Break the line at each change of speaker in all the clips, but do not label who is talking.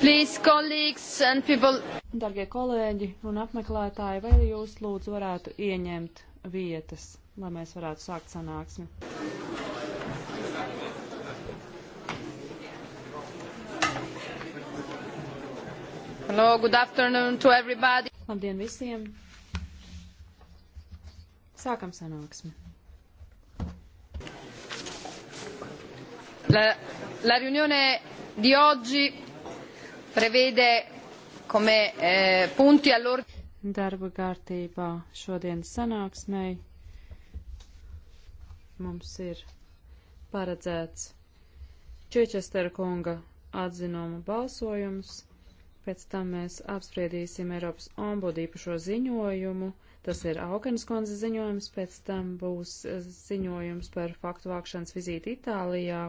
Please, colleagues and people. Dargie kolēģi un apmeklētāji, vai jūs lūdzu varētu ieņemt vietas, lai mēs varētu sākt sanāksmi?
Hello, good afternoon to everybody. Labdien visiem. Sākam sanāksmi. La, la riunione di oggi prevede come eh, punti all'ordine.
Darba kārtībā šodienas sanāksmei mums ir paredzēts Čečestera kunga atzinuma balsojums, pēc tam mēs apspriedīsim Eiropas ombudu īpašo ziņojumu, tas ir Aukenas kundze ziņojums, pēc tam būs eh, ziņojums par faktu vākšanas vizīti Itālijā,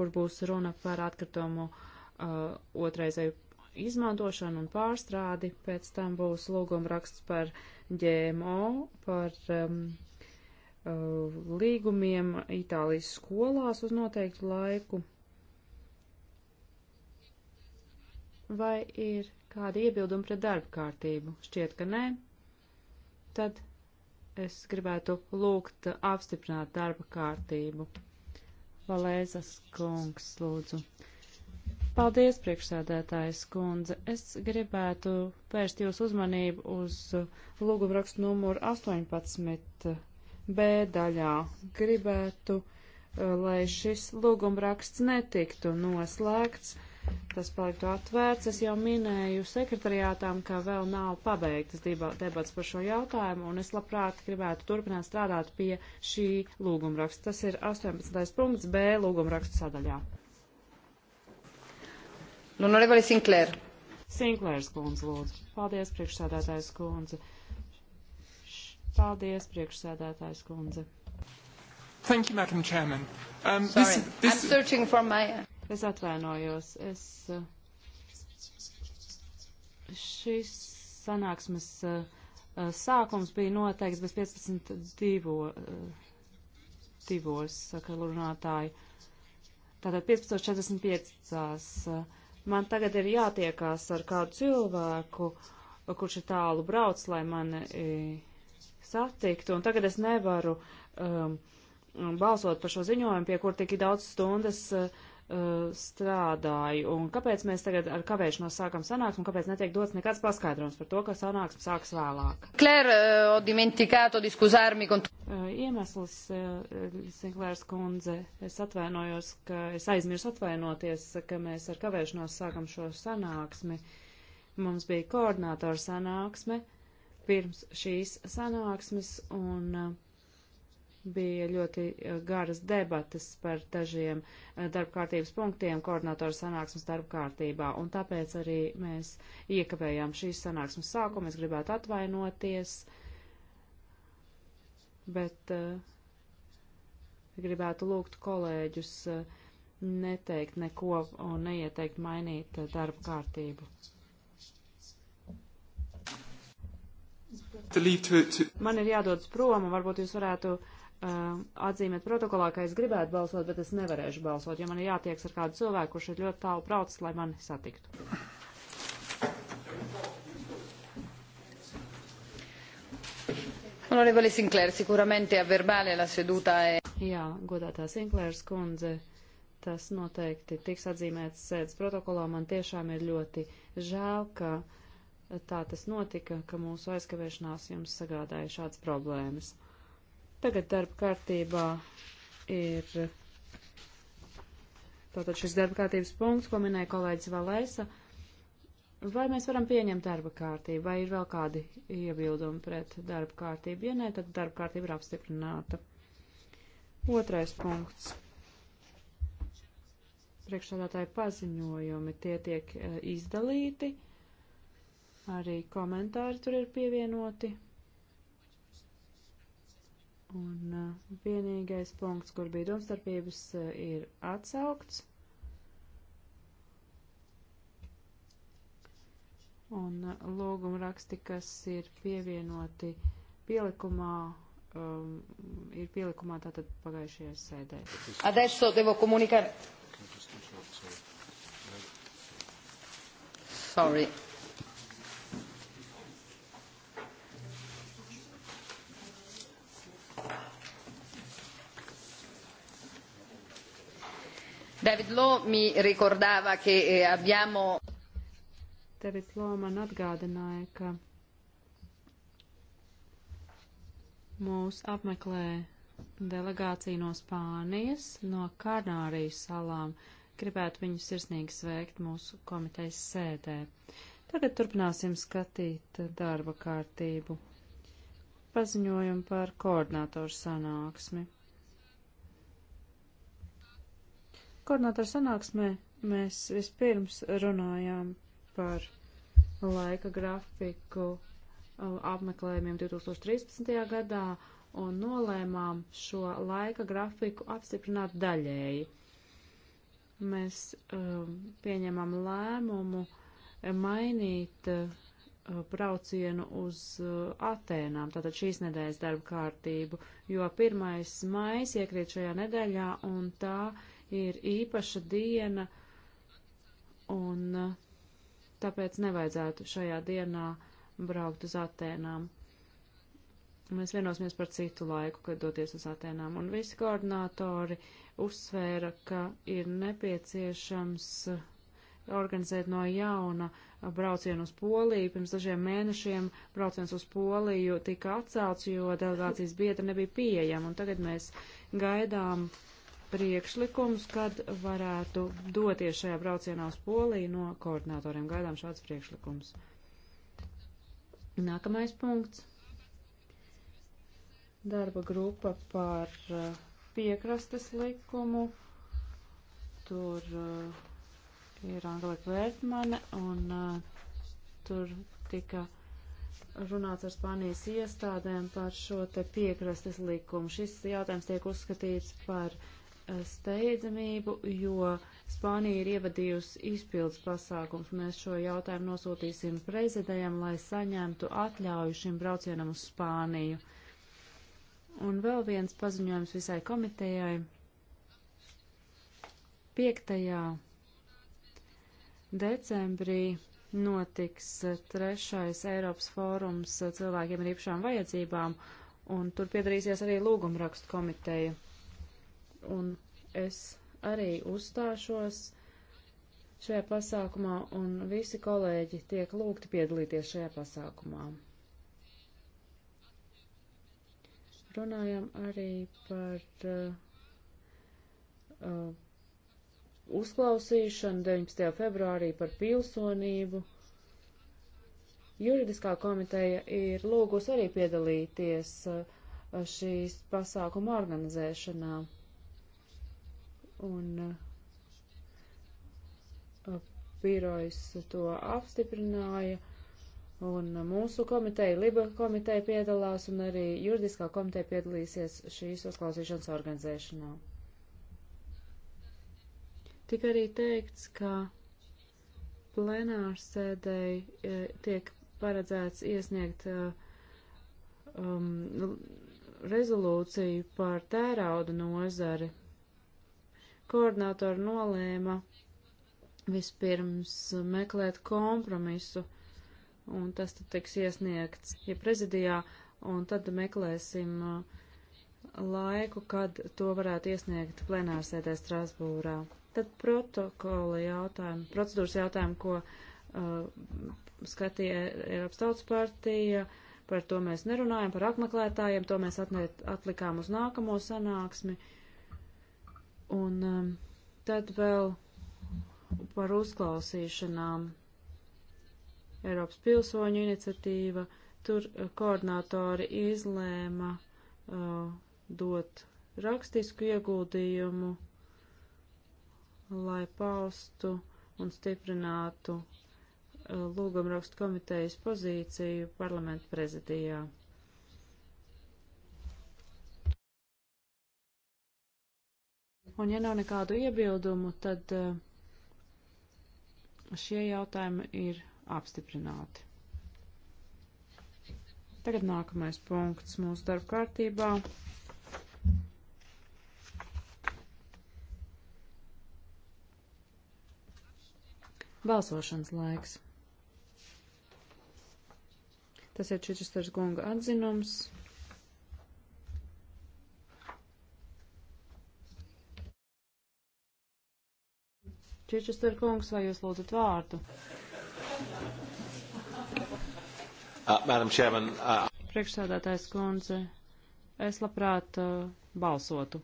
kur būs runa par atkritumu uh, uh, otraizēju izmantošanu un pārstrādi, pēc tam būs lūgumraksts par GMO, par um, uh, līgumiem Itālijas skolās uz noteiktu laiku. Vai ir kādi iebildumi pret darba kārtību? Šķiet, ka nē. Tad es gribētu lūgt apstiprināt darba kārtību. Valēzas kungs, lūdzu. Paldies, priekšsēdētājs kundze. Es gribētu vērst jūsu uzmanību uz lūgumrakstu numuru 18 B daļā. Gribētu, eh, lai šis lūgumraksts netiktu noslēgts tas paliktu atvērts. Es jau minēju sekretariātām, ka vēl nav pabeigtas debats par šo jautājumu, un es labprāt gribētu turpināt strādāt pie šī lūgumraksta. Tas ir 18. punkts B lūgumraksta sadaļā. L'onorevole Sinclair. Sinklērs kundze, lūdzu. Paldies, priekšsādātājs kundze. Paldies, priekšsādātājs kundze. Thank you, Madam Chairman. Um, Sorry, this, this... I'm searching for my... Es atvainojos. Es, uh, šis sanāksmes uh, uh, sākums bija noteikts bez 15.2. Divos, saka runātāji. Tātad 15.45 man tagad ir jātiekās ar kādu cilvēku, kurš ir tālu brauc, lai mani e, satiktu, un tagad es nevaru um, balsot par šo ziņojumu, pie kur tik daudz stundas uh, Uh, strādāju un kāpēc mēs tagad ar kavēšanos sākam sanāksmu un kāpēc netiek dots nekāds paskaidrojums par to, ka sanāksme sāks vēlāk. Klēr, eh, ho dimenticato di scusarmi con... Uh, iemesls, eh, Sinklērs kundze, es atvainojos, ka es aizmirsu atvainoties, ka mēs ar kavēšanos sākam šo sanāksmi. Mums bija koordinātora sanāksme pirms šīs sanāksmes un uh, bija ļoti eh, garas debatas par dažiem eh, darbkārtības punktiem koordinatoru sanāksmes darbkārtībā, un tāpēc arī mēs iekavējām šīs sanāksmes sākumu. Es gribētu atvainoties, bet uh, gribētu lūgt kolēģus uh, neteikt neko un neieteikt mainīt uh, darbkārtību. Man ir jādodas prom, un varbūt jūs varētu uh, uh, atzīmēt protokolā, ka es gribētu balsot, bet es nevarēšu balsot, jo man ir jātieks ar kādu cilvēku, kurš ir ļoti tālu braucis, lai mani satiktu.
Onorevole Sinclair, sicuramente a verbale la seduta è...
Jā, godātā Sinklērs kundze, tas noteikti tiks atzīmēts sēdes protokolā. Man tiešām ir ļoti žēl, ka tā tas notika, ka mūsu aizkavēšanās jums sagādāja šādas problēmas. Tagad darba kārtībā ir tātad šis darba kārtības punkts, ko minēja kolēģis Valēsa. Vai mēs varam pieņemt darba kārtību, vai ir vēl kādi iebildumi pret darba kārtību? Ja nē, tad darba kārtība ir apstiprināta. Otrais punkts. Priekšsādātāji paziņojumi, tie tiek eh, izdalīti, arī komentāri tur ir pievienoti. Un uh, vienīgais punkts, kur bija domstarpības, uh, ir atsaukts. Un uh, lūguma raksti, kas ir pievienoti pielikumā, um, ir pielikumā tātad pagājušajā sēdē. Adesso devo comunicare.
Sorry. David Law mi ricordava che eh, abbiamo.
David Law man atgādināja, ka mūs apmeklē delegācija no Spānijas, no Kanārijas salām. Gribētu viņus sirsnīgi sveikt mūsu komitejas sēdē. Tagad turpināsim skatīt darba kārtību. Paziņojumu par koordinātoru sanāksmi. Koordinātoru sanāksmē mēs vispirms runājām par laika grafiku uh, apmeklējumiem 2013. gadā un nolēmām šo laika grafiku apstiprināt daļēji. Mēs um, pieņemam lēmumu mainīt uh, braucienu uz uh, Atēnām, tātad šīs nedēļas darba kārtību, jo pirmais mājas iekrīt šajā nedēļā un tā ir īpaša diena, un uh, tāpēc nevajadzētu šajā dienā braukt uz Atēnām. Mēs vienosimies par citu laiku, kad doties uz Atēnām, un visi koordinātori uzsvēra, ka ir nepieciešams uh, organizēt no jauna braucienu uz Poliju. Pirms dažiem mēnešiem brauciens uz Poliju tika atcelts, jo delegācijas biedra nebija pieejama, un tagad mēs gaidām priekšlikums, kad varētu doties šajā braucienā uz Poliju no koordinatoriem. Gaidām šāds priekšlikums. Nākamais punkts. Darba grupa par uh, piekrastes likumu. Tur uh, ir Angelika Vērtmane un uh, tur tika runāts ar Spānijas iestādēm par šo te piekrastes likumu. Šis jautājums tiek uzskatīts par uh, steidzamību, jo Spānija ir ievadījusi izpildus pasākums. Mēs šo jautājumu nosūtīsim prezidējam, lai saņemtu atļauju šim braucienam uz Spāniju. Un vēl viens paziņojums visai komitejai. 5. decembrī notiks trešais Eiropas fórums cilvēkiem ar īpašām vajadzībām, un tur piedarīsies arī lūgumrakstu komiteja un es arī uzstāšos šajā pasākumā, un visi kolēģi tiek lūgti piedalīties šajā pasākumā. Runājam arī par uh, uh uzklausīšanu 19. februārī par pilsonību. Juridiskā komiteja ir lūgus arī piedalīties uh, šīs pasākuma organizēšanā un uh, birojas to apstiprināja. Un mūsu komiteja, Liba komiteja piedalās un arī juridiskā komiteja piedalīsies šīs uzklausīšanas organizēšanā. Tik arī teikts, ka plenārsēdēji eh, tiek paredzēts iesniegt eh, um, rezolūciju par tērauda nozari koordinātori nolēma vispirms meklēt kompromisu, un tas tad tiks iesniegts, ja prezidijā, un tad meklēsim uh, laiku, kad to varētu iesniegt plenārsēdē Strasbūrā. Tad protokola jautājumu, procedūras jautājumu, ko uh, skatīja Eiropas Tautas partija, par to mēs nerunājam, par apmeklētājiem, to mēs atliekām uz nākamo sanāksmi. Uh, Un um, tad vēl par uzklausīšanām Eiropas pilsoņu iniciatīva. Tur uh, koordinātori izlēma uh, dot rakstisku ieguldījumu, lai paustu un stiprinātu uh, lūgumrakstu komitejas pozīciju parlamentu prezidijā. Un ja nav nekādu iebildumu, tad eh, šie jautājumi ir apstiprināti. Tagad nākamais punkts mūsu darba kārtībā. Balsošanas laiks. Tas ir Čičisters kunga atzinums Čičester kungs, vai jūs lūdzat vārdu? Uh, Chairman, uh... Priekšsēdētājs kundze, es labprāt uh, balsotu.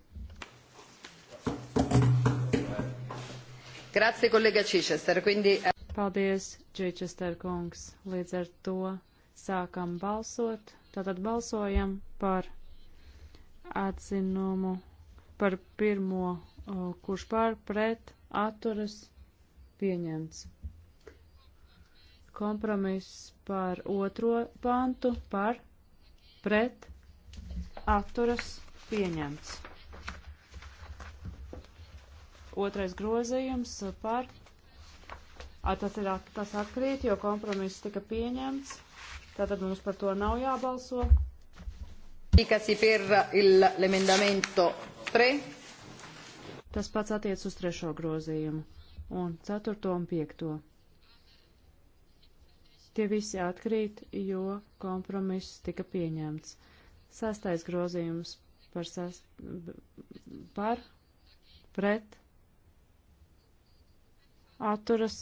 Grazie, kolēģa Čičester. Quindi... Eh, Paldies, Čičester kungs. Līdz ar to sākam balsot. Tātad balsojam par atzinumu par pirmo, uh, kurš pār pret atturas pieņemts. Kompromiss par otro pantu par pret atturas pieņemts. Otrais grozījums par A, tas, ir, tas atkrīt, jo kompromiss tika pieņemts. Tātad mums par to nav jābalso.
Dicasi per
l'emendamento 3. Tas pats attiec uz trešo grozījumu un ceturto un piekto. Tie visi atkrīt, jo kompromiss tika pieņemts. Sastais grozījums par, sas... par pret atturas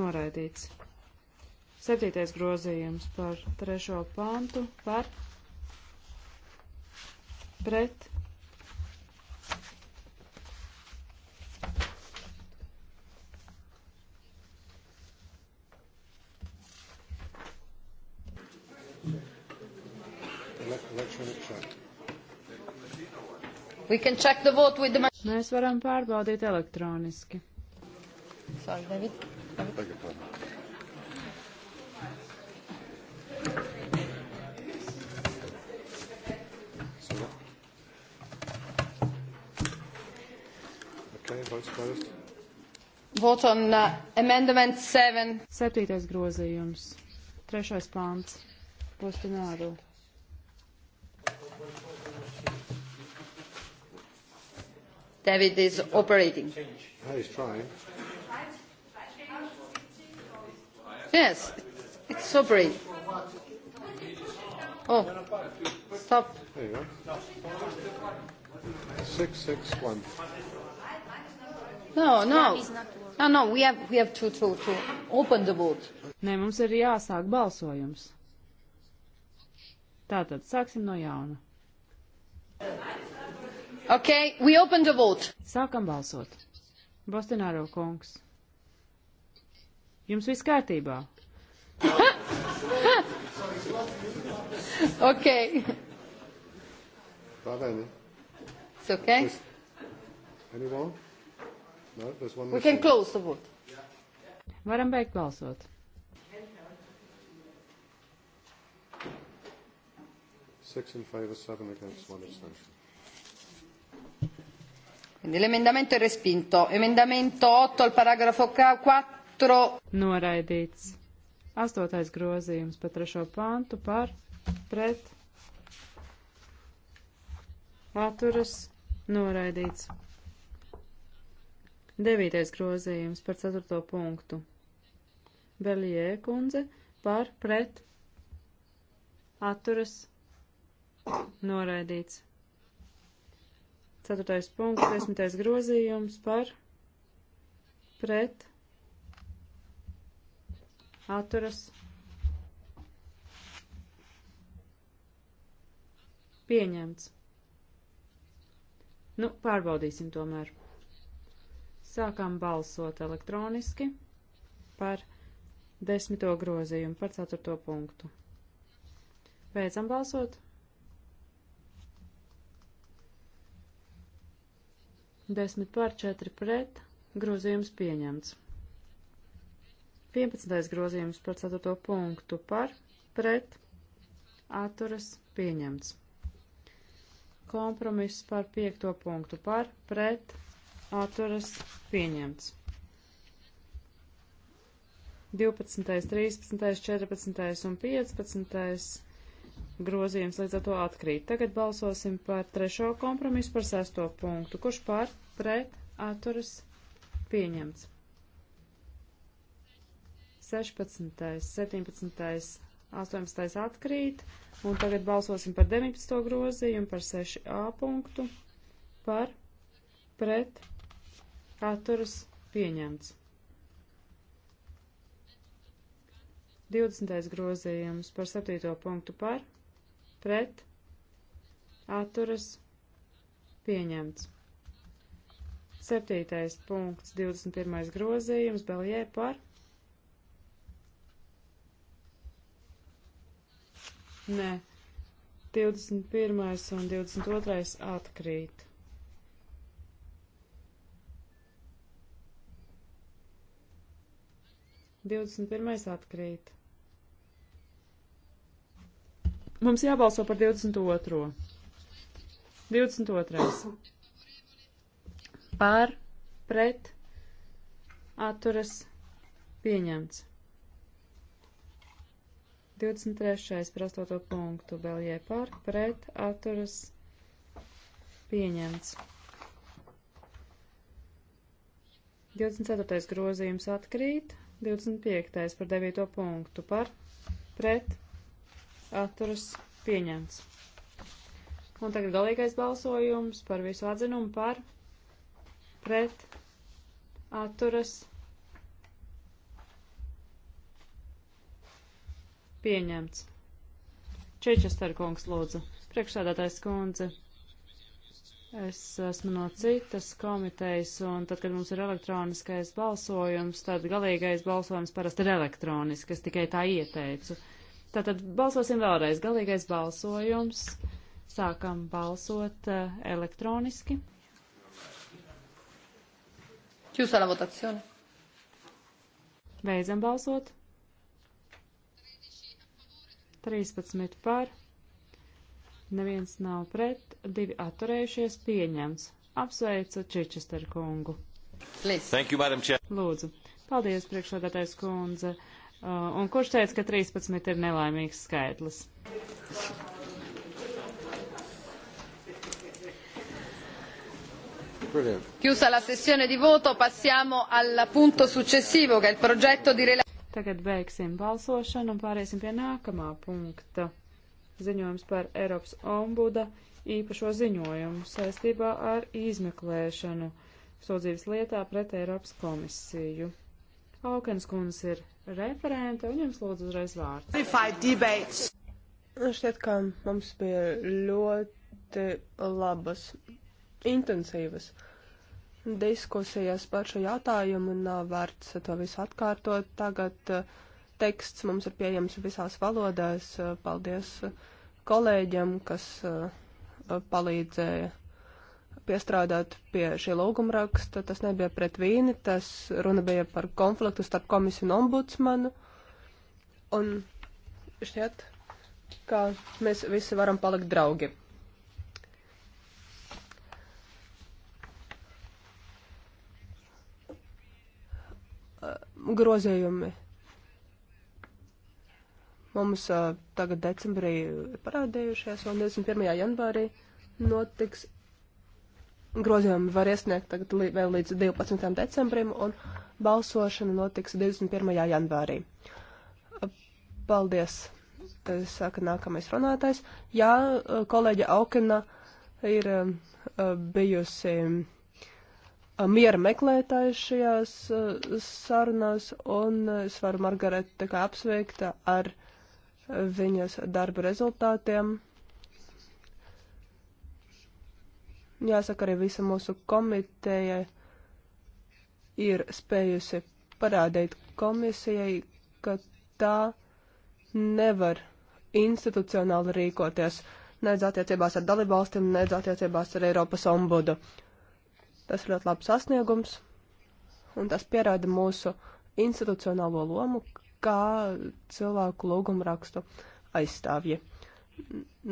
noraidīts. Septītais grozījums par trešo pantu par pret
The...
Mēs varam pārbaudīt elektroniski. Sorry, David.
David.
Okay, votes closed.
Vote on uh, amendment 7. Septītais grozījums. Trešais pāns. Postināru.
David is operating. No, oh, he's trying. Yes, it's operating.
Oh, stop. There you go.
Six six one. No, no. No, no, we have, we have to, to, to
open the vote. Nē, mums ir jāsāk balsojums. Tātad, sāksim no jauna. Okay, we open the vote. Sākam balsot. Bostināro kungs. Jums viss kārtībā.
okay.
Pardon. It's okay. There's anyone? No,
there's one. We missing. can close the
vote. Varam beigt balsot.
Six in favor, seven against, one abstention.
Quindi l'emendamento è respinto. Emendamento 8 al paragrafo 4.
Noraidīts. Astotais grozījums par trešo pantu par pret atturas noraidīts. Devītais grozījums par ceturto punktu. Belie kundze par pret atturas noraidīts. Ceturtais punkts, desmitais grozījums par pret atturas pieņemts. Nu, pārbaudīsim tomēr. Sākām balsot elektroniski par desmito grozījumu, par ceturto punktu. Beidzam balsot. 10 pār 4 pret, grozījums pieņemts. 11. grozījums par 4. punktu par, pret, atturas pieņemts. Kompromiss par 5. punktu par, pret, atturas pieņemts. 12., 13., 14. un 15 grozījums līdz ar to atkrīt. Tagad balsosim par trešo kompromisu par sesto punktu. Kurš par pret atturas pieņemts? 16., 17., 18. atkrīt, un tagad balsosim par 19. grozījumu, par 6a punktu, par pret atturas pieņemts. 20. grozījums par 7. punktu par pret, atturas, pieņemts. Septītais punkts, 21. grozījums, Belijē par. Nē, 21. un 22. atkrīt. Divdesmit pirmais atkrīt. Mums jābalso par 22. 22. Par, pret, atturas, pieņemts. 23. par 8. punktu Belijai par, pret, atturas, pieņemts. 24. grozījums atkrīt, 25. par 9. punktu par, pret, atturas pieņemts. Un tagad galīgais balsojums par visu atzinumu par pret atturas pieņemts. Čečester kungs lūdzu. Priekšsādātais kundze. Es esmu no citas komitejas, un tad, kad mums ir elektroniskais balsojums, tad galīgais balsojums parasti ir elektronisks, es tikai tā ieteicu. Uh, Tātad balsosim vēlreiz. Galīgais balsojums. Sākam balsot eh, elektroniski. Chiusa la votazione. Beidzam balsot. 13 par. Neviens nav pret. Divi atturējušies. Pieņems. Apsveicu Čičester kungu.
Liz. Thank you, Madam Chair.
Lūdzu. Paldies, priekšsēdētājs kundze. Uh, Uh, un kurš teica, ka 13 ir nelaimīgs skaitlis?
Chiusa la sessione di voto, passiamo al punto successivo che è il progetto di
relazione. Tagad beigsim balsošanu un pāriesim pie nākamā punkta. Ziņojums par Eiropas ombuda īpašo ziņojumu saistībā ar izmeklēšanu sūdzības lietā pret Eiropas komisiju. Aukens kundas ir referente, un jums lūdzu uzreiz vārds. Šķiet, ka
mums bija ļoti labas, intensīvas diskusijas par šo jautājumu, nav uh, vērts to visu atkārtot. Tagad uh, teksts mums ir pieejams visās valodās. Uh, paldies kolēģiem, kas palīdzēja piestrādāt pie šī lūgumraksta. Tas nebija pret vīni, tas runa bija par konfliktu starp komisiju un ombudsmanu. Un šķiet, ka mēs visi varam palikt draugi. Grozējumi. Mums uh, tagad decembrī parādījušies, un 21. janvārī notiks Grozījumi var iesniegt tagad li vēl līdz 12. decembrim, un balsošana notiks 21. janvārī. Paldies! Saka nākamais runātājs. Jā, kolēģa Aukena ir um, bijusi um, miera meklētājs šajās uh, sarunās, un es varu Margaretu tā kā apsveikt ar viņas darba rezultātiem. Jāsaka, arī visa mūsu komiteja ir spējusi parādīt komisijai, ka tā nevar institucionāli rīkoties, nedz attiecībās ar dalībvalstīm, nedz attiecībās ar Eiropas ombudu. Tas ir ļoti labs sasniegums, un tas pierāda mūsu institucionālo lomu kā cilvēku lūgumu rakstu aizstāvji.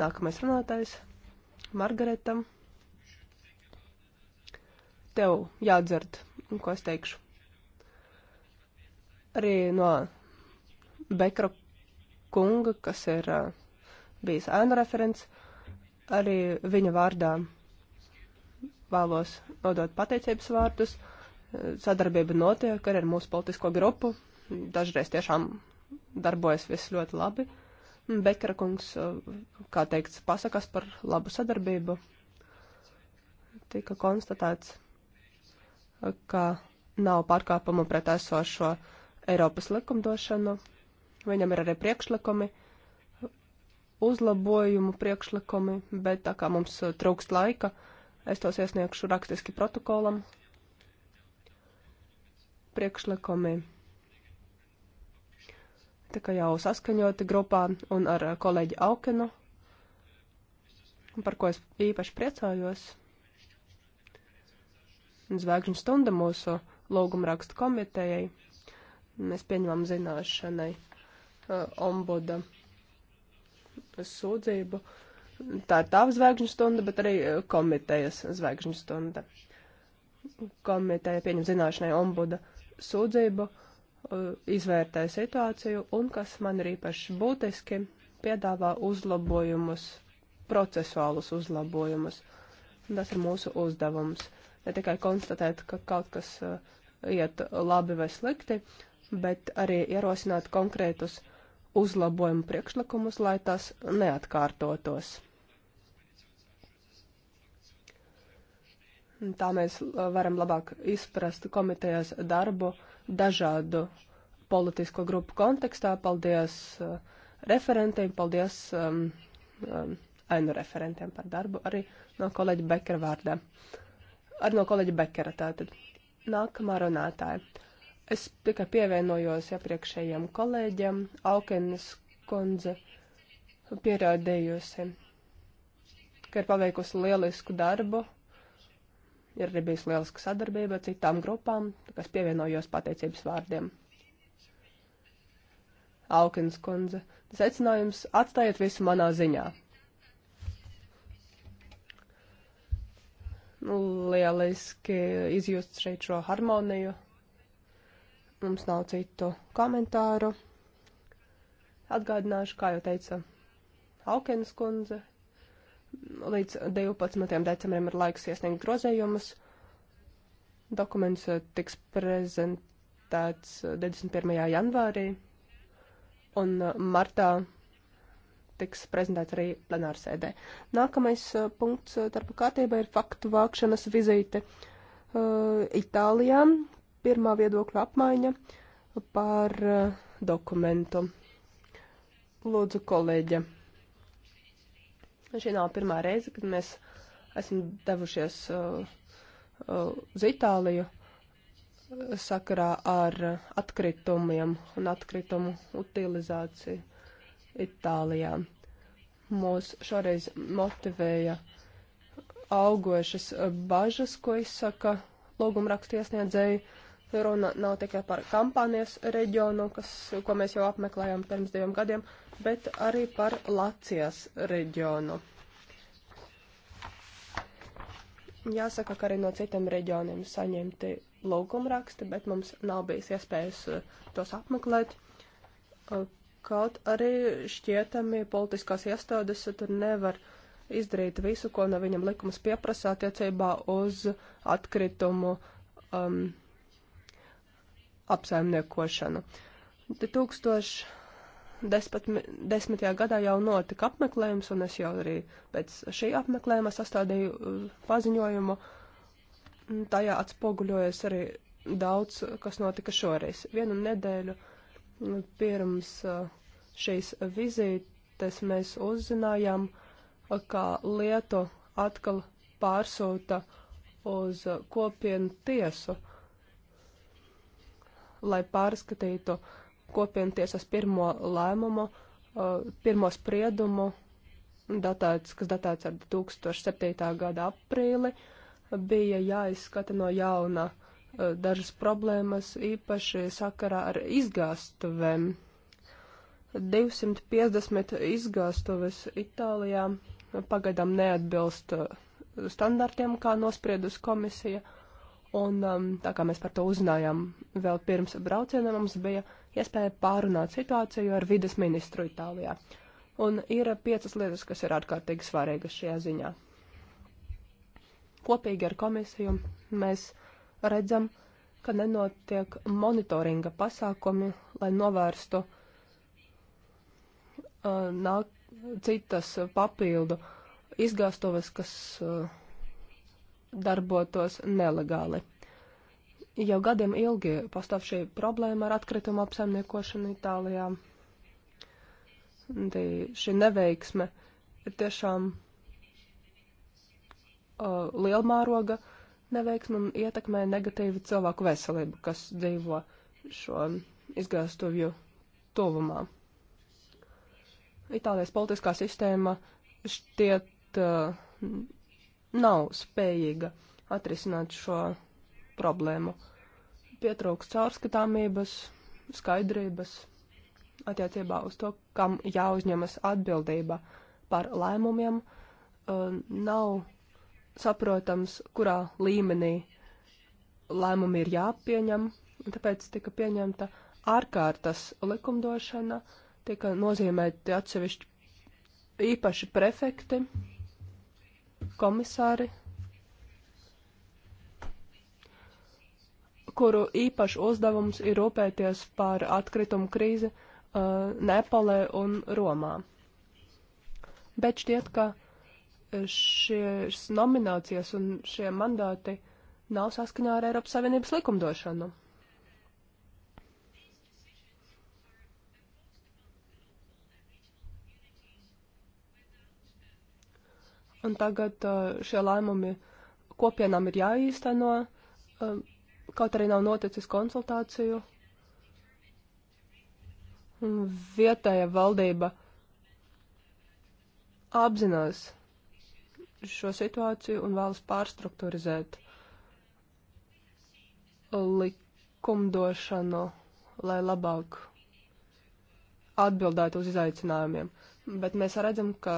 Nākamais runātājs - Margaretam tev jādzird, ko es teikšu. Arī no Bekra kunga, kas ir uh, bijis ēnu referents, arī viņa vārdā vēlos nodot pateicības vārdus. Sadarbība notiek arī ar mūsu politisko grupu. Dažreiz tiešām darbojas viss ļoti labi. Bekara kungs, kā teikts, pasakas par labu sadarbību. Tika konstatēts, ka nav pārkāpumu pret esošo Eiropas likumdošanu. Viņam ir arī priekšlikumi, uzlabojumu priekšlikumi, bet tā kā mums trūkst laika, es tos iesniegšu rakstiski protokolam. Priekšlikumi tika jau saskaņoti grupā un ar kolēģi Aukenu, par ko es īpaši priecājos zvēkšņu stunda mūsu lūgumrakstu komitejai. Mēs pieņemam zināšanai ombuda sūdzību. Tā ir tava zvēkšņu stunda, bet arī komitejas zvēkšņu stunda. Komiteja pieņem zināšanai ombuda sūdzību, izvērtē situāciju un, kas man ir īpaši būtiski, piedāvā uzlabojumus, procesuālus uzlabojumus. Tas ir mūsu uzdevums ne tikai konstatēt, ka kaut kas eh, iet labi vai slikti, bet arī ierosināt konkrētus uzlabojumu priekšlikumus, lai tas neatkārtotos. Tā mēs eh, varam labāk izprast komitejas darbu dažādu politisko grupu kontekstā. Paldies uh, referentiem, paldies um, um, ainu referentiem par darbu arī no kolēģa Bekera vārdā. Ar no kolēģa Bekera tātad. Nākamā runātāja. Es tikai pievienojos iepriekšējiem kolēģiem. Aukenes kundze pierādījusi, ka ir paveikusi lielisku darbu. Ir arī bijusi lieliska sadarbība ar citām grupām, kas pievienojos pateicības vārdiem. Aukins kundze, secinājums atstājiet visu manā ziņā. lieliski izjust šeit šo harmoniju. Mums nav citu komentāru. Atgādināšu, kā jau teica Haukenas kundze, līdz 12. decembrim ir laiks iesniegt grozējumus. Dokuments eh, tiks prezentēts 21. Eh, janvārī un eh, martā tiks prezentēts arī plenārsēdē. Nākamais uh, punkts uh, darba kārtībā ir faktu vākšanas vizīte uh, Itālijā. Pirmā viedokļa apmaiņa par uh, dokumentu. Lūdzu, kolēģi. Šī nav pirmā reize, kad mēs esam devušies uh, uh, uz Itāliju uh, sakarā ar atkritumiem un atkritumu utilizāciju. Itālijā. Mūs šoreiz motivēja augošas bažas, ko izsaka lūgumrakstu iesniedzēji. Runa nav tikai par kampānijas reģionu, kas, ko mēs jau apmeklējām pirms diviem gadiem, bet arī par Lācijas reģionu. Jāsaka, ka arī no citiem reģioniem saņemti lūgumraksti, bet mums nav bijis iespējas uh, tos apmeklēt. Uh, Kaut arī šķietami politiskās iestādes tur nevar izdarīt visu, ko no viņam likums pieprasā attiecībā uz atkritumu um, apsaimniekošanu. 2010. gadā jau notika apmeklējums, un es jau arī pēc šī apmeklējuma sastādīju uh, paziņojumu. Tajā atspoguļojas arī daudz, kas notika šoreiz. Vienu nedēļu uh, Pirms uh, šīs vizītes mēs uzzinājām, uh, ka lietu atkal pārsūta uz uh, kopienu tiesu, lai pārskatītu kopienu tiesas pirmo lēmumu, pirmo spriedumu, datēts, kas datēts ar 2007. gada aprīli, bija jāizskata no jauna Eh, dažas problēmas, īpaši sakarā ar izgāstuvēm. 250 izgāstuves Itālijā pagaidām neatbilst eh, standartiem, kā nospriedusi komisija. Un um, tā kā mēs par to uzzinājām vēl pirms brauciena, mums bija iespēja pārunāt situāciju ar vides ministru Itālijā. Un ir piecas lietas, kas ir ārkārtīgi svarīgas šajā ziņā. Kopīgi ar komisiju mēs redzam, ka nenotiek monitoringa pasākumi, lai novērstu uh, nāk, citas papildu izgāstuves, kas uh, darbotos nelegāli. Jau gadiem ilgi pastāv šī problēma ar atkritumu apsaimniekošanu Itālijā. Tī, šī neveiksme ir tiešām uh, lielmāroga. Uh, neveiksmi un ietekmē negatīvi cilvēku veselību, kas dzīvo šo izgāstuvju tuvumā. Itālijas politiskā sistēma šķiet uh, nav spējīga atrisināt šo problēmu. Pietrūkst caurskatāmības, skaidrības attiecībā uz to, kam jāuzņemas atbildība par lēmumiem, uh, nav saprotams, kurā līmenī lēmumi ir jāpieņem, un tāpēc tika pieņemta ārkārtas likumdošana, tika nozīmēti atsevišķi īpaši prefekti, komisāri, kuru īpaši uzdevums ir rūpēties par atkritumu krīzi uh, Nepalē un Romā. Bet šķiet, ka šīs nominācijas un šie mandāti nav saskaņā ar Eiropas Savienības likumdošanu. Un tagad uh, šie lēmumi kopienām ir jāīsteno, um, kaut arī nav noticis konsultāciju. Vietēja valdība apzinās šo situāciju un vēlas pārstrukturizēt likumdošanu, lai labāk atbildētu uz izaicinājumiem. Bet mēs redzam, ka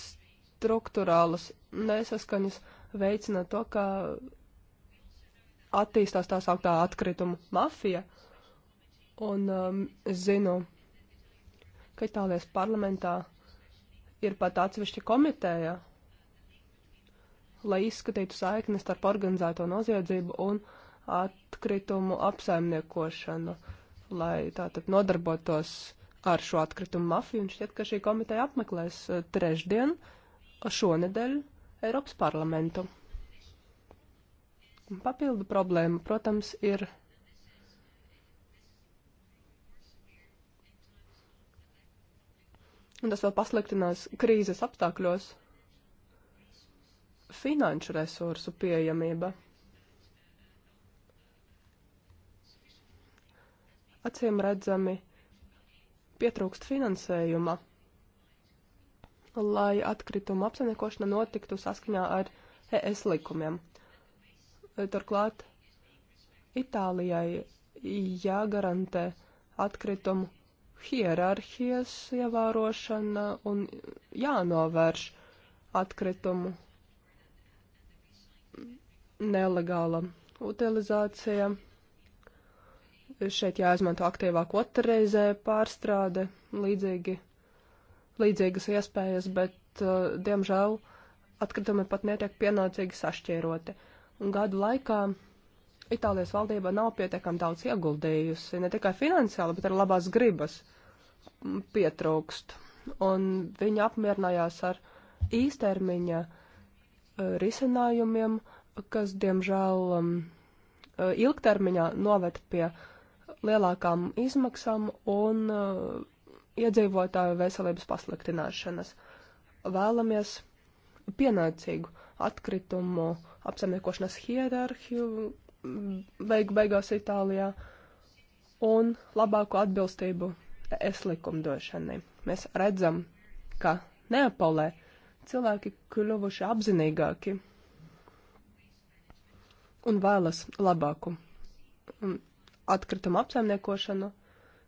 struktūrālas nesaskaņas veicina to, ka attīstās tā sauktā atkrituma mafija. Un um, es zinu, ka Itālijas parlamentā ir pat atsevišķa komiteja, lai izskatītu saiknes starp organizēto noziedzību un atkritumu apsaimniekošanu, lai tātad nodarbotos ar šo atkritumu mafiju, un šķiet, ka šī komiteja apmeklēs e, trešdien šonedēļ Eiropas parlamentu. Papildu problēma, protams, ir un tas vēl pasliktinās krīzes apstākļos finanšu resursu pieejamība. Acīm redzami pietrūkst finansējuma, lai atkrituma apsaimniekošana notiktu saskaņā ar ES likumiem. Turklāt Itālijai jāgarantē atkritumu hierarhijas ievērošana un jānovērš atkritumu nelegāla utilizācija. Šeit jāizmanto aktīvāk otrreizē pārstrāde, līdzīgi, līdzīgas iespējas, bet, uh, diemžēl, atkritumi pat netiek pienācīgi sašķēroti. Un gadu laikā Itālijas valdība nav pietiekami daudz ieguldījusi, ne tikai finansiāli, bet arī labās gribas pietrūkst. Un viņi apmierinājās ar īstermiņa e, risinājumiem, kas, diemžēl, e, ilgtermiņā noved pie lielākām izmaksām un e, iedzīvotāju veselības pasliktināšanas. Vēlamies pienācīgu atkritumu apsaimniekošanas hierarhiju, beigu beigās Itālijā un labāku atbilstību es likumdošanai. Mēs redzam, ka Neapolē cilvēki kļuvuši apzinīgāki un vēlas labāku atkritumu apsaimniekošanu.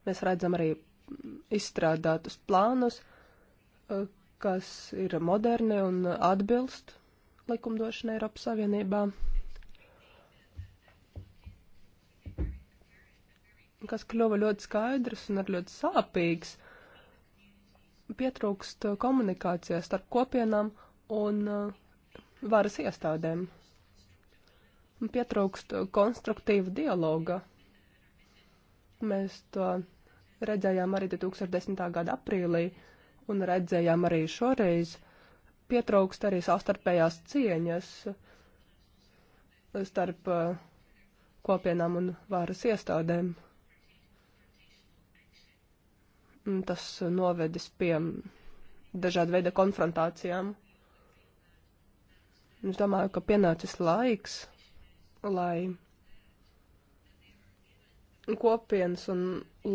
Mēs redzam arī izstrādātus plānus, eh, kas ir moderni un atbilst likumdošanai Eiropas Savienībā. kas kļuva ļoti skaidrs un arī ļoti sāpīgs. Pietrūkst uh, komunikācijā starp kopienām un uh, varas iestādēm. Pietrūkst uh, konstruktīva dialoga. Mēs to redzējām arī 2010. gada aprīlī un redzējām arī šoreiz. Pietrūkst arī savstarpējās cieņas starp kopienām un varas iestādēm. Tas novedis pie dažāda veida konfrontācijām. Es domāju, ka pienācis laiks, lai kopienas un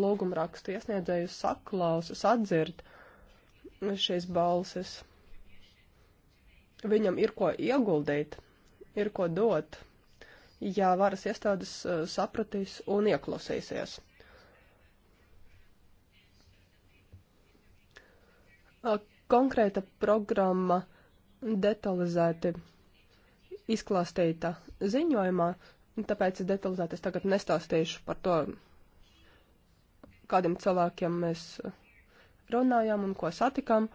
lūgumrakstu iesniedzējus saklausas, atdzird šīs balsis. Viņam ir ko ieguldīt, ir ko dot, ja varas iestādes eh, sapratīs un ieklausīsies. konkrēta programma detalizēti izklāstīta ziņojumā, tāpēc detalizēti es tagad nestāstīšu par to, kādiem cilvēkiem mēs runājām un ko satikām.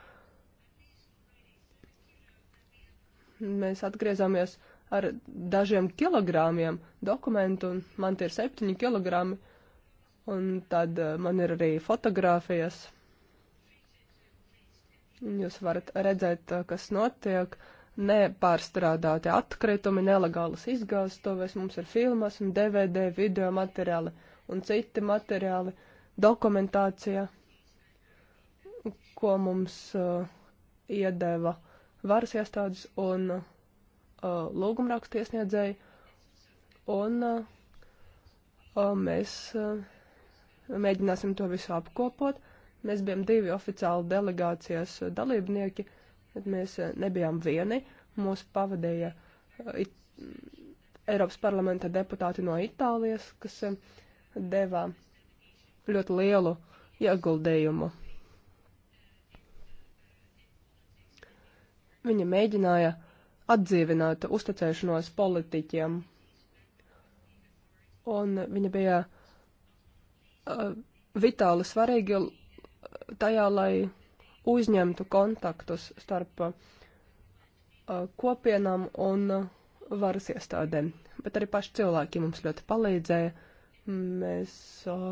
Mēs atgriezāmies ar dažiem kilogramiem dokumentu, un man tie ir septiņi kilogrami, un tad eh, man ir arī fotogrāfijas Jūs varat redzēt, eh, kas notiek. Nepārstrādāti atkritumi, nelegālas izgāstuves, mums ir filmas un DVD video materiāli un citi materiāli, dokumentācija, ko mums uh, iedeva varas iestādes un uh, lūgumrakstu iesniedzēji. Un uh, mēs uh, mēģināsim to visu apkopot. Uh, Mēs bijām divi oficiāli delegācijas dalībnieki, bet mēs eh, nebijām vieni. Mūs pavadīja eh, it, Eiropas parlamenta deputāti no Itālijas, kas eh, devā ļoti lielu ieguldījumu. Viņa mēģināja atdzīvināt uzticēšanos politiķiem, un viņa bija uh, vitāli svarīga, tajā, lai uzņemtu kontaktus starp uh, kopienām un uh, varas iestādēm. Bet arī paši cilvēki mums ļoti palīdzēja. Mēs uh,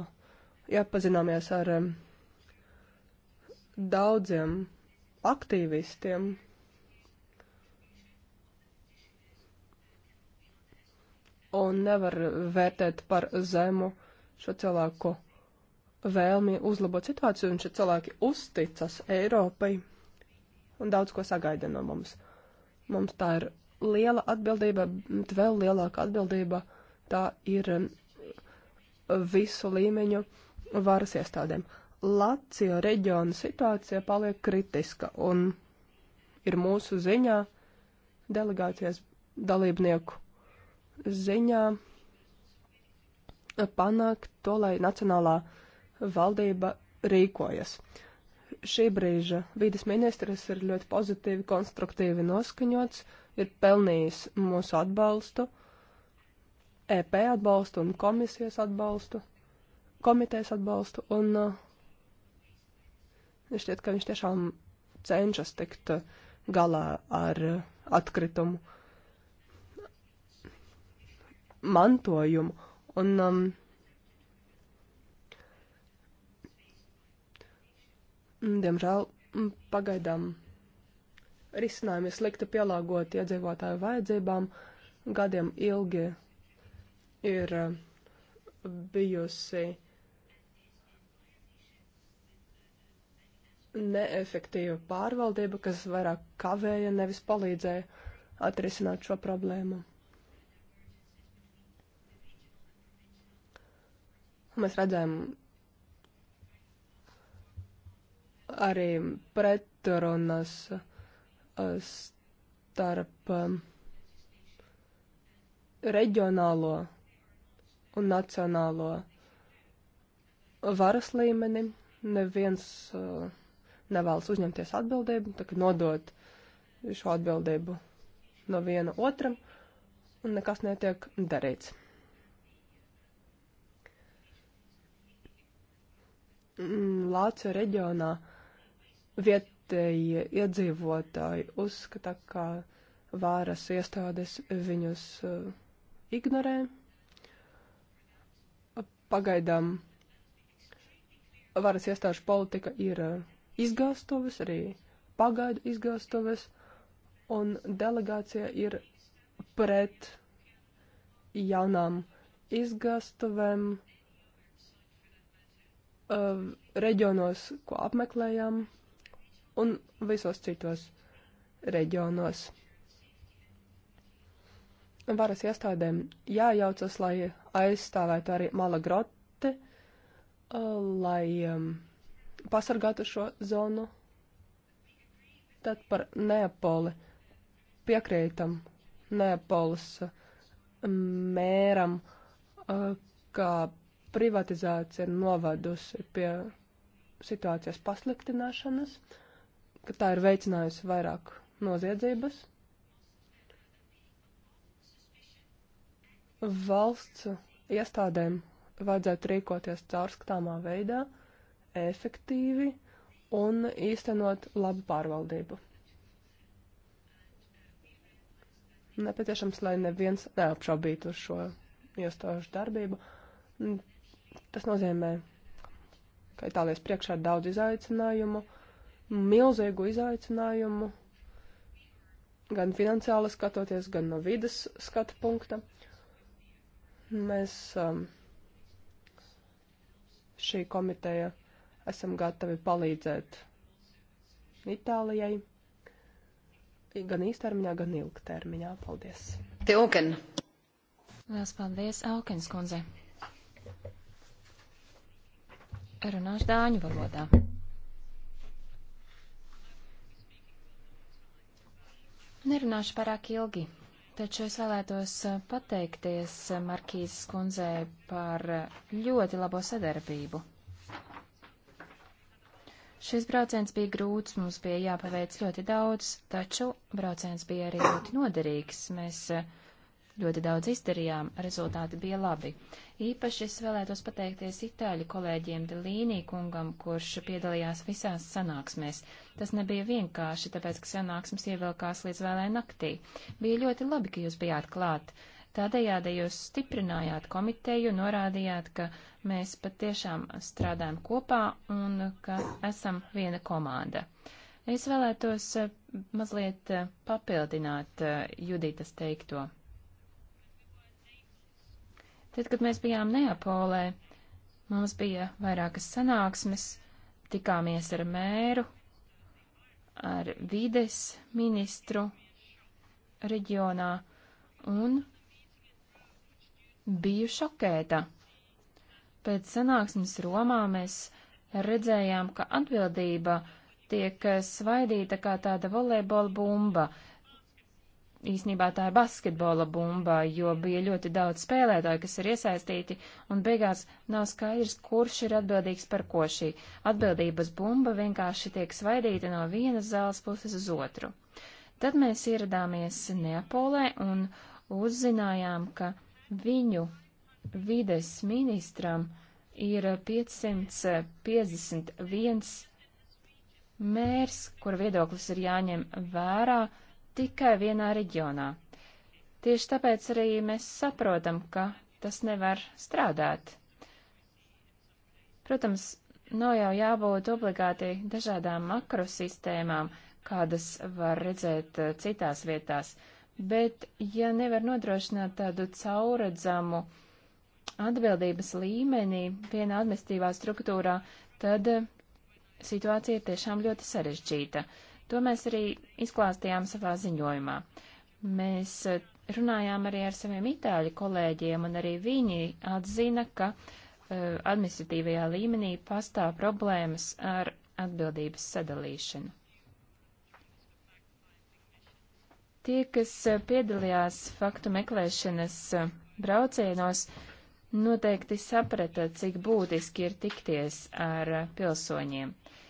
iepazināmies ar um, daudziem aktīvistiem. Un nevar vērtēt par zemu šo cilvēku vēlmi uzlabot situāciju, un šie cilvēki uzticas Eiropai un daudz ko sagaida no mums. Mums tā ir liela atbildība, bet vēl lielāka atbildība tā ir um, visu līmeņu varas iestādēm. Lācija reģiona situācija paliek kritiska un ir mūsu ziņā, delegācijas dalībnieku ziņā panākt to, lai nacionālā uh, valdība rīkojas. Šī brīža vīdes ministrs ir ļoti pozitīvi, konstruktīvi noskaņots, ir pelnījis mūsu atbalstu, EP atbalstu un komisijas atbalstu, komitejas atbalstu, un uh, šķiet, ka viņš tiešām cenšas tikt uh, galā ar uh, atkritumu mantojumu. Un um, Mm, diemžēl mm, pagaidām risinājumi slikti pielāgoti iedzīvotāju vajadzībām, gadiem ilgi ir eh, bijusi neefektīva pārvaldība, kas vairāk kavēja, nevis palīdzēja atrisināt šo problēmu. Mēs redzējām arī pretrunas uh, starp um, reģionālo un nacionālo varas līmeni. Neviens uh, nevēlas uzņemties atbildību, tā kā nodot šo atbildību no viena otram, un nekas netiek darīts. Mm, Lācija reģionā uh, vietējie iedzīvotāji uzskata, ka vāras iestādes viņus uh, ignorē. Pagaidām varas iestāžu politika ir uh, izgāstuves, arī pagaidu izgāstuves, un delegācija ir pret jaunām izgāstuvēm uh, reģionos, ko apmeklējām un visos citos reģionos. Varas iestādēm jājaucas, lai aizstāvētu arī Malagrote, lai um, pasargātu šo zonu. Tad par Neapoli piekrītam Neapolis um, mēram, uh, kā privatizācija ir novadusi pie situācijas pasliktināšanas. Uh, ka tā ir veicinājusi vairāk noziedzības. Valsts iestādēm vajadzētu rīkoties caurskatāmā veidā, efektīvi un īstenot labu pārvaldību. Nepieciešams, lai neviens neapšaubītu šo iestāžu darbību. Tas nozīmē, ka Itālijas priekšā ir daudz izaicinājumu. Uh, milzīgu izaicinājumu, gan finansiāli skatoties, gan no vidas skatu punkta. Mēs um, šī komiteja esam gatavi palīdzēt Itālijai gan īstermiņā, gan ilgtermiņā.
Paldies! Te Auken! Lielas paldies, Aukens kundze! Runāšu dāņu valodā. Nerunāšu pārāk ilgi, taču es vēlētos eh, pateikties eh, Markīzes kundzei par eh, ļoti labo sadarbību. Šis brauciens bija grūts, mums bija jāpaveic ļoti daudz, taču brauciens bija arī ļoti noderīgs. Mēs uh, Ļoti daudz izdarījām, rezultāti bija labi. Īpaši es vēlētos pateikties itāļu kolēģiem Delīnī kungam, kurš piedalījās visās sanāksmēs. Tas nebija vienkārši, tāpēc, ka sanāksmes ievilkās līdz vēlē naktī. Bija ļoti labi, ka jūs bijāt klāt. Tādējādi jūs stiprinājāt komiteju, norādījāt, ka mēs patiešām strādājam kopā un ka esam viena komanda. Es vēlētos eh, mazliet eh, papildināt eh, Juditas teikto. Tad, kad mēs bijām Neapolē, mums bija vairākas sanāksmes, tikāmies ar mēru, ar vides ministru reģionā un biju šokēta. Pēc sanāksmes Romā mēs redzējām, ka atbildība tiek svaidīta kā tāda volejbola bumba īsnībā tā ir basketbola bumba, jo bija ļoti daudz spēlētāju, kas ir iesaistīti, un beigās nav skaidrs, kurš ir atbildīgs par ko šī atbildības bumba vienkārši tiek svaidīta no vienas zāles puses uz otru. Tad mēs ieradāmies Neapolē un uzzinājām, ka viņu vides ministram ir 551 mērs, kur viedoklis ir jāņem vērā, uh, tikai vienā reģionā. Tieši tāpēc arī mēs saprotam, ka tas nevar strādāt. Protams, nav jau jābūt obligāti dažādām makrosistēmām, kādas var redzēt eh, citās vietās, bet ja nevar nodrošināt tādu cauredzamu atbildības līmenī vienā administrīvā struktūrā, tad eh, situācija ir tiešām ļoti sarežģīta. Uh, To mēs arī izklāstījām savā ziņojumā. Mēs eh, runājām arī ar saviem itāļu kolēģiem, un arī viņi atzina, ka uh, administratīvajā līmenī pastāv problēmas ar atbildības sadalīšanu. Tie, kas eh, piedalījās faktu meklēšanas braucienos, noteikti saprata, cik būtiski ir tikties ar pilsoņiem. Uh,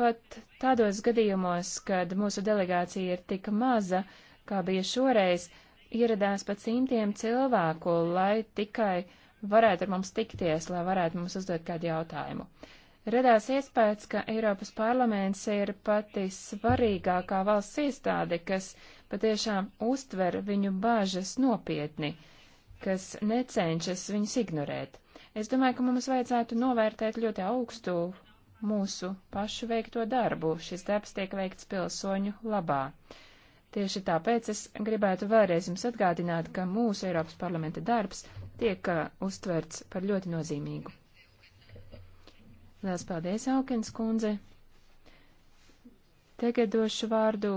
Pat tādos gadījumos, kad mūsu delegācija ir tik maza, kā bija šoreiz, ieradās pa simtiem cilvēku, lai tikai varētu ar mums tikties, lai varētu mums uzdot kādu jautājumu. Radās iespējas, ka Eiropas parlaments ir pati svarīgākā valsts iestāde, kas patiešām uztver viņu bāžas nopietni, kas necenšas viņus ignorēt. Es domāju, ka mums vajadzētu novērtēt ļoti augstu mūsu pašu veikto darbu. Šis darbs tiek veikts pilsoņu labā. Tieši tāpēc es gribētu vēlreiz jums atgādināt, ka mūsu Eiropas parlamenta darbs tiek uh, uztverts par ļoti nozīmīgu. Lielas paldies, Aukens kundze. Tagad došu vārdu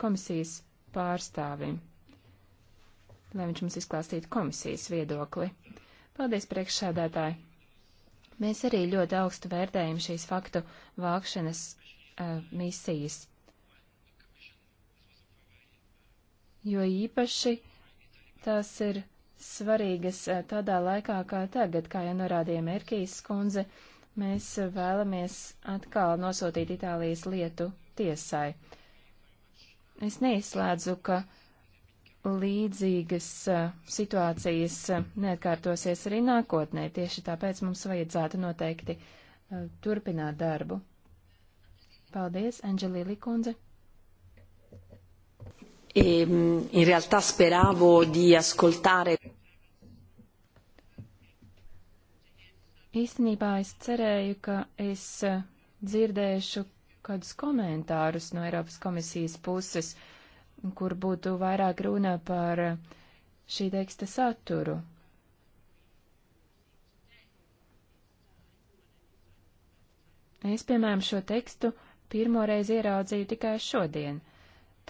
komisijas pārstāvim, lai viņš mums izklāstītu komisijas viedokli. Paldies, priekšsēdētāji! Mēs arī ļoti augstu vērtējam šīs faktu vākšanas uh, misijas. Jo īpaši tās ir svarīgas uh, tādā laikā kā tagad, kā jau norādīja Merkīs skundze, mēs vēlamies atkal nosūtīt Itālijas lietu tiesai. Es neizslēdzu, ka uh, līdzīgas situācijas neatkārtosies arī nākotnē. Tieši tāpēc mums vajadzētu noteikti turpināt darbu. Paldies, Anģelīli Kundze. Ehm,
in realtà speravo di ascoltare.
Īstenībā es cerēju, ka es dzirdēšu kādus komentārus no Eiropas komisijas puses. Uh, kur būtu vairāk runa par šī teksta saturu. Es, piemēram, šo tekstu pirmoreiz ieraudzīju tikai šodien,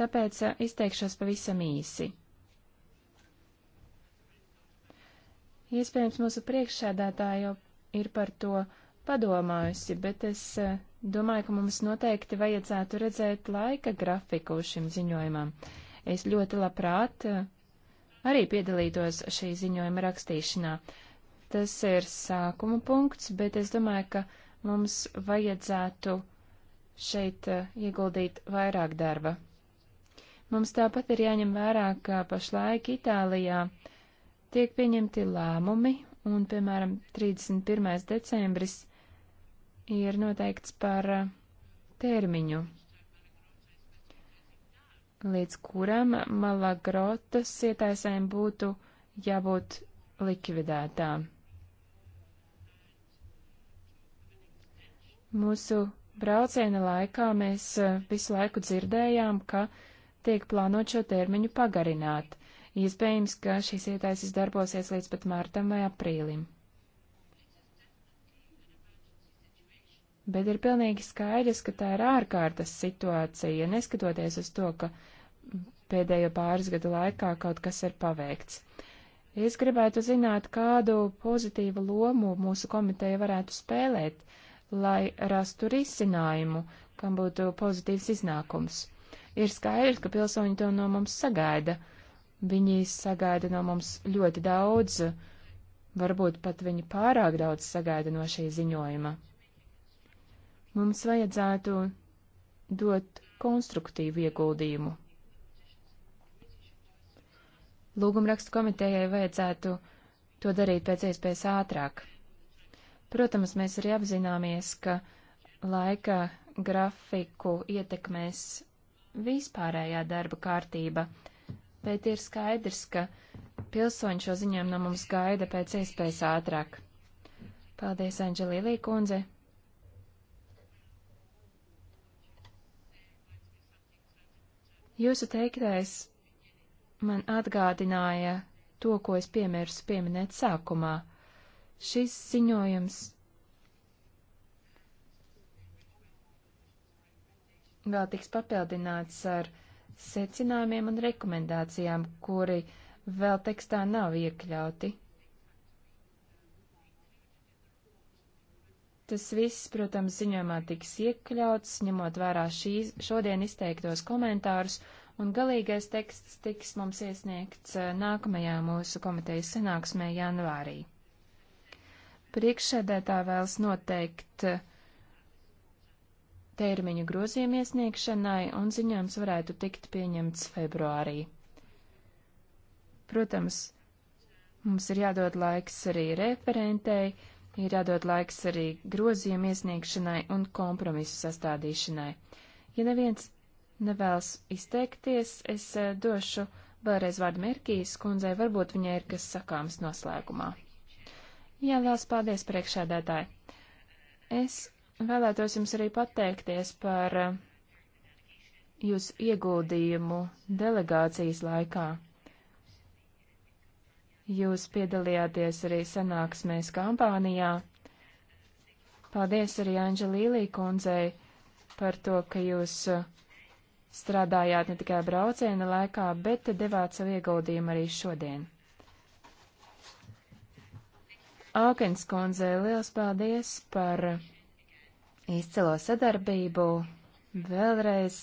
tāpēc eh, izteikšos pavisam īsi. Iespējams, mūsu priekšsēdētāja jau ir par to padomājusi, bet es eh, Domāju, ka mums noteikti vajadzētu redzēt laika grafiku šim ziņojumam. Es ļoti labprāt eh, arī piedalītos šī ziņojuma rakstīšanā. Tas ir sākuma punkts, bet es domāju, ka mums vajadzētu šeit eh, ieguldīt vairāk darba. Mums tāpat ir jāņem vērā, ka pašlaik Itālijā tiek pieņemti lēmumi, un, piemēram, 31. decembris ir noteikts par eh, termiņu, līdz kuram malagrotas ietaisēm būtu jābūt likvidētām. Mūsu brauciena laikā mēs eh, visu laiku dzirdējām, ka tiek plānot šo termiņu pagarināt. Iespējams, ka šīs ietaisis darbosies līdz pat mārtam vai aprīlim. Bet ir pilnīgi skaidrs, ka tā ir ārkārtas situācija, neskatoties uz to, ka pēdējo pāris gadu laikā kaut kas ir paveikts. Es gribētu zināt, kādu pozitīvu lomu mūsu komiteja varētu spēlēt, lai rastu risinājumu, kam būtu pozitīvs iznākums. Ir skaidrs, ka pilsoņi to no mums sagaida. Viņi sagaida no mums ļoti daudz, varbūt pat viņi pārāk daudz sagaida no šī ziņojuma. Mums vajadzētu dot konstruktīvu ieguldījumu. Lūgumrakstu komitejai vajadzētu to darīt pēc iespējas ātrāk. Protams, mēs arī apzināmies, ka laika grafiku ietekmēs vispārējā darba kārtība, bet ir skaidrs, ka pilsoņi šo ziņām no mums gaida pēc iespējas ātrāk. Paldies, Anģelīlī kundze! Jūsu teiktais man atgādināja to, ko es piemērsu pieminēt sākumā. Šis ziņojums vēl tiks papildināts ar secinājumiem un rekomendācijām, kuri vēl tekstā nav iekļauti. Tas viss, protams, ziņojumā tiks iekļauts, ņemot vērā šīs, šodien izteiktos komentārus, un galīgais teksts tiks mums iesniegts eh, nākamajā mūsu komitejas sanāksmē janvārī. Priekšsēdētā vēlas noteikt eh, termiņu grozījumu iesniegšanai, un ziņojums varētu tikt pieņemts februārī. Protams, mums ir jādod laiks arī referentei, ir jādod laiks arī grozījumu iesniegšanai un kompromisu sastādīšanai. Ja neviens nevēlas izteikties, es eh, došu vēlreiz vārdu Merkijas kundzei, varbūt viņai ir kas sakāms noslēgumā. Jā, liels paldies priekšēdētāji. Es vēlētos jums arī pateikties par eh, jūsu ieguldījumu delegācijas laikā. Jūs piedalījāties arī sanāksmēs kampānijā. Paldies arī Anģelīlī kundzei par to, ka jūs uh, strādājāt ne tikai brauciena laikā, bet devāt savu ieguldījumu arī šodien. Aukens kundzei liels paldies par izcilo sadarbību. Vēlreiz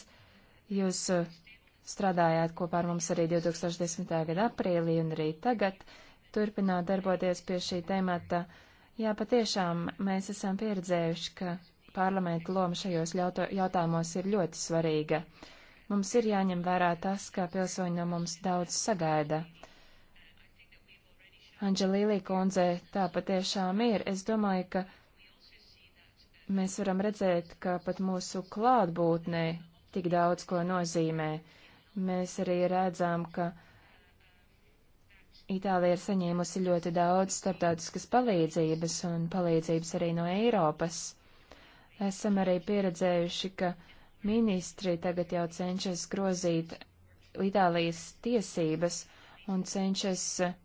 jūs uh, strādājāt kopā ar mums arī 2010. gada aprīlī un arī tagad turpināt darboties pie šī temata. Jā, patiešām mēs esam pieredzējuši, ka parlamenta loma šajos jautājumos ir ļoti svarīga. Mums ir jāņem vērā tas, ka pilsoņi no mums daudz sagaida. Anģelīlī kundze, tā patiešām ir. Es domāju, ka mēs varam redzēt, ka pat mūsu klātbūtnē tik daudz ko nozīmē. Mēs arī redzam, ka Itālija ir saņēmusi ļoti daudz starptautiskas palīdzības un palīdzības arī no Eiropas. Esam arī pieredzējuši, ka ministri tagad jau cenšas grozīt Itālijas tiesības un cenšas uh,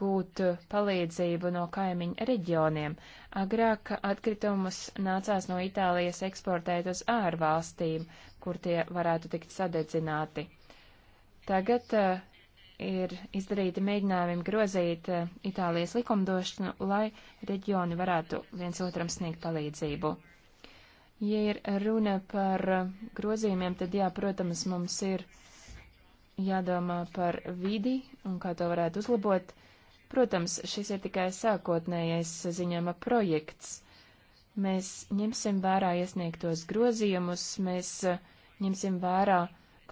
gūt uh, palīdzību no kaimiņu reģioniem. Agrāk atkritumus nācās no Itālijas eksportēt uz ārvalstīm, kur tie varētu tikt sadedzināti. Tagad uh, ir izdarīti mēģinājumi grozīt uh, Itālijas likumdošanu, lai reģioni varētu viens otram sniegt palīdzību. Ja ir runa par uh, grozījumiem, tad jā, protams, mums ir jādomā par vidi un kā to varētu uzlabot. Protams, šis ir tikai sākotnējais ziņojuma projekts. Mēs ņemsim vērā iesniegtos grozījumus, mēs eh, ņemsim vērā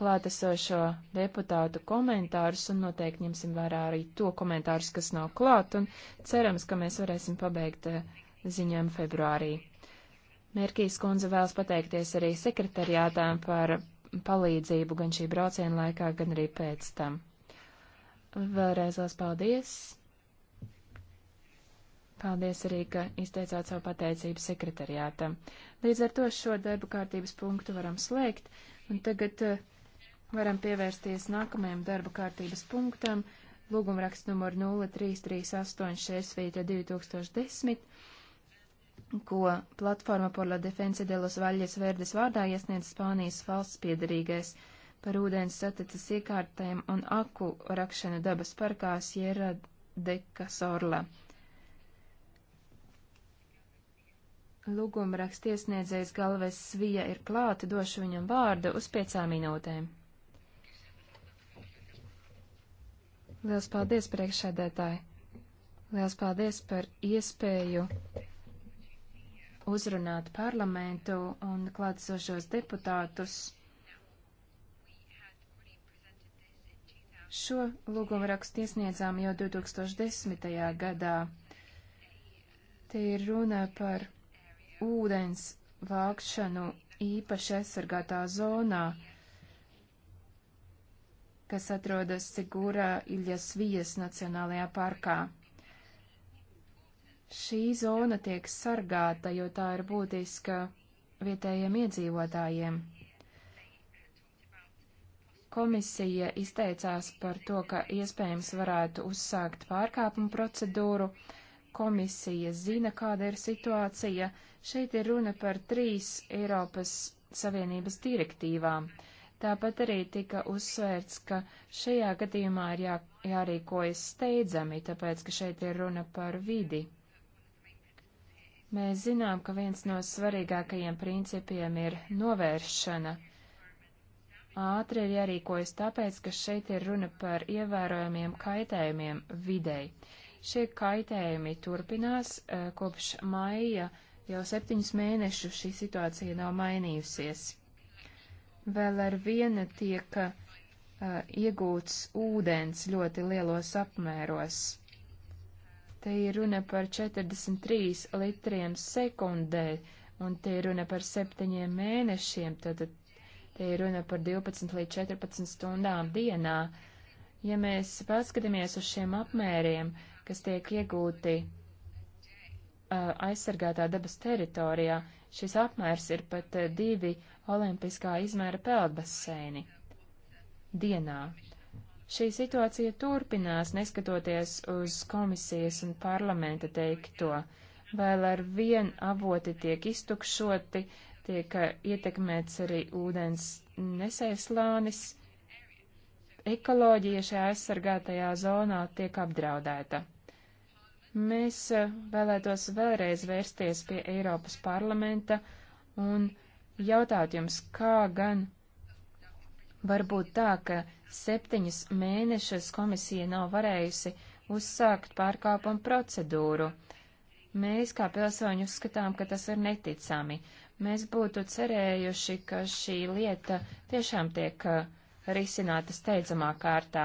klātesošo deputātu komentārus un noteikti ņemsim vērā arī to komentārus, kas nav klāt, un cerams, ka mēs varēsim pabeigt eh, ziņojumu februārī. Mērķīs kundze vēlas pateikties arī sekretariātām par palīdzību gan šī brauciena laikā, gan arī pēc tam. Vēlreiz liels paldies! Paldies arī, ka izteicāt savu pateicību sekretariātam. Līdz ar to šo darba kārtības punktu varam slēgt, un tagad eh, varam pievērsties nākamajam darba kārtības punktam, lūgumraksts numur 03386 2010, ko platforma por la defense de los vaļas verdes vārdā iesniedz Spānijas valsts piedarīgais par ūdens saticas iekārtēm un aku rakšanu dabas parkā Sierra de Casorla. Lūguma rakstiesniedzējs galvēs svija ir klāta, došu viņam vārdu uz piecām minūtēm. Liels paldies, priekšsēdētāji! Liels paldies par iespēju uzrunāt parlamentu un klātesošos deputātus. Šo lūgumu rakstu iesniedzām jau 2010. gadā. Te ir runa par ūdens vākšanu īpaši aizsargātā zonā, kas atrodas Sigūra Iļas Vijas Nacionālajā parkā. Šī zona tiek sargāta, jo tā ir būtiska vietējiem iedzīvotājiem. Komisija izteicās par to, ka iespējams varētu uzsākt pārkāpumu procedūru, uh, komisija zina, kāda ir situācija. Šeit ir runa par trīs Eiropas Savienības direktīvām. Tāpat arī tika uzsvērts, ka šajā gadījumā ir jā, jārīkojas steidzami, tāpēc, ka šeit ir runa par vidi. Mēs zinām, ka viens no svarīgākajiem principiem ir novēršana. Ātri ir jārīkojas tāpēc, ka šeit ir runa par ievērojamiem kaitējumiem videi. Šie kaitējumi turpinās e, kopš maija, jau septiņus mēnešus šī situācija nav mainījusies. Vēl ar vienu tiek e, iegūts ūdens ļoti lielos apmēros. Te ir runa par 43 litriem sekundē, un te ir runa par septiņiem mēnešiem, tad te ir runa par 12 līdz 14 stundām dienā. Ja mēs paskatāmies uz šiem apmēriem, kas tiek iegūti uh, aizsargātā dabas teritorijā, šis apmērs ir pat uh, divi olimpiskā izmēra peldbaseini dienā. Šī situācija turpinās, neskatoties uz komisijas un parlamenta teikto. Vēl ar vien avoti tiek iztukšoti, tiek uh, ietekmēts arī ūdens nesaislānis ekoloģija šajā aizsargātajā zonā tiek apdraudēta. Mēs e, vēlētos vēlreiz vērsties pie Eiropas parlamenta un jautāt jums, kā gan var būt tā, ka septiņus mēnešus komisija nav varējusi uzsākt pārkāpumu procedūru. Mēs kā pilsoņi uzskatām, ka tas ir neticami. Mēs būtu cerējuši, ka šī lieta tiešām tiek uh, risināta steidzamā kārtā.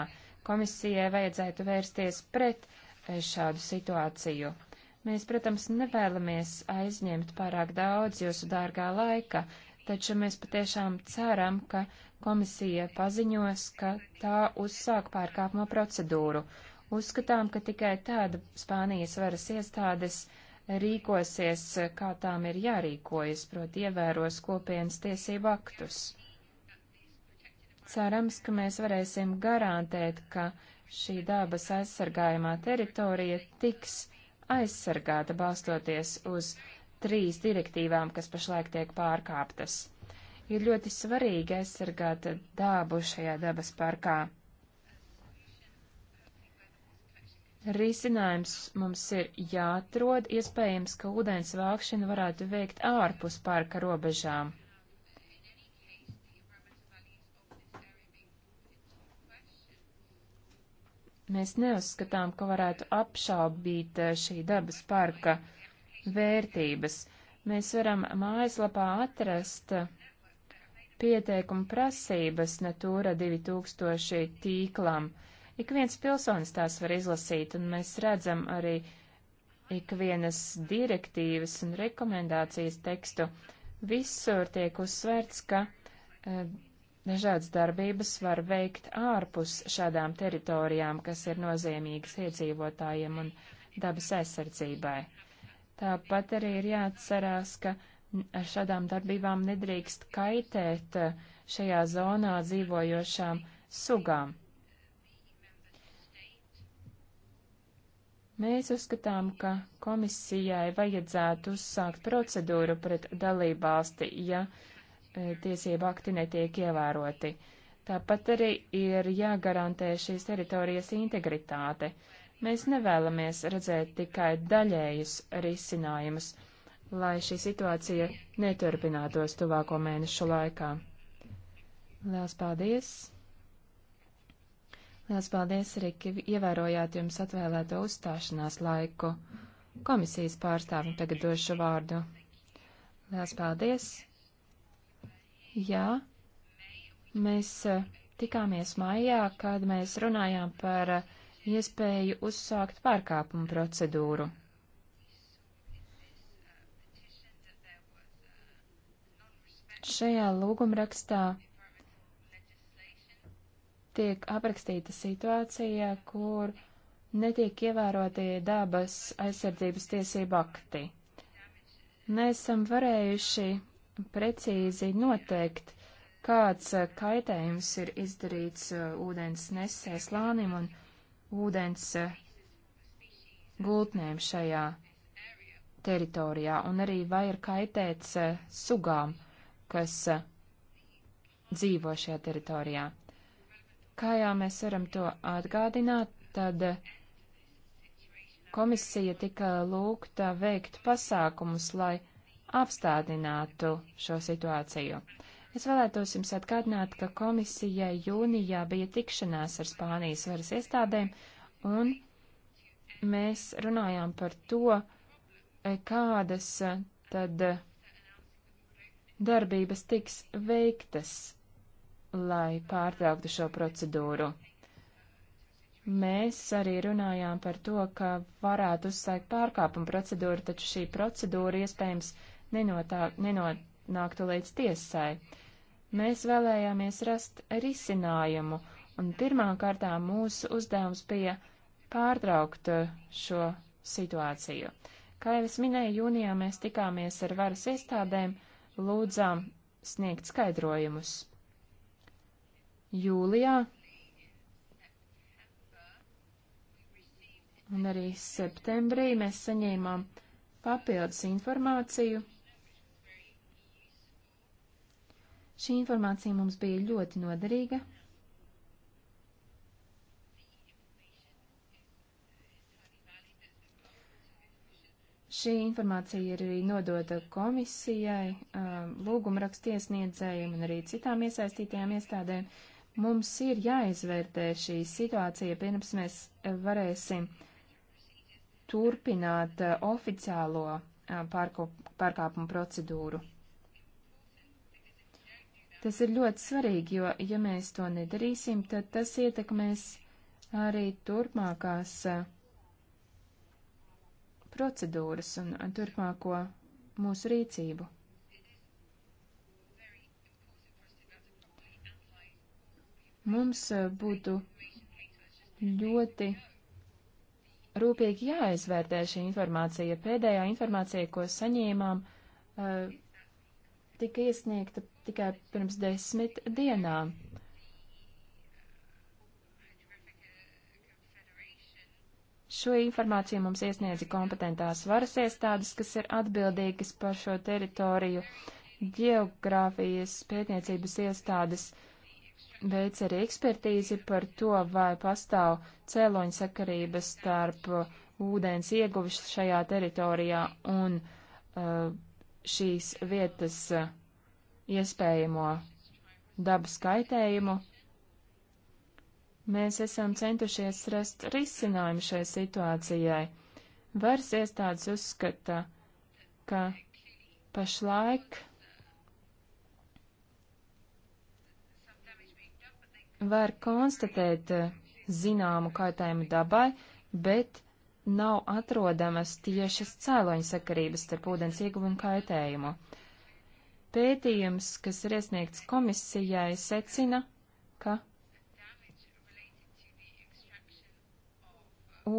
Komisijai vajadzētu vērsties pret e, šādu situāciju. Mēs, protams, nevēlamies aizņemt pārāk daudz jūsu dārgā laika, taču mēs patiešām ceram, ka komisija paziņos, ka tā uzsāk pārkāpumu procedūru. Uzskatām, ka tikai tāda Spānijas varas iestādes rīkosies, kā tām ir jārīkojas, proti ievēros kopienas tiesību aktus. Cerams, ka mēs varēsim garantēt, ka šī dabas aizsargājumā teritorija tiks aizsargāta balstoties uz trīs direktīvām, kas pašlaik tiek pārkāptas. Ir ļoti svarīgi aizsargāt dabu šajā dabas parkā. Risinājums mums ir jāatrod, iespējams, ka ūdens vākšanu varētu veikt ārpus parka robežām. Mēs neuzskatām, ka varētu apšaubīt eh, šī dabas parka vērtības. Mēs varam mājaslapā atrast pieteikumu prasības Natūra 2000 tīklam. Ik viens pilsonis tās var izlasīt, un mēs redzam arī ikvienas direktīvas un rekomendācijas tekstu. Visur tiek uzsvērts, ka eh, Dažādas darbības var veikt ārpus šādām teritorijām, kas ir nozīmīgas iedzīvotājiem un dabas aizsardzībai. Tāpat arī ir jāatcerās, ka ar šādām darbībām nedrīkst kaitēt eh, šajā zonā dzīvojošām sugām. Mēs uzskatām, ka komisijai vajadzētu uzsākt procedūru pret dalībvalsti, ja uh, E, tiesību akti netiek ievēroti. Tāpat arī ir jāgarantē šīs teritorijas integritāte. Mēs nevēlamies redzēt tikai daļējus risinājumus, lai šī situācija neturpinātos tuvāko mēnešu laikā. Lielas paldies! Lielas paldies arī, ka ievērojāt jums atvēlēto uzstāšanās laiku. Komisijas pārstāvim tagad došu vārdu. Lielas paldies! Jā, mēs eh, tikāmies maijā, kad mēs runājām par eh, iespēju uzsākt pārkāpumu procedūru. Šajā lūgumrakstā tiek aprakstīta situācija, kur netiek ievērotie dabas aizsardzības tiesību akti. Mēs esam varējuši precīzi noteikt, kāds eh, kaitējums ir izdarīts eh, ūdens nesē slānim un ūdens eh, gultnēm šajā teritorijā, un arī vai ir kaitēts sugām, kas dzīvo šajā teritorijā. Kā jau mēs varam to atgādināt, tad komisija tika lūgta veikt pasākumus, lai apstādinātu šo situāciju. Es vēlētos jums atgādināt, ka komisijai jūnijā bija tikšanās ar Spānijas varas iestādēm, un mēs runājām par to, e, kādas e, tad e, darbības tiks veiktas, lai pārtrauktu šo procedūru. Mēs arī runājām par to, ka varētu uzsākt pārkāpumu procedūru, taču šī procedūra iespējams nenotā, nenonāktu līdz tiesai. Mēs vēlējāmies rast risinājumu, un pirmām kārtām mūsu uzdevums bija pārtraukt uh, šo situāciju. Kā jau es minēju, jūnijā mēs tikāmies ar varas iestādēm, lūdzām sniegt skaidrojumus. Jūlijā un arī septembrī mēs saņēmām papildus informāciju Šī informācija mums bija ļoti noderīga. Šī informācija ir arī nodota komisijai, um, lūgumrakstu iesniedzējiem un arī citām iesaistītajām iestādēm. Mums ir jāizvērtē šī situācija, pirms mēs eh, varēsim turpināt eh, oficiālo eh, pārkāpumu procedūru. Tas ir ļoti svarīgi, jo, ja mēs to nedarīsim, tad tas ietekmēs arī turpmākās eh, procedūras un turpmāko mūsu rīcību. Mums eh, būtu ļoti rūpīgi jāizvērtē šī informācija. Pēdējā informācija, ko saņēmām, uh, tika iesniegta tikai pirms desmit dienām. Šo informāciju mums iesniedza kompetentās varas iestādes, kas ir atbildīgas par šo teritoriju. Geogrāfijas pētniecības iestādes veic arī ekspertīzi par to, vai pastāv cēloņa sakarības starp ūdens ieguvis šajā teritorijā un uh, šīs vietas eh, iespējamo dabas kaitējumu, mēs esam centušies rast risinājumu šai situācijai. Varas iestādes uzskata, ka pašlaik var konstatēt eh, zināmu kaitējumu dabai, bet nav atrodamas tiešas cēloņa sakarības starp ūdens ieguvumu un kaitējumu. Pētījums, kas ir iesniegts komisijai, secina, ka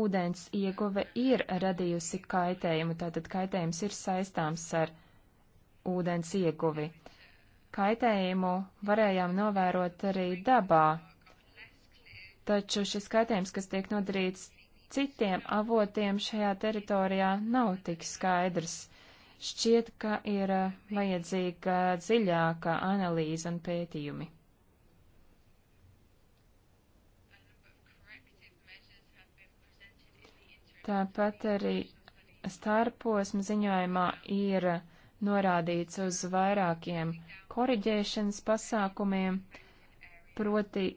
ūdens ieguve ir radījusi kaitējumu, tātad kaitējums ir saistāms ar ūdens ieguvi. Kaitējumu varējām novērot arī dabā, taču šis kaitējums, kas tiek nodarīts citiem avotiem šajā teritorijā nav tik skaidrs. Šķiet, ka ir eh, vajadzīga dziļāka analīze un pētījumi. Tāpat arī starposma ziņojumā ir norādīts uz vairākiem koriģēšanas pasākumiem, proti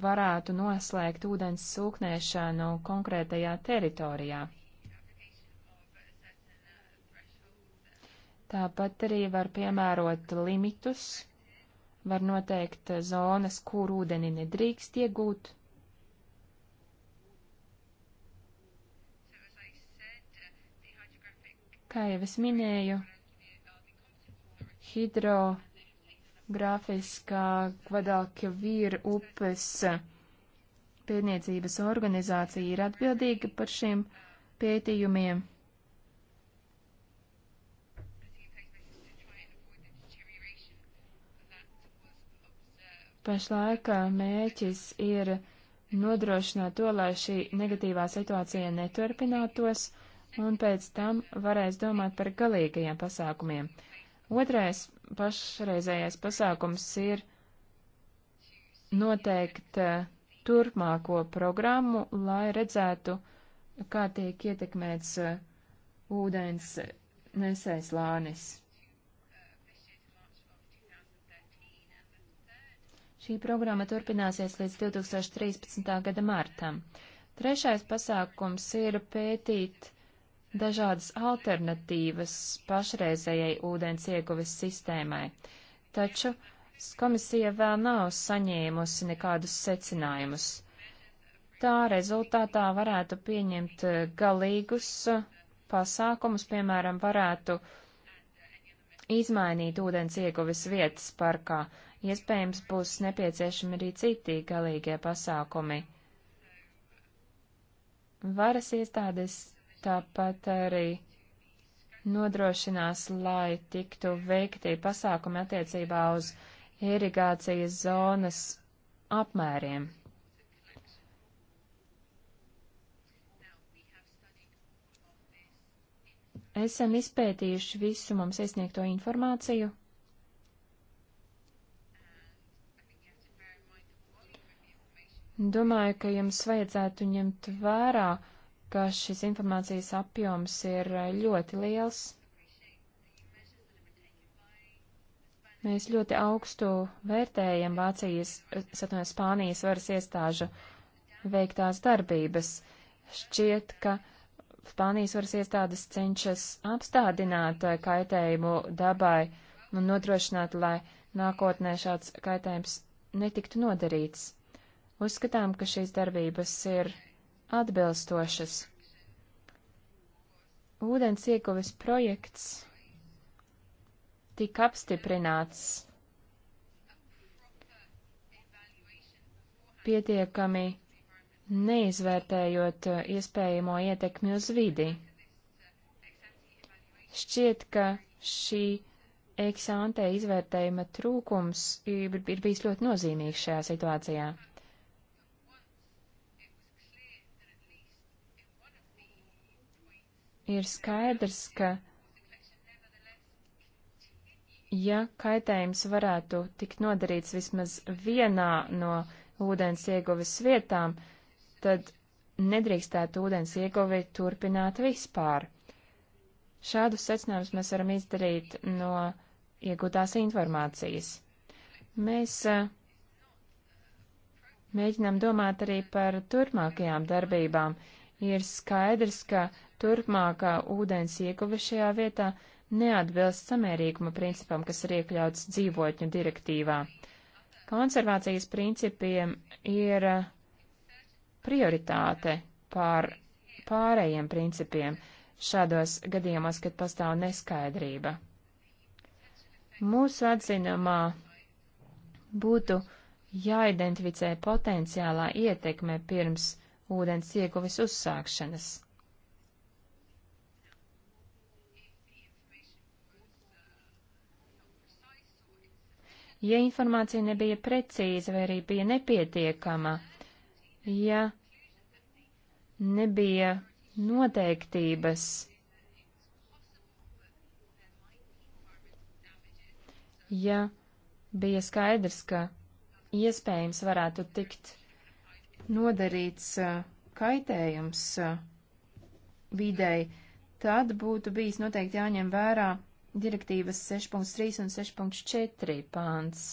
varētu noslēgt ūdens sūknēšanu konkrētajā teritorijā. Tāpat arī var piemērot limitus, var noteikt zonas, kur ūdeni nedrīkst iegūt. Kā jau es minēju, hidro grafiskā Kvadalkavīra upes pētniecības organizācija ir atbildīga par šiem pētījumiem. Pašlaik mērķis ir nodrošināt to, lai šī negatīvā situācija neturpinātos, un pēc tam varēs domāt par galīgajiem pasākumiem. Otrais pašreizējais pasākums ir noteikt eh, turpmāko programmu, lai redzētu, kā tiek ietekmēts eh, ūdens nesējs lānis. Šī programma turpināsies līdz 2013. gada martam. Trešais pasākums ir pētīt dažādas alternatīvas pašreizējai ūdens ieguves sistēmai, taču komisija vēl nav saņēmusi nekādus secinājumus. Tā rezultātā varētu pieņemt galīgus pasākumus, piemēram, varētu izmainīt ūdens ieguves vietas parkā. Iespējams, būs nepieciešami arī citi galīgie pasākumi. Varas iestādes tāpat arī nodrošinās, lai tiktu veikti pasākumi attiecībā uz irigācijas zonas apmēriem. Esam izpētījuši visu mums iesniegto informāciju. Domāju, ka jums vajadzētu ņemt vērā uh, ka šis informācijas apjoms ir eh, ļoti liels. Mēs ļoti augstu vērtējam Vācijas, eh, satunies Spānijas varas iestāžu veiktās darbības. Šķiet, ka Spānijas varas iestādes cenšas apstādināt eh, kaitējumu dabai un nodrošināt, lai nākotnē šāds kaitējums netiktu nodarīts. Uzskatām, ka šīs darbības ir atbilstošas. Ūdens ieguves projekts tika apstiprināts pietiekami neizvērtējot uh, iespējamo ietekmi uz vidi. Šķiet, ka šī eksāntē izvērtējuma trūkums ir, ir bijis ļoti nozīmīgs šajā situācijā. ir skaidrs, ka ja kaitējums varētu tikt nodarīts vismaz vienā no ūdens ieguves vietām, tad nedrīkstētu ūdens ieguvi turpināt vispār. Šādus secinājumus mēs varam izdarīt no iegūtās informācijas. Mēs mēģinām domāt arī par turpmākajām darbībām, ir skaidrs, ka turpmākā ūdens iekuve šajā vietā neatbilst samērīguma principam, kas ir iekļauts dzīvotņu direktīvā. Konservācijas principiem ir prioritāte pār pārējiem principiem šādos gadījumos, kad pastāv neskaidrība. Mūsu atzinumā būtu jāidentificē potenciālā ietekme pirms ūdens ieguvis uzsākšanas. Ja informācija nebija precīza vai arī bija nepietiekama, ja nebija noteiktības, ja bija skaidrs, ka iespējams varētu tikt nodarīts kaitējums videi, tad būtu bijis noteikti jāņem vērā direktīvas 6.3 un 6.4 pāns.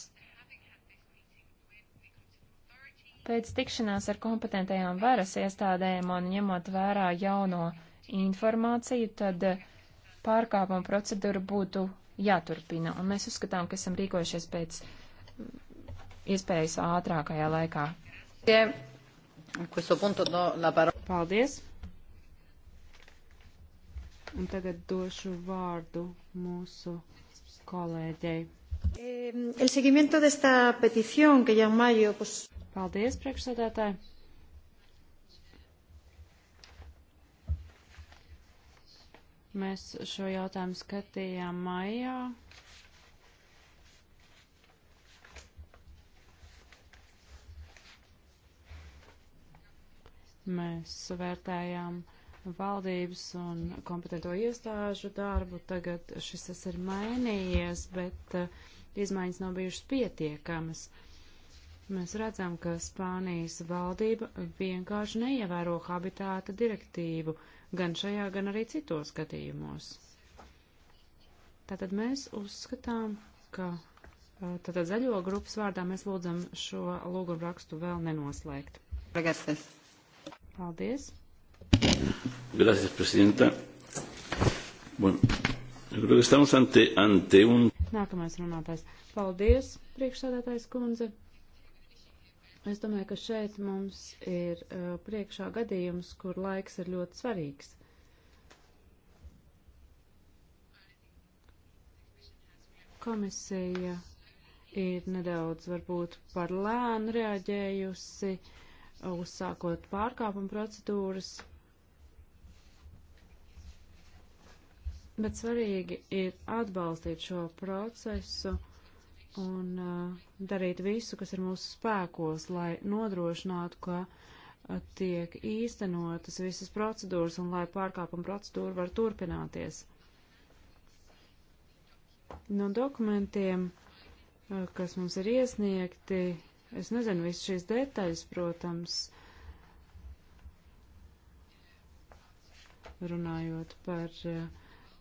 Pēc tikšanās ar kompetentajām varas iestādēm un ņemot vērā jauno informāciju, tad pārkāpuma procedūra būtu jāturpina, un mēs uzskatām, ka esam rīkojušies pēc iespējas ātrākajā laikā. Yeah. Paldies. Un
tagad došu vārdu mūsu kolēģei. El seguimiento de esta petición que ya en mayo, pues... Paldies, priekšsēdētāji. Mēs šo jautājumu skatījām maijā. Mēs vērtējām valdības un kompetento iestāžu darbu. Tagad šis tas ir mainījies, bet uh, izmaiņas nav bijušas pietiekamas. Mēs redzam, ka Spānijas valdība vienkārši neievēro habitāta direktīvu gan šajā, gan arī citos gadījumos. Tātad mēs uzskatām, ka eh, tātad zaļo grupas vārdā mēs lūdzam šo lūgumu rakstu vēl nenoslēgt. Pagastes. Paldies.
Gracias, presidenta. Bueno, yo creo que estamos ante, ante un.
Nākamais runātājs. Paldies, priekšsādātājs kundze. Es domāju, ka šeit mums ir uh, priekšā gadījums, kur laiks ir ļoti svarīgs. Komisija ir nedaudz varbūt par lēnu reaģējusi. Uh, uzsākot pārkāpuma procedūras. Bet svarīgi ir atbalstīt šo procesu un uh, darīt visu, kas ir mūsu spēkos, lai nodrošinātu, ka uh, tiek īstenotas visas procedūras un lai pārkāpuma procedūra var turpināties. No dokumentiem, uh, kas mums ir iesniegti, Es nezinu visu šīs detaļas, protams, runājot par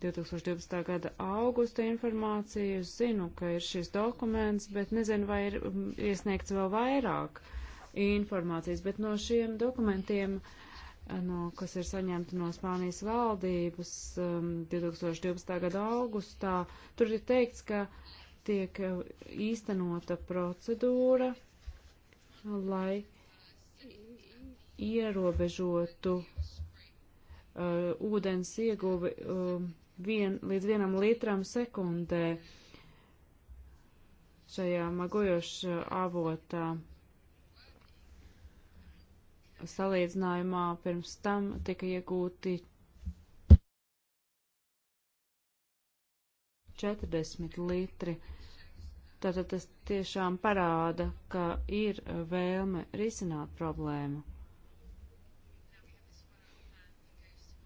2012. Eh, gada augusta informāciju. Es zinu, ka ir šis dokuments, bet nezinu, vai ir mm, iesniegts vēl vairāk informācijas, bet no šiem dokumentiem eh, no, kas ir saņemta no Spānijas valdības um, mm, 2012. gada augustā. Tur ir teikts, ka tiek eh, īstenota procedūra lai ierobežotu uh, ūdens ieguvi uh, vien, līdz vienam litram sekundē šajā magojošā avotā. Salīdzinājumā pirms tam tika iegūti 40 litri. Uh, Tātad tas tiešām parāda, ka ir vēlme risināt problēmu.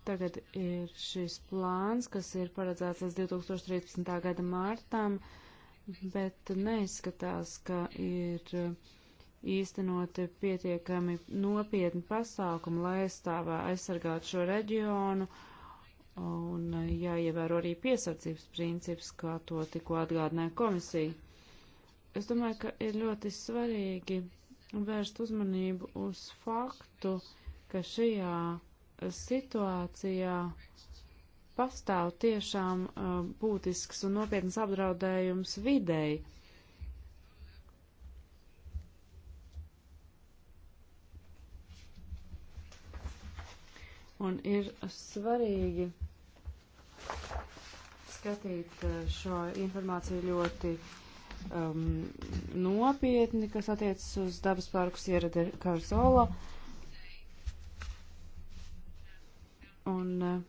Tagad ir šis plāns, kas ir paredzēts līdz 2013. gada mārtam, bet neizskatās, ka ir īstenoti pietiekami nopietni pasākumi, lai aizstāvā aizsargātu šo reģionu, un jāievēro arī piesardzības princips, kā to tikko atgādināja komisija es domāju, ka ir ļoti svarīgi vērst uzmanību uz faktu, ka šajā eh, situācijā pastāv tiešām uh, būtisks un nopietns apdraudējums videi. Un ir svarīgi skatīt eh, šo informāciju ļoti uh, um, nopietni, kas attiecas uz dabas parku Sierra de Carzola. Un uh,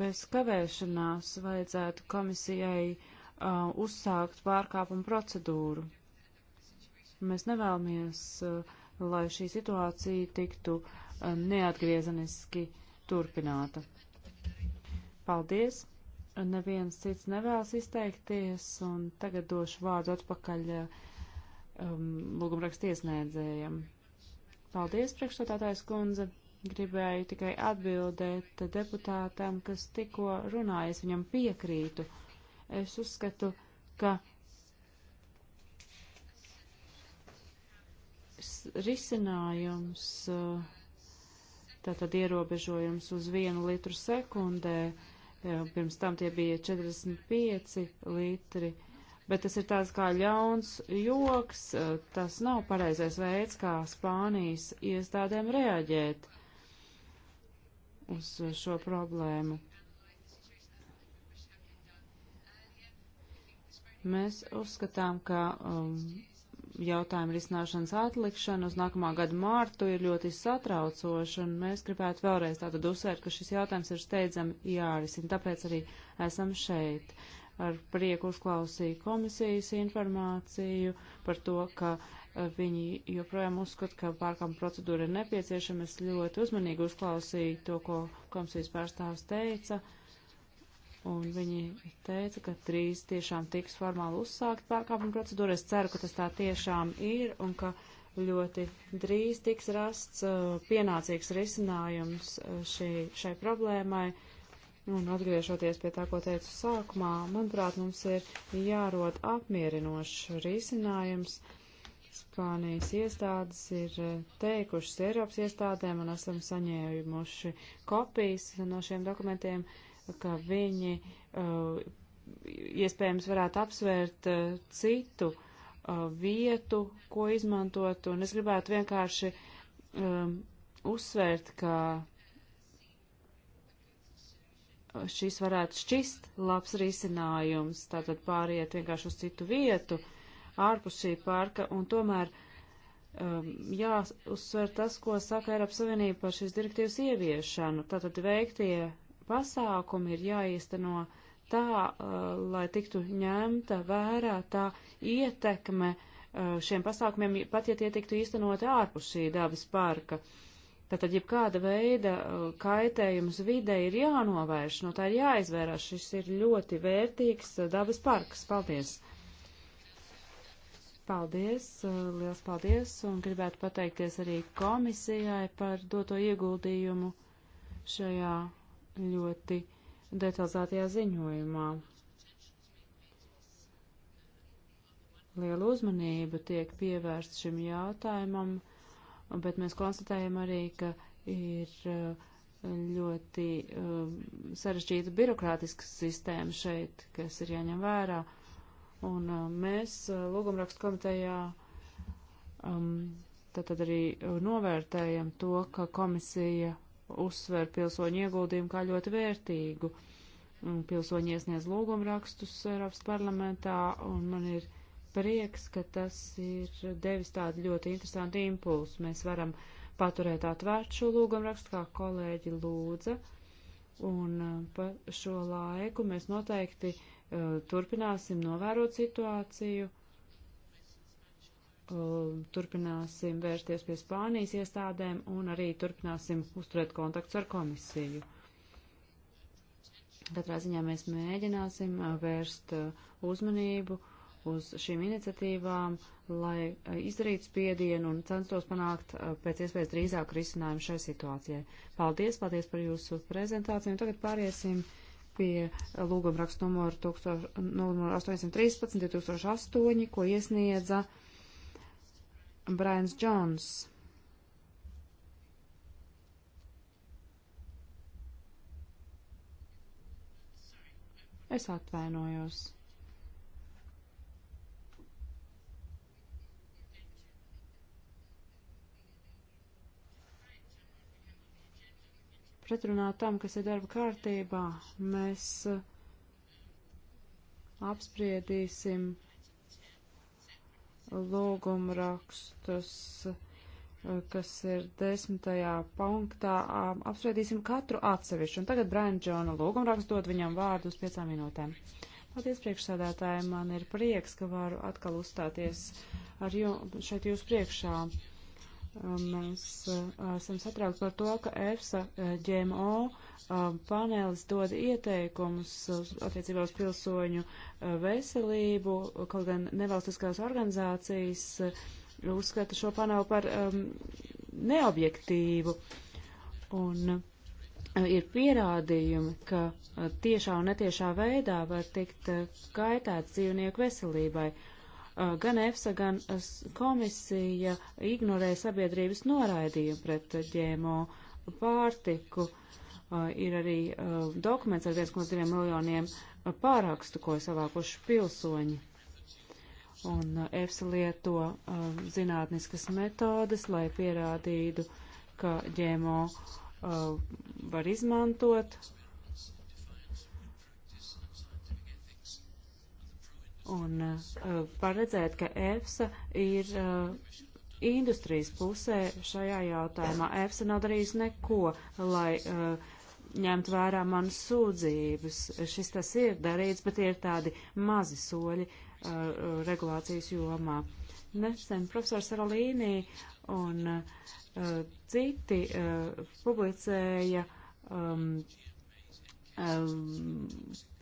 bez kavēšanās vajadzētu komisijai uh, uzsākt pārkāpumu procedūru. Mēs nevēlamies, uh, lai šī situācija tiktu uh, neatgriezeniski turpināta. Paldies! neviens cits nevēlas izteikties, un tagad došu vārdu atpakaļ um, lūgumrakstu iesniedzējiem. Paldies, priekšstādātājs kundze. Gribēju tikai atbildēt deputātam, kas tikko runājas, viņam piekrītu. Es uzskatu, ka risinājums, uh, tātad ierobežojums uz vienu litru sekundē, uh, pirms tam tie bija 45 litri, bet tas ir tāds kā ļauns joks, tas nav pareizais veids, kā Spānijas iestādēm reaģēt uz šo problēmu. Mēs uzskatām, ka um, jautājumu risināšanas atlikšana uz nākamā gada mārtu ir ļoti satraucoša, un mēs gribētu vēlreiz tātad uzsvērt, ka šis jautājums ir steidzami jārisina, tāpēc arī esam šeit. Ar prieku uzklausīju komisijas informāciju par to, ka eh, viņi joprojām uzskata, ka pārkāpuma procedūra ir nepieciešama. Es ļoti uzmanīgi uzklausīju to, ko komisijas pārstāvs teica. Uh, un viņi teica, ka trīs tiešām tiks formāli uzsākt pārkāpuma procedūra. Es ceru, ka tas tā tiešām ir un ka ļoti drīz tiks rasts uh, pienācīgs risinājums uh, šī, šai problēmai. Un atgriežoties pie tā, ko teicu sākumā, manuprāt, mums ir jārod apmierinošs risinājums. Spānijas iestādes ir uh, teikušas Eiropas iestādēm un esam saņēmuši kopijas no šiem dokumentiem. Uh, ka viņi uh, iespējams varētu apsvērt uh, citu uh, vietu, ko izmantot, un es gribētu vienkārši um, uzsvērt, ka šis varētu šķist labs risinājums, tātad pāriet vienkārši uz citu vietu ārpus šī parka, un tomēr um, jāuzsver tas, ko saka Eiropas Savienība par šīs direktīvas ieviešanu, tātad veiktie pasākumi ir jāīsteno tā, uh, lai tiktu ņemta vērā tā ietekme uh, šiem pasākumiem, pat ja tie tiktu īstenoti ārpus šī dabas parka. Tātad, ja kāda veida uh, kaitējums vide ir jānovērš, no tā ir jāizvērās, šis ir ļoti vērtīgs dabas parks. Paldies! Paldies, liels paldies, un gribētu pateikties arī komisijai par doto ieguldījumu šajā ļoti detalizētajā ziņojumā. Liela uzmanība tiek pievērsta šim jautājumam, bet mēs konstatējam arī, ka ir uh, ļoti uh, sarežģīta birokrātiska sistēma šeit, kas ir jāņem vērā. Un uh, mēs lūgumrakstu komitejā um, tad arī novērtējam to, ka komisija uzsver pilsoņu ieguldījumu kā ļoti vērtīgu. Pilsoņi iesniedz lūgumu rakstus Eiropas parlamentā, un man ir prieks, ka tas ir devis tādu ļoti interesantu impulsu. Mēs varam paturēt atvērt šo lūgumu rakstu, kā kolēģi lūdza, un uh, pa šo laiku mēs noteikti uh, turpināsim novērot situāciju Uh, turpināsim vērsties pie Spānijas iestādēm un arī turpināsim uzturēt kontaktus ar komisiju. Katrā ziņā mēs mēģināsim uh, vērst uh, uzmanību uz šīm iniciatīvām, lai izdarītu spiedienu un censtos panākt pēc iespējas drīzāk risinājumu šai situācijai. Paldies, paldies par jūsu prezentāciju. Tagad pāriesim pie lūguma rakstu numuru 813 2008, ko iesniedza. Brains Džons. Es atvainojos. Pretrunā tam, kas ir darba kārtībā, mēs uh, apspriedīsim lūgumrakstus, eh, kas ir desmitajā punktā. Apspriedīsim katru atsevišķu. Un tagad Brian Džona lūgumrakstu dod viņam vārdu uz piecām minūtēm. Paldies, priekšsādātāji. Man ir prieks, ka varu atkal uzstāties ar jums šeit jūs priekšā. Mēs esam satraukti par to, ka EFSA ģMO panelis dod ieteikumus attiecībā uz pilsoņu veselību, kaut gan nevalstiskās organizācijas uzskata šo panelu par um, neobjektīvu. Un ir pierādījumi, ka tiešā un netiešā veidā var tikt kaitēts dzīvnieku veselībai. Uh, Eh, gan EFSA, gan eh, komisija ignorēja sabiedrības noraidījumu pret ģēmo pārtiku. Eh, ir arī dokuments ar 1,2 miljoniem pārakstu, ko savākuši pilsoņi. Un EFSA lieto zinātniskas metodes, lai pierādītu, ka ģēmo var izmantot un uh, eh, paredzēt, ka EFSA ir uh, industrijas pusē šajā jautājumā. EFSA nav darījusi neko, lai uh, eh, ņemt vērā manas sūdzības. Šis tas ir darīts, bet tie ir tādi mazi soļi uh, regulācijas jomā. Nesen profesors Aralīnī un uh, citi uh, publicēja um,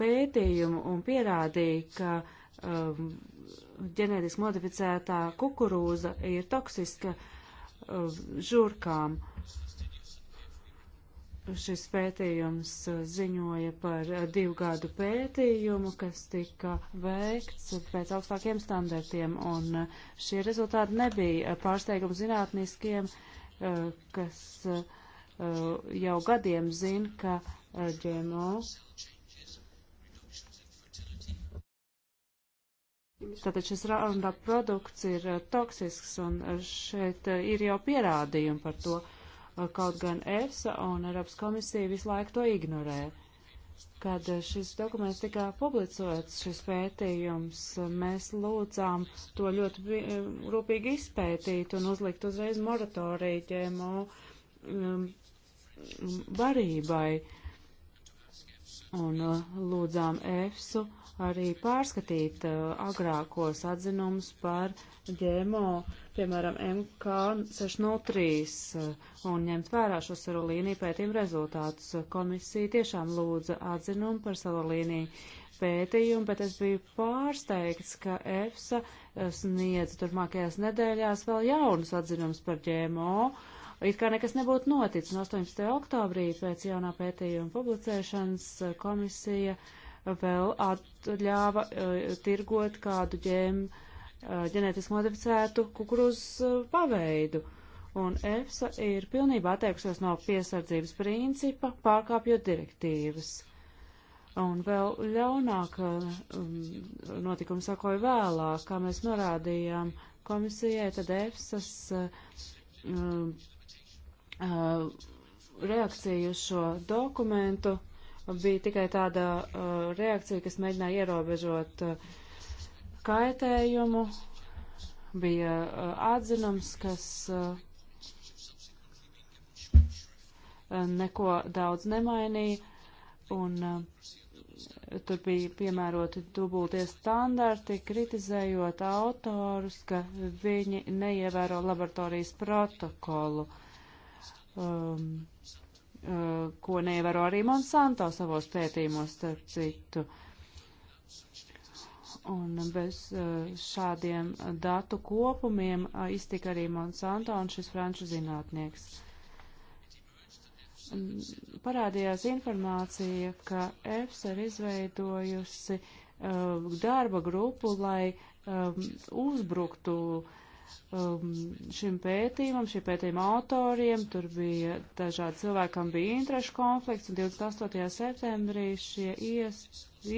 pētījumu un pierādīja, ka um, ģenētiski modificētā kukurūza ir toksiska uh, žurkām. Šis pētījums uh, ziņoja par uh, divu gadu pētījumu, kas tika veikts pēc augstākiem standartiem, un uh, šie rezultāti nebija pārsteigums zinātniskiem, uh, kas uh, jau gadiem zina, ka ģēmo Tātad šis raunda produkts ir eh, toksisks, un eh, šeit eh, ir jau pierādījumi par to, kaut gan EFSA un Eiropas komisija visu laiku to ignorē. Kad šis dokuments tika publicots, šis pētījums, mēs lūdzām to ļoti rūpīgi izpētīt un uzlikt uzreiz moratoriju ģēmo um, varībai. Un lūdzām EFSU arī pārskatīt uh, agrākos atzinumus par ģēmo, piemēram, MK603 uh, un ņemt vērā šo sarulīniju pētījumu rezultātus. Komisija tiešām lūdza atzinumu par sarulīniju pētījumu, bet es biju pārsteigts, ka EFSA uh, sniedz turpmākajās nedēļās vēl jaunus atzinumus par ģēmo. It kā nekas nebūtu noticis. No 18. oktobrī pēc jaunā pētījuma publicēšanas uh, komisija uh, vēl atļāva eh, tirgot kādu ģēmu eh, ģenētiski modificētu kukurūzas eh, paveidu. Un EFSA ir pilnībā atteikusies no piesardzības principa, pārkāpjot direktīvas. Un vēl ļaunāk um, notikumi sakoja vēlāk, kā mēs norādījām komisijai, tad EFSAS um, uh, reakcija uz šo dokumentu bija tikai tāda uh, reakcija, kas mēģināja ierobežot uh, kaitējumu. Bija uh, atzinums, kas uh, neko daudz nemainīja, un uh, tur bija piemēroti dubultie standarti, kritizējot autorus, ka viņi neievēro laboratorijas protokolu. Um, Uh, ko neievēro arī Monsanto savos pētījumos, starp citu. Un bez uh, šādiem datu kopumiem uh, iztika arī Monsanto un šis franču zinātnieks. Parādījās informācija, ka EFS ir izveidojusi darba grupu, lai um, uzbruktu uh, um, šim pētījumam, šī pētījuma autoriem. Tur bija dažādi cilvēkam bija interešu konflikts, un 28. septembrī šie ies,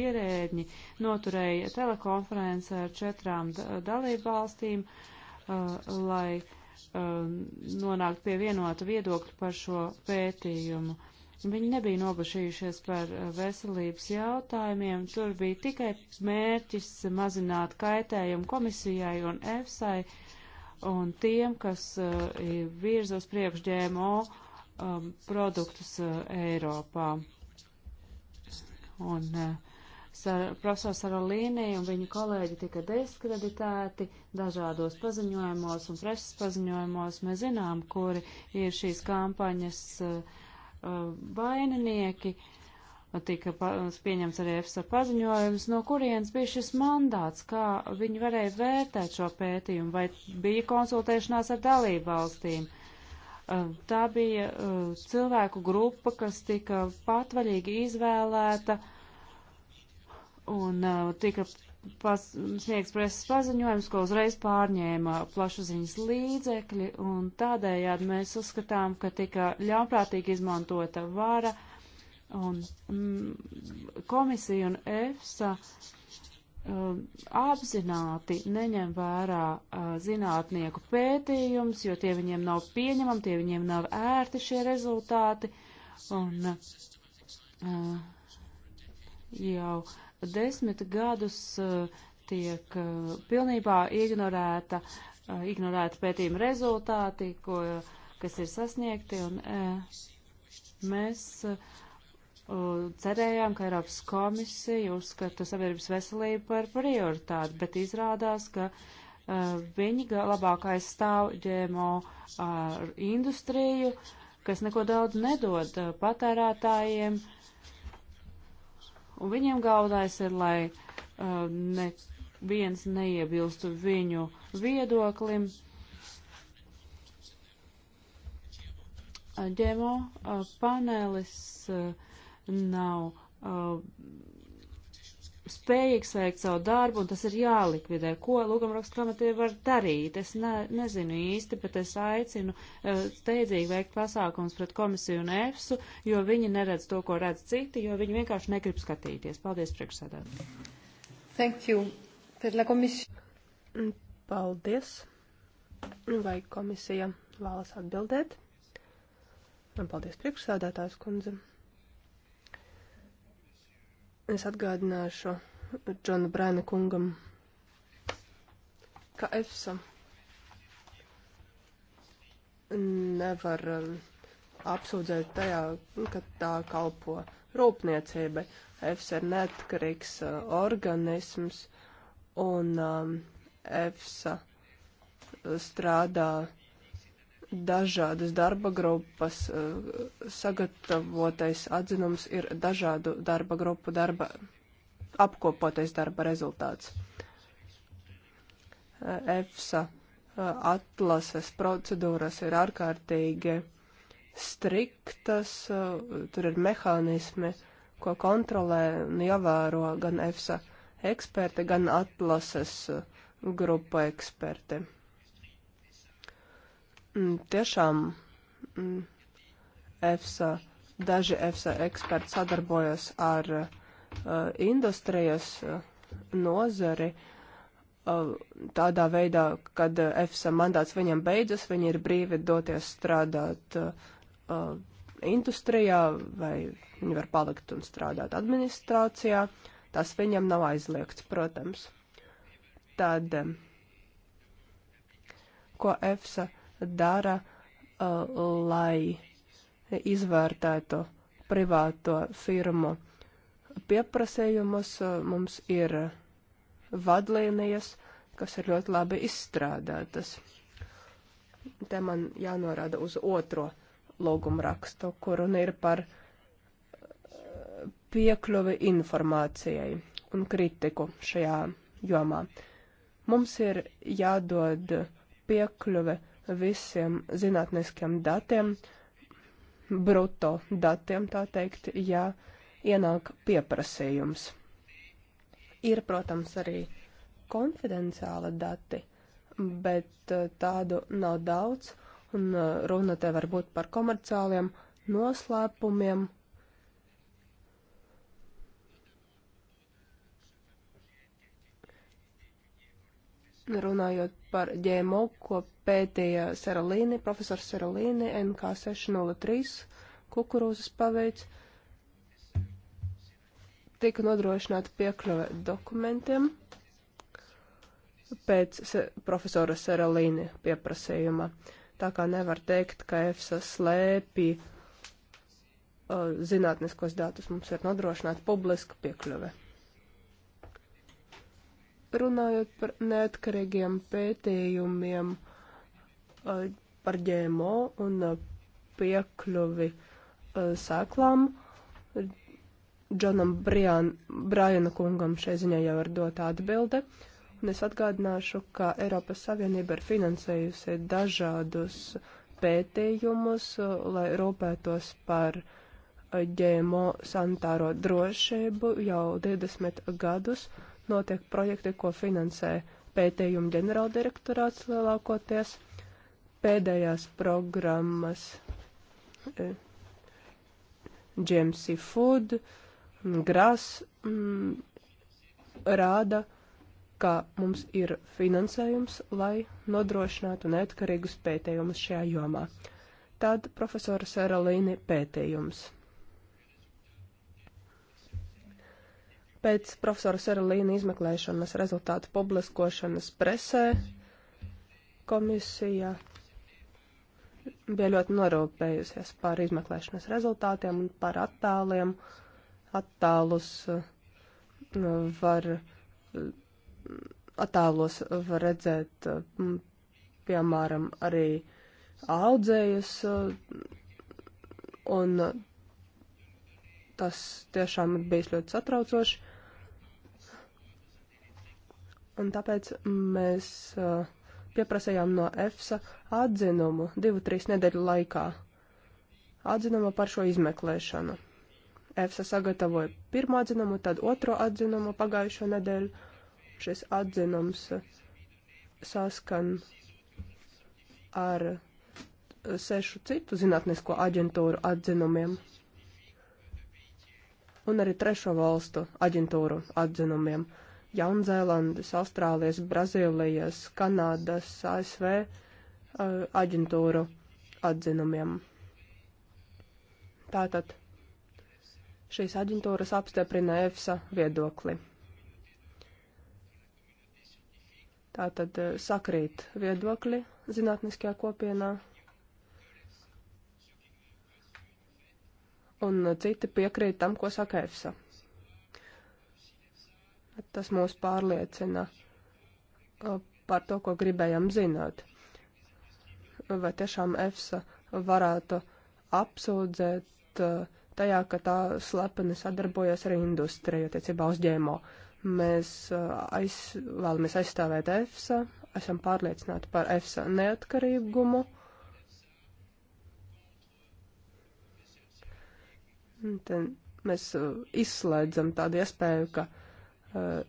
ierēģi noturēja telekonferenci ar četrām dalību valstīm, uh, lai uh, nonāktu pie vienota viedokļa par šo pētījumu. Viņi nebija nobašījušies par uh, veselības jautājumiem. Tur bija tikai mērķis mazināt kaitējumu komisijai un EFSAI uh, un tiem, kas eh, virza uz priekš GMO um, produktus eh, Eiropā. Un eh, sar, profesors Sarolīni un viņa kolēģi tika diskreditēti dažādos paziņojumos un preses paziņojumos. Mēs zinām, kuri ir šīs kampaņas vaininieki. Uh, tika pieņemts arī EFSA paziņojums, no kurienes bija šis mandāts, kā viņi varēja vērtēt šo pētījumu, vai bija konsultēšanās ar dalību valstīm. Uh, tā bija uh, cilvēku grupa, kas tika patvaļīgi izvēlēta un uh, tika sniegts preses paziņojums, ko uzreiz pārņēma plašsaziņas līdzekļi, un tādējādi mēs uzskatām, ka tika ļaunprātīgi izmantota vara Un mm, komisija un EFSA um, apzināti neņem vērā uh, zinātnieku pētījums, jo tie viņiem nav pieņemami, tie viņiem nav ērti šie rezultāti. Un uh, jau desmit gadus uh, tiek uh, pilnībā ignorēta, uh, ignorēta pētījuma rezultāti, ko, kas ir sasniegti, un uh, mēs uh, cerējām, ka Eiropas komisija uzskata sabiedrības veselību par prioritāti, bet izrādās, ka uh, viņi labāk aizstāv ģēmo uh, industriju, kas neko daudz nedod uh, patērētājiem. Un viņiem galvenais ir, lai uh, neviens neiebilstu viņu viedoklim. ģēmo uh, panelis uh, nav uh, spējīgs veikt savu darbu, un tas ir jālikvidē. Ko lūgumrakstu komiteja var darīt? Es ne, nezinu īsti, bet es aicinu uh, steidzīgi veikt pasākums pret komisiju un EFSU, jo viņi neredz to, ko redz citi, jo viņi vienkārši negrib skatīties. Paldies, priekšsēdētāji.
Thank you. Per la komisija. Mm, paldies. Vai komisija vēlas atbildēt? Paldies, priekšsēdētājs kundze. Es atgādināšu Džona Brēna kungam, ka EFSA nevar um, apsūdzēt tajā, ka tā kalpo rūpniecībai. EFSA ir neatkarīgs uh, organisms un um, EFSA strādā dažādas darba grupas, eh, sagatavotais atzinums ir dažādu darba grupu darba, apkopotais darba rezultāts. Eh, EFSA eh, atlases procedūras ir ārkārtīgi striktas, tur ir mehānismi, ko kontrolē un ievēro gan EFSA eksperti, gan atlases grupa eksperti. Mm, tiešām mm, EFSA, daži EFSA eksperti sadarbojas ar uh, industrijas uh, nozari uh, tādā veidā, kad EFSA mandāts viņiem beidzas, viņi ir brīvi doties strādāt uh, industrijā vai viņi var palikt un strādāt administrācijā. Tas viņam nav aizliegts, protams. Tad, um, ko EFSA dara, uh, lai izvērtētu privāto firmu pieprasījumus. Uh, mums ir vadlīnijas, kas ir ļoti labi izstrādātas. Te man jānorāda uz otro lūgumu rakstu, kur un ir par uh, piekļuvi informācijai un kritiku šajā jomā. Mums ir jādod piekļuve visiem zinātniskiem datiem, bruto datiem tā teikt, ja ienāk pieprasījums. Ir, protams, arī konfidenciāla dati, bet eh, tādu nav daudz, un eh, runa te var būt par komerciāliem noslēpumiem runājot par ģēmo, ko pētīja Seralīni, profesors Seralīni, NK603, kukurūzas paveids, tika nodrošināta piekļuve dokumentiem pēc se profesora Seralīni pieprasījuma. Tā kā nevar teikt, ka EFSA slēpī uh, zinātniskos datus mums ir nodrošināta publiska piekļuve. Runājot par neatkarīgiem pētījumiem par ģēmo un piekļuvi sēklām, Džonam Brajana kungam šai ziņā jau ir dota atbilde. Un es atgādināšu, ka Eiropas Savienība ir finansējusi dažādus pētījumus, lai rūpētos par ģēmo sanitāro drošību jau 20 gadus notiek projekti, ko finansē pētījumu ģenerāldirektorāts lielākoties. Pēdējās programmas e, Jamesy Food, Gras mm, rāda, ka mums ir finansējums, lai nodrošinātu neatkarīgus pētījumus šajā jomā. Tad profesora Sēralīni pētījums Pēc profesora Seralīna izmeklēšanas rezultātu publiskošanas presē komisija bija ļoti norūpējusies par izmeklēšanas rezultātiem un par attāliem. Attālus uh, var, attālos var redzēt, uh, piemēram, arī audzējas, uh, un tas tiešām ir bijis ļoti satraucoši. Un tāpēc mēs uh, pieprasījām no EFSA atzinumu divu, trīs nedēļu laikā. Atzinumu par šo izmeklēšanu. EFSA sagatavoja pirmo atzinumu, tad otro atzinumu pagājušo nedēļu. Šis atzinums uh, saskan ar uh, sešu citu zinātnisko aģentūru atzinumiem un arī trešo valstu aģentūru atzinumiem. Uh, Jaunzēlandes, Austrālijas, Brazīlijas, Kanādas, ASV uh, aģentūru atzinumiem. Tātad šīs aģentūras apstiprina EFSA viedokli. Tātad uh, sakrīt viedokļi zinātniskajā kopienā. Un uh, citi piekrīt tam, ko saka EFSA. Tas mūs pārliecina uh, par to, ko gribējām zināt. Vai tiešām EFSA varētu apsūdzēt uh, tajā, ka tā slepeni sadarbojas ar industriju attiecībā uz ģēmo. Mēs uh, aiz, vēlamies aizstāvēt EFSA, esam pārliecināti par EFSA neatkarīgumu. Te mēs izslēdzam tādu iespēju, ka uh, Eh,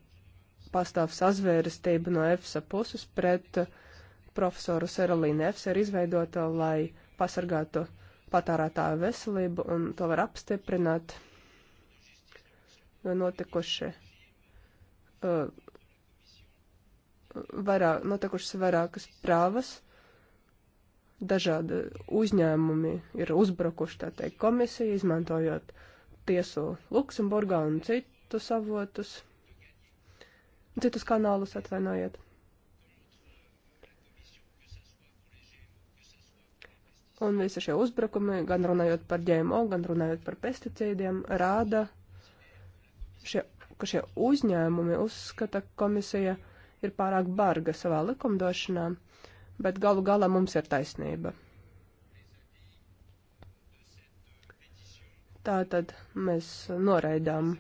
pastāv sazvērestība no EFSA puses pret eh, profesoru Seralīnu. EFSA ir izveidota, lai pasargātu patārētāju veselību, un to var apstiprināt, jo notikuši uh, eh, vairāk, notikušas vairākas prāvas, dažādi uzņēmumi ir uzbrukuši, tā teikt, komisiju, izmantojot tiesu Luksemburgā un citus avotus citus kanālus atvainojiet. Un visi šie uzbrukumi, gan runājot par ģēmo, gan runājot par pesticīdiem, rāda, šie, ka šie uzņēmumi uzskata, ka komisija ir pārāk barga savā likumdošanā, bet galu galā mums ir taisnība. Tātad mēs noraidām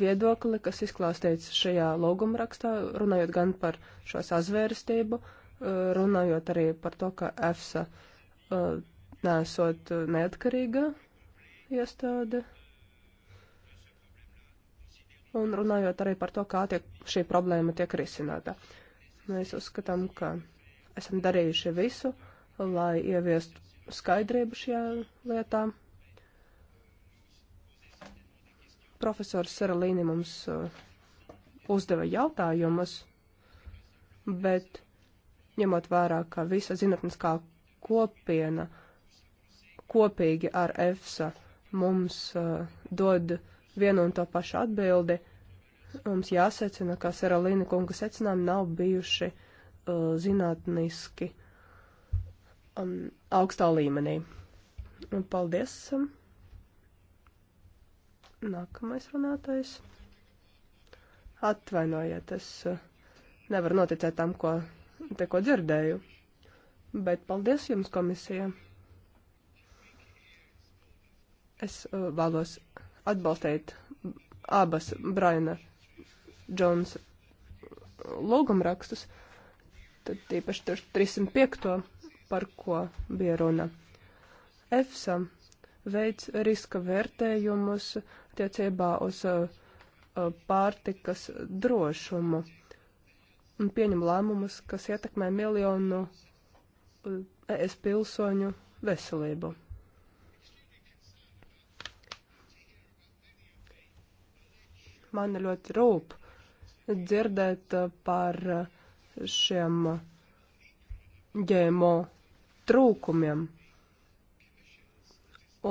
viedokli, kas izklāstīts šajā logumrakstā, runājot gan par šo sazvērstību, eh, runājot arī par to, ka EFSA eh, nesot neatkarīga iestāde. Un runājot arī par to, kā tiek, šī problēma tiek risināta. Mēs uzskatām, ka esam darījuši visu, lai ieviestu skaidrību šajā lietā. Profesors Saralīni mums uh, uzdeva jautājumus, bet ņemot vērā, ka visa zinātniskā kopiena kopīgi ar EFSA mums uh, dod vienu un to pašu atbildi, mums jāsecina, ka Seralīna kunga secinājumi nav bijuši uh, zinātniski um, augstā līmenī. Un paldies! Um, Nākamais runātājs. Atvainojiet, es eh, nevaru noticēt tam, ko tikko dzirdēju, bet paldies jums komisija. Es eh, vēlos atbalstīt abas Braina Džons eh, lūgumrakstus, tad īpaši 305. par ko bija runa. EFSA veids riska vērtējumus attiecībā uz uh, uh, pārtikas drošumu un pieņem lēmumus, kas ietekmē miljonu uh, ES pilsoņu veselību. Man ļoti rūp dzirdēt par šiem ģēmo trūkumiem.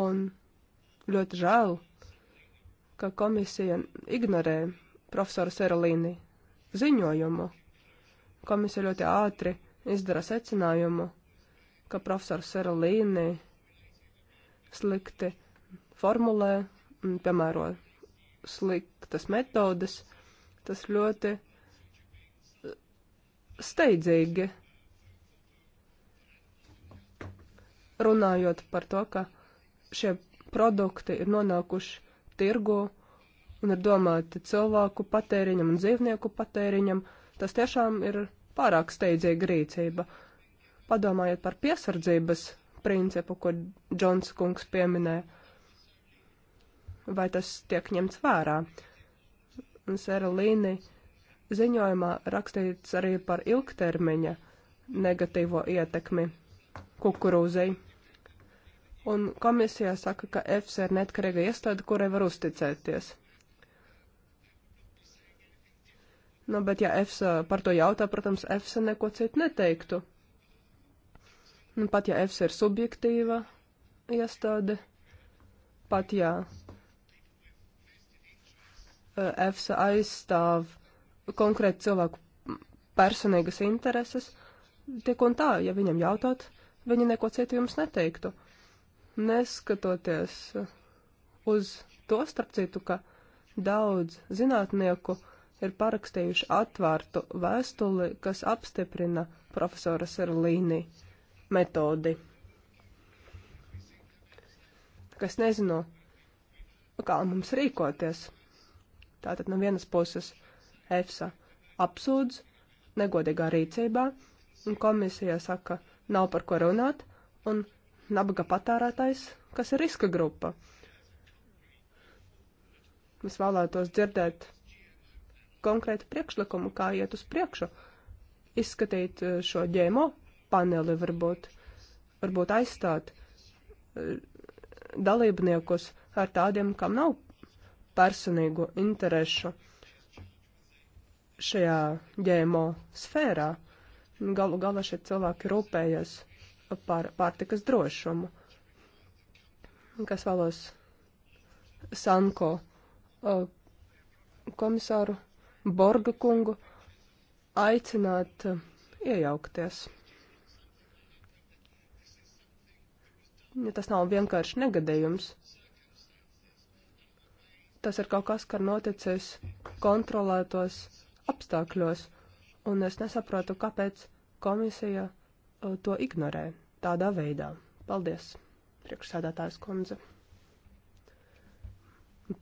Un ļoti žēl, ka komisija ignorē profesora Serolīni ziņojumu. Komisija ļoti ātri izdara secinājumu, ka profesors Serolīni slikti formulē un piemēro sliktas metodes. Tas ļoti eh, steidzīgi runājot par to, ka šie produkti ir nonākuši tirgu un ir domāti cilvēku patēriņam un dzīvnieku patēriņam, tas tiešām ir pārāk steidzīga rīcība. Padomājiet par piesardzības principu, ko Džons kungs pieminē. Vai tas tiek ņemts vērā? Sēra Līni ziņojumā rakstīts arī par ilgtermiņa negatīvo ietekmi kukurūzei un komisijā saka, ka EFSA ir neatkarīga iestāde, kurai var uzticēties. Nu, bet ja EFSA par to jautā, protams, EFSA neko citu neteiktu. Nu, pat ja EFSA ir subjektīva iestāde, pat ja EFSA eh, aizstāv konkrēti cilvēku personīgas intereses, tiek un tā, ja viņam jautāt, viņi neko citu jums neteiktu. Neskatoties uz to starp citu, ka daudz zinātnieku ir parakstījuši atvērtu vēstuli, kas apstiprina profesora Serlīni metodi. Kas nezinu, kā mums rīkoties. Tātad no vienas puses EFSA apsūdz negodīgā rīcībā, un komisija saka, nav par ko runāt, un nabaga patērētājs, kas ir riska grupa. Es vēlētos dzirdēt konkrētu priekšlikumu, kā iet uz priekšu, izskatīt eh, šo ģēmo paneli varbūt, varbūt aizstāt eh, dalībniekus ar tādiem, kam nav personīgu interešu šajā ģēmo sfērā. Galu galā šie cilvēki rūpējas par pārtikas drošumu, kas vēlos Sanko uh, komisāru Borga kungu aicināt uh, iejaukties. Ja tas nav vienkārši negadījums. Tas ir kaut kas, kas noticis kontrolētos apstākļos, un es nesaprotu, kāpēc komisija Eh, to ignorē tādā veidā. Paldies, priekšsēdētājs kundze.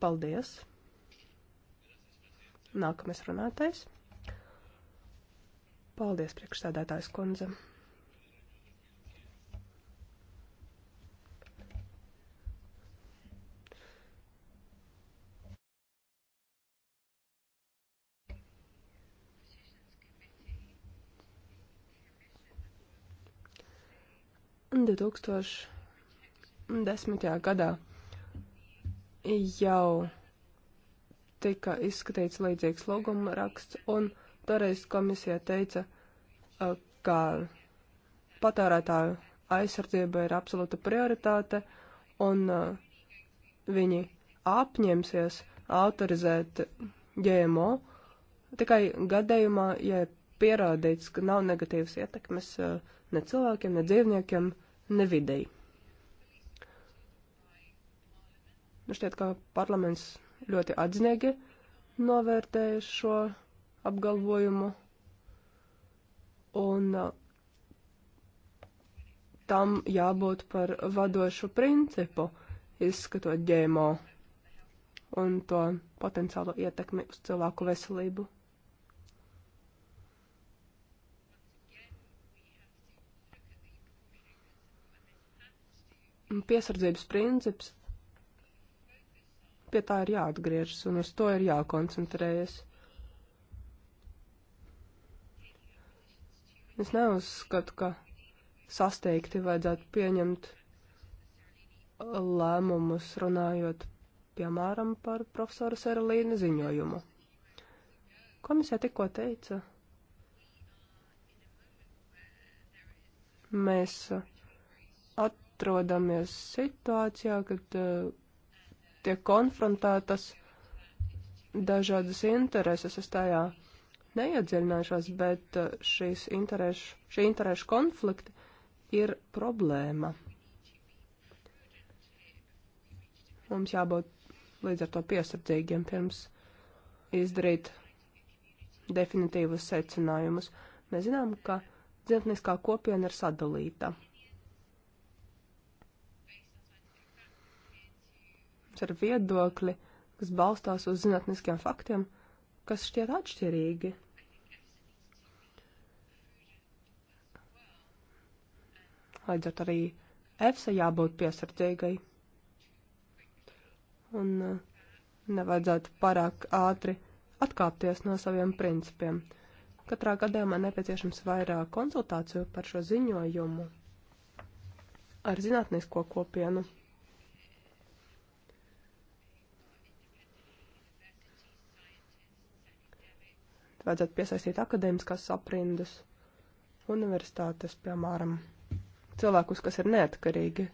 Paldies. Nākamais runātais. Paldies, priekšsēdētājs kundze. 2010. gadā jau tika izskatīts līdzīgs lūguma raksts, un toreiz komisija teica, uh, ka patērētāju aizsardzība ir absolūta prioritāte, un uh, viņi apņemsies autorizēt GMO tikai gadījumā, ja pierādīts, ka nav negatīvas ietekmes uh, ne cilvēkiem, ne dzīvniekiem, ne videi. Nu šķiet, ka parlaments ļoti atzinīgi novērtēja šo apgalvojumu un uh, tam jābūt par vadošu principu, izskatot ģēmo un to potenciālo ietekmi uz cilvēku veselību. piesardzības princips, pie tā ir jāatgriežas un uz to ir jākoncentrējas. Es neuzskatu, ka sasteigti vajadzētu pieņemt lēmumus runājot, piemēram, par profesora Seralīna ziņojumu. Komisija tikko teica, mēs at atrodamies situācijā, kad uh, tiek konfrontētas dažādas intereses. Es tajā neiedziļināšos, bet uh, šīs interešu, šī interešu konflikti ir problēma. Mums jābūt līdz ar to piesardzīgiem pirms izdarīt definitīvus secinājumus. Mēs zinām, ka dzimtniskā kopiena ir sadalīta. nāca ar viedokli, kas balstās uz zinātniskiem faktiem, kas šķiet atšķirīgi. Līdz ar to arī EFSA jābūt piesardzīgai. Un uh, nevajadzētu pārāk ātri atkāpties no saviem principiem. Katrā gadījumā nepieciešams vairāk konsultāciju par šo ziņojumu ar zinātnisko kopienu. vajadzētu piesaistīt akadēmiskās aprindas, universitātes, piemēram, cilvēkus, kas ir neatkarīgi.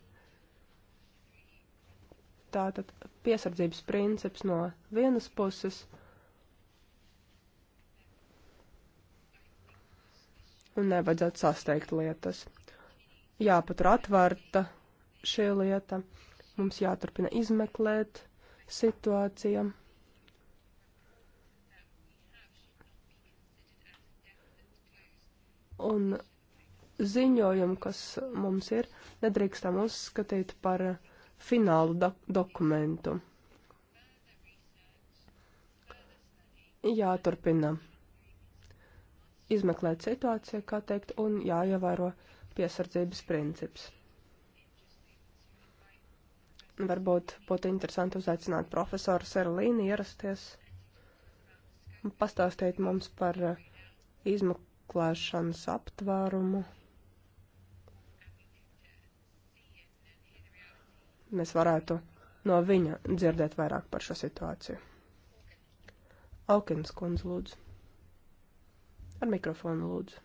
Tātad piesardzības princips no vienas puses un nevajadzētu sasteigt lietas. Jāpatur atvērta šī lieta, mums jāturpina izmeklēt situācijām Un ziņojumu, kas mums ir, nedrīkstam uzskatīt par finālu do dokumentu. Jāturpina izmeklēt situāciju, kā teikt, un jāievēro piesardzības princips. Varbūt būtu interesanti uzaicināt profesoru Serlīnu ierasties un pastāstīt mums par uh, izmeklēšanu meklēšanas aptvērumu. Mēs varētu no viņa dzirdēt vairāk par šo situāciju. Alkins kundze lūdzu. Ar mikrofonu lūdzu.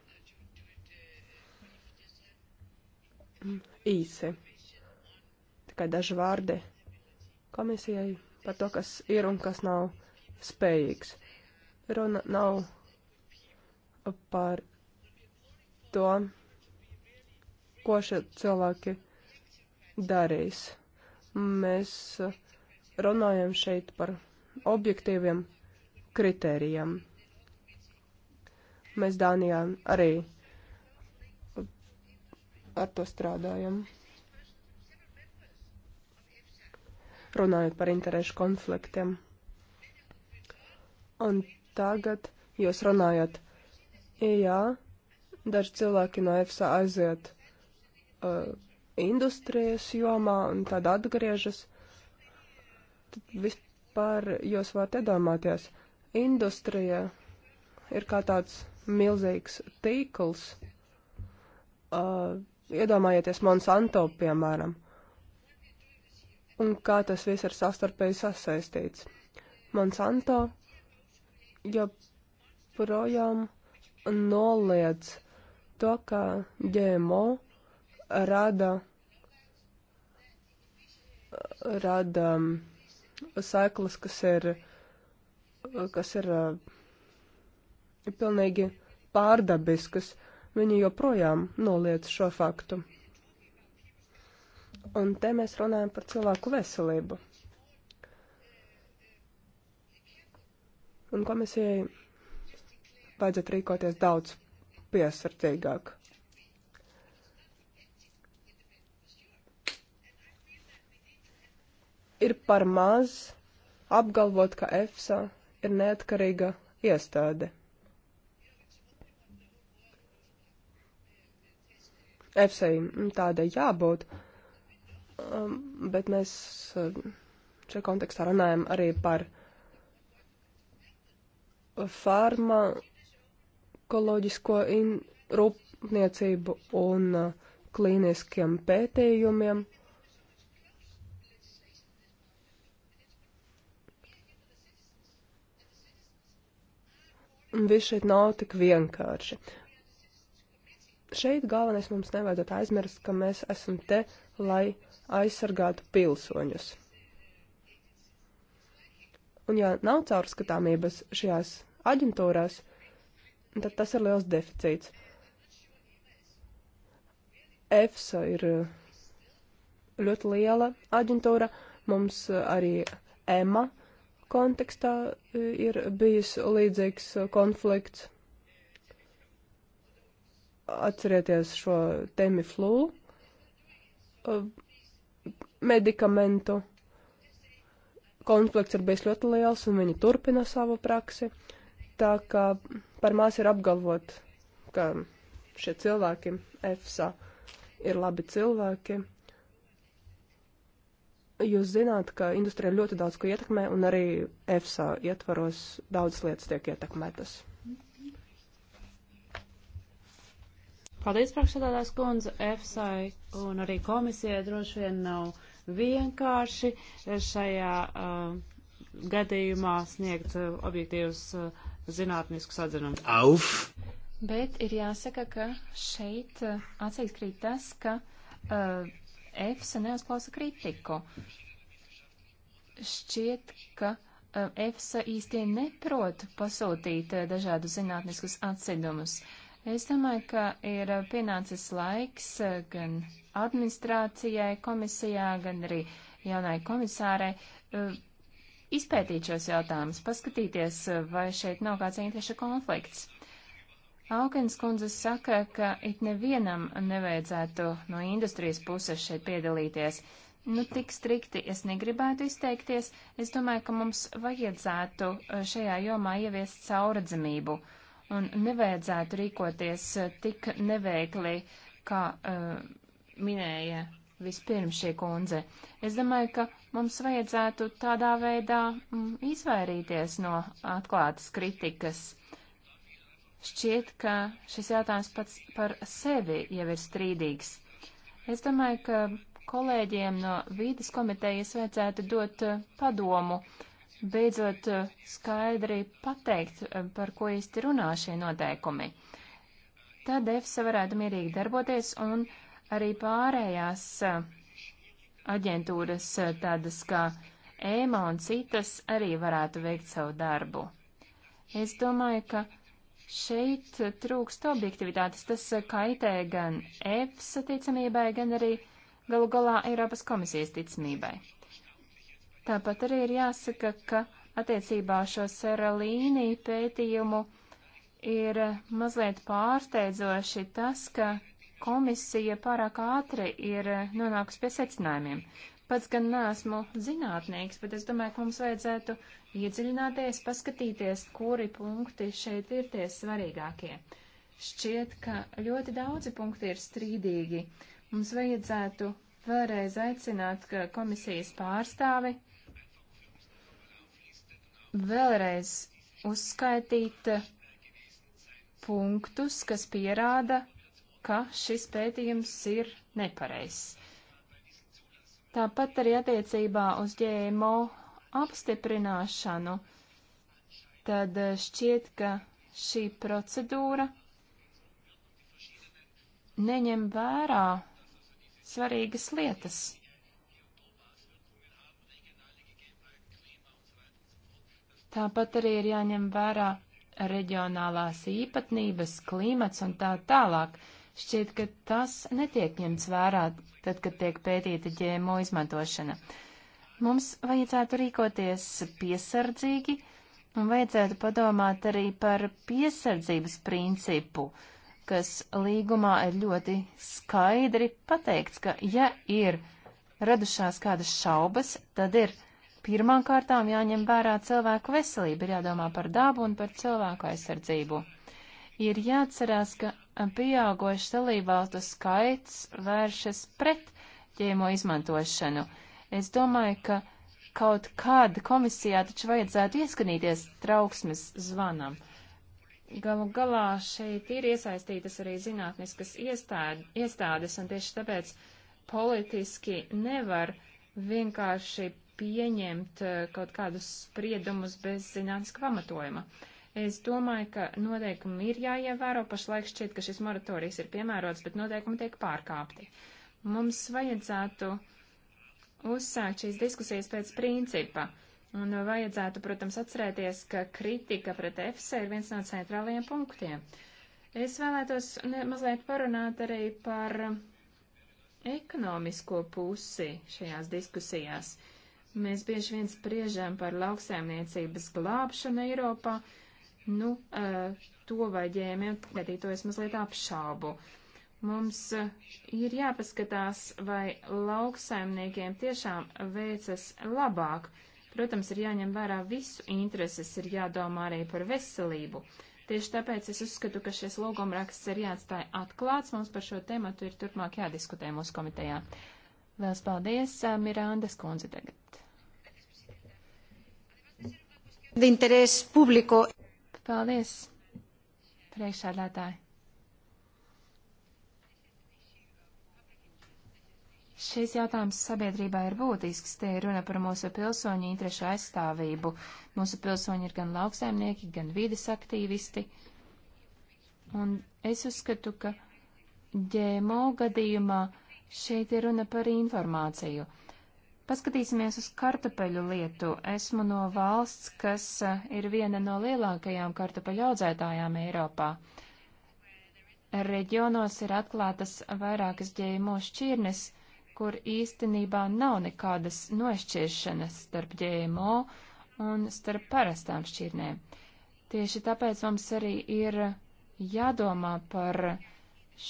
Mm, īsi. Tikai daži vārdi komisijai par to, kas ir un kas nav spējīgs. Runa nav par to, ko šie cilvēki darīs. Mēs runājam šeit par objektīviem kritērijiem. Mēs Dānijā arī ar to strādājam. Runājot par interešu konfliktiem. Un tagad jūs runājat Jā, daži cilvēki no EFSA aiziet uh, industrijas jomā un tad atgriežas. Tad vispār jūs varat iedomāties, industrija ir kā tāds milzīgs tīkls. Uh, iedomājieties Monsanto, piemēram, un kā tas viss ir sastarpēji sasaistīts. Monsanto joprojām noliedz to, ka GMO rada, rada um, saiklas, kas ir, kas ir uh, pilnīgi pārdabiskas. Viņi joprojām noliedz šo faktu. Un te mēs runājam par cilvēku veselību. Un komisijai vajadzētu rīkoties daudz piesardzīgāk. Ir par maz apgalvot, ka EFSA ir neatkarīga iestāde. EFSA tādai jābūt, um, bet mēs uh, šajā kontekstā runājam arī par farma farmakoloģisko in, rūpniecību un uh, klīniskiem pētījumiem. Un viss šeit nav tik vienkārši. Šeit galvenais mums nevajadzētu aizmirst, ka mēs esam te, lai aizsargātu pilsoņus. Un ja nav caurskatāmības šajās aģentūrās, tad tas ir liels deficīts. EFSA ir uh, ļoti liela aģentūra, mums uh, arī EMA kontekstā uh, ir bijis līdzīgs konflikts. Atcerieties šo temiflū medikamentu. Konflikts ir bijis ļoti liels un viņi turpina savu praksi. Tā kā par maz ir apgalvot, ka šie cilvēki EFSA ir labi cilvēki. Jūs zināt, ka industrija ļoti daudz ko ietekmē, un arī EFSA ietvaros
daudz lietas tiek ietekmētas. Paldies, priekšsēdētājs kundze, EFSAI un arī komisijai droši vien nav vienkārši šajā uh, gadījumā sniegt uh, objektīvus uh, zinātniskus atzinumus. Auf!
Bet ir jāsaka, ka šeit eh, acīs krīt tas, ka uh, eh, EFSA neuzklausa kritiku. Šķiet, ka uh, eh, EFSA īsti neprot pasūtīt uh, dažādu zinātniskus atzinumus. Es domāju, ka ir pienācis laiks uh, gan administrācijai, komisijā, gan arī jaunai komisārai uh, izpētīt šos jautājumus, paskatīties, vai šeit nav kāds interešu konflikts. Aukens kundze saka, ka it nevienam nevajadzētu no industrijas puses šeit piedalīties. Nu, tik strikti es negribētu izteikties. Es domāju, ka mums vajadzētu eh, šajā jomā ieviest cauradzamību un nevajadzētu rīkoties eh, tik neveikli, kā uh, minēja vispirms šī kundze. Es domāju, ka Mums vajadzētu tādā veidā mm, izvairīties no atklātas kritikas. Šķiet, ka šis jautājums pats par sevi jau ir strīdīgs. Es domāju, ka kolēģiem no vīdes komitejas vajadzētu dot eh, padomu, beidzot eh, skaidri pateikt, eh, par ko īsti runā šie noteikumi. Tad EFSA varētu mierīgi darboties un arī pārējās aģentūras eh, tādas kā ēma e un citas arī varētu veikt savu darbu. Es domāju, ka šeit trūkst objektivitātes. Tas eh, kaitē gan EFSA ticamībai, gan arī galu galā Eiropas komisijas ticamībai. Tāpat arī ir jāsaka, ka attiecībā šo seralīniju pētījumu ir eh, mazliet pārsteidzoši tas, ka komisija pārāk ātri ir nonākusi pie secinājumiem. Pats gan neesmu zinātnieks, bet es domāju, ka mums vajadzētu iedziļināties, paskatīties, kuri punkti šeit ir tie svarīgākie. Šķiet, ka ļoti daudzi punkti ir strīdīgi. Mums vajadzētu vēlreiz aicināt komisijas pārstāvi vēlreiz uzskaitīt punktus, kas pierāda, ka šis pētījums ir nepareizs. Tāpat arī attiecībā uz ģēmo apstiprināšanu, tad eh, šķiet, ka šī procedūra neņem vērā svarīgas lietas. Tāpat arī ir jāņem vērā reģionālās īpatnības, klimats un tā tālāk. Šķiet, ka tas netiek ņemts vērā, tad, kad tiek pētīta ģēmo izmantošana. Mums vajadzētu rīkoties piesardzīgi un vajadzētu padomāt arī par piesardzības principu, kas līgumā ir ļoti skaidri pateikts, ka ja ir radušās kādas šaubas, tad ir pirmām kārtām jāņem vērā cilvēku veselība, ir jādomā par dabu un par cilvēku aizsardzību. Ir jāatcerās, ka pieaugošs dalībvalstu skaits vēršas pret ģēmo izmantošanu. Es domāju, ka kaut kāda komisijā taču vajadzētu ieskanīties trauksmes zvanam. Galu galā šeit ir iesaistītas arī zinātniskas iestādi, iestādes, un tieši tāpēc politiski nevar vienkārši pieņemt eh, kaut kādus spriedumus bez zinātniska pamatojuma. Uh, Es domāju, ka noteikumi ir jāievēro. Pašlaik šķiet, ka šis moratorijas ir piemērots, bet noteikumi tiek pārkāpti. Mums vajadzētu uzsākt šīs diskusijas pēc principa. Un vajadzētu, protams, atcerēties, ka kritika pret EFSA ir viens no centrālajiem punktiem. Es vēlētos mazliet parunāt arī par ekonomisko pusi šajās diskusijās. Mēs bieži vien spriežam par lauksaimniecības glābšanu Eiropā, Nu, eh, to vai ģēmiju gadītojas mazliet apšaubu. Mums eh, ir jāpaskatās, vai lauksaimniekiem tiešām veicas labāk. Protams, ir jāņem vērā visu intereses, ir jādomā arī par veselību. Tieši tāpēc es uzskatu, ka šis logumraksts ir jāatstāja atklāts. Mums par šo tematu ir turpmāk jādiskutē mūsu komitejā. Lielas paldies, eh, Mirandas kundze tagad. De interés público. Paldies, priekšsēdētāji. Šis jautājums sabiedrībā ir būtisks. Te ir runa par mūsu pilsoņu interešu aizstāvību. Mūsu pilsoņi ir gan lauksaimnieki, gan vides aktīvisti. Un es uzskatu, ka ģēmo gadījumā šeit ir runa par informāciju. Paskatīsimies uz kartupeļu lietu. Esmu no valsts, kas eh, ir viena no lielākajām kartupeļu audzētājām Eiropā. Reģionos ir atklātas vairākas ģēmo šķirnes, kur īstenībā nav nekādas nošķiršanas starp ģēmo un starp parastām šķirnēm. Tieši tāpēc mums arī ir jādomā par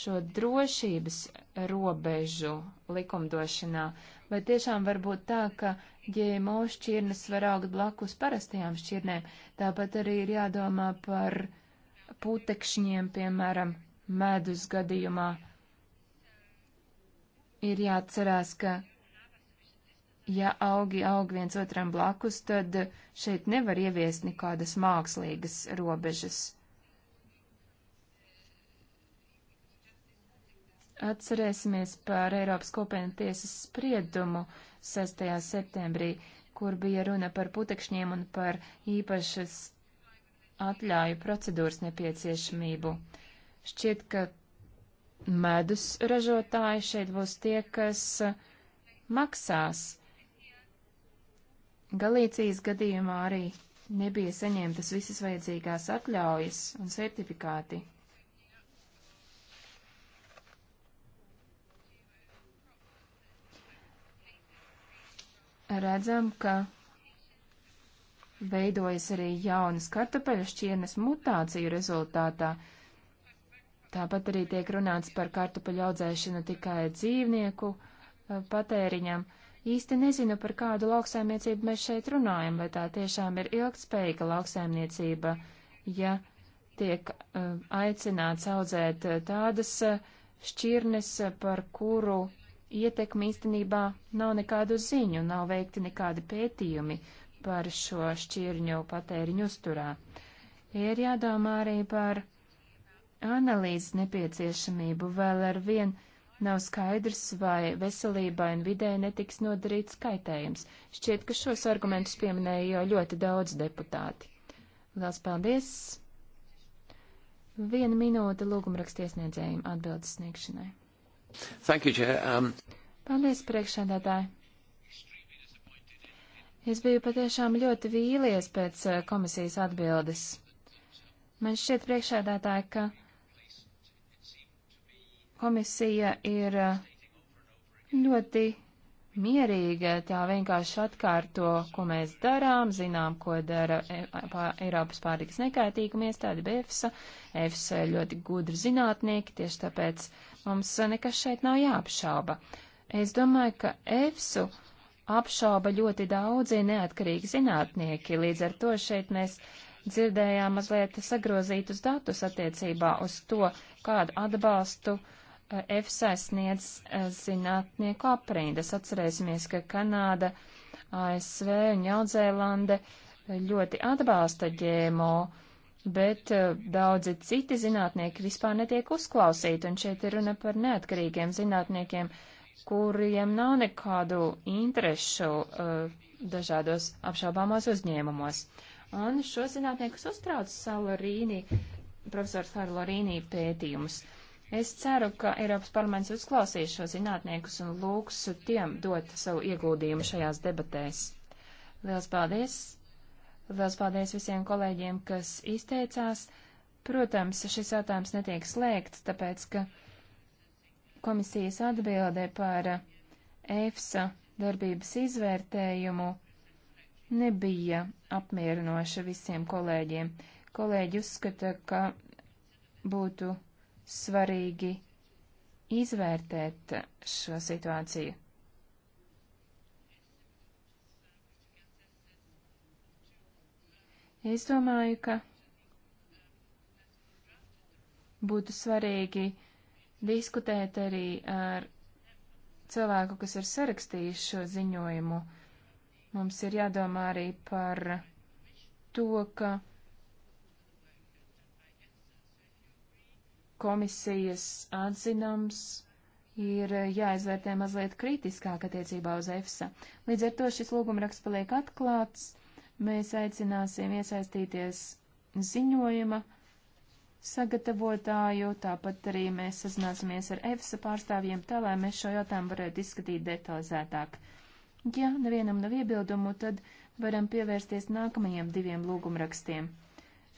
šo drošības robežu likumdošanā. Uh, Vai tiešām var būt tā, ka GMO šķirnes var augt blakus parastajām šķirnēm? Tāpat arī ir jādomā par putekšņiem, piemēram, medus gadījumā. Ir jāatcerās, ka ja augi aug viens otram blakus, tad šeit nevar ieviest nekādas mākslīgas robežas. Atcerēsimies par Eiropas kopienu tiesas spriedumu 6. septembrī, kur bija runa par putekšņiem un par īpašas atļauju procedūras nepieciešamību. Šķiet, ka medus ražotāji šeit būs tie, kas maksās. Galīcijas gadījumā arī nebija saņemtas visas vajadzīgās atļaujas un certifikāti. redzam, ka veidojas arī jaunas kartupeļu šķirnes mutāciju rezultātā. Tāpat arī tiek runāts par kartupeļu audzēšanu tikai dzīvnieku eh, patēriņam. Īsti nezinu, par kādu lauksaimniecību mēs šeit runājam, vai tā tiešām ir ilgtspējīga lauksaimniecība, ja tiek eh, aicināts audzēt eh, tādas šķirnes, par kuru ietekmi īstenībā nav nekādu ziņu, nav veikti nekādi pētījumi par šo šķirņu patēriņu uzturā. Ir jādomā arī par analīzes nepieciešamību, vēl ar vien nav skaidrs, vai veselībai un vidē netiks nodarīts kaitējums. Šķiet, ka šos argumentus pieminēja jau ļoti daudz deputāti. Lielas paldies! Viena minūte lūgumrakstiesniedzējiem atbildes sniegšanai.
Thank you, Chair. Um...
Paldies, priekšsēdētāji. Es biju patiešām ļoti vīlies pēc uh, komisijas atbildes. Man šķiet priekšsēdētāji, ka komisija ir uh, ļoti mierīga, tā vienkārši atkārto, ko mēs darām, zinām, ko dara e, Eiropas pārtikas nekaitīguma iestāde BEFSA. EFSA ir ļoti gudri zinātnieki, tieši tāpēc Mums nekas šeit nav jāapšauba. Es domāju, ka EFSU apšauba ļoti daudzi neatkarīgi zinātnieki, līdz ar to šeit mēs dzirdējām mazliet sagrozītus datus attiecībā uz to, kādu atbalstu eh, EFSA sniedz eh, zinātnieku aprindas. Atcerēsimies, ka Kanāda, ASV un Jaunzēlande eh, ļoti atbalsta ģēmo. Uh, bet eh, daudzi citi zinātnieki vispār netiek uzklausīti, un šeit ir runa par neatkarīgiem zinātniekiem, kuriem nav nekādu interešu uh, eh, dažādos apšaubāmos uzņēmumos. Un šo zinātniekus uztrauc Salorīni, profesors Salorīni pētījumus. Es ceru, ka Eiropas parlaments uzklausīs šo zinātniekus un lūgs tiem dot savu ieguldījumu šajās debatēs. Liels paldies! Liels paldies visiem kolēģiem, kas izteicās. Protams, šis jautājums netiek slēgts, tāpēc, ka komisijas atbilde par EFSA darbības izvērtējumu nebija apmierinoša visiem kolēģiem. Kolēģi uzskata, ka būtu svarīgi izvērtēt šo situāciju. Es domāju, ka būtu svarīgi diskutēt arī ar cilvēku, kas ir sarakstījis šo ziņojumu. Mums ir jādomā arī par to, ka komisijas atzinums ir jāizvērtē mazliet kritiskāk attiecībā uz EFSA. Līdz ar to šis lūgumraksts paliek atklāts. Mēs aicināsim iesaistīties ziņojuma sagatavotāju, tāpat arī mēs sazināsimies ar EFSA pārstāvjiem, tā lai mēs šo jautājumu varētu izskatīt detalizētāk. Ja nevienam nav iebildumu, tad varam pievērsties nākamajiem diviem lūgumrakstiem.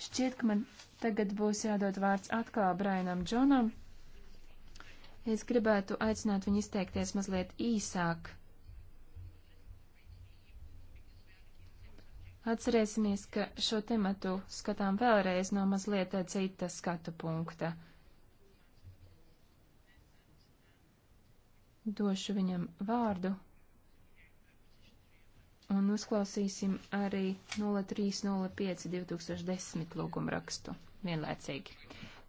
Šķiet, ka man tagad būs jādod vārds atkal Brainam Džonam. Es gribētu aicināt viņu izteikties mazliet īsāk Atcerēsimies, ka šo tematu skatām vēlreiz no mazliet cita skatu punkta. Došu viņam vārdu un uzklausīsim arī 0305 2010 lūgumrakstu vienlaicīgi.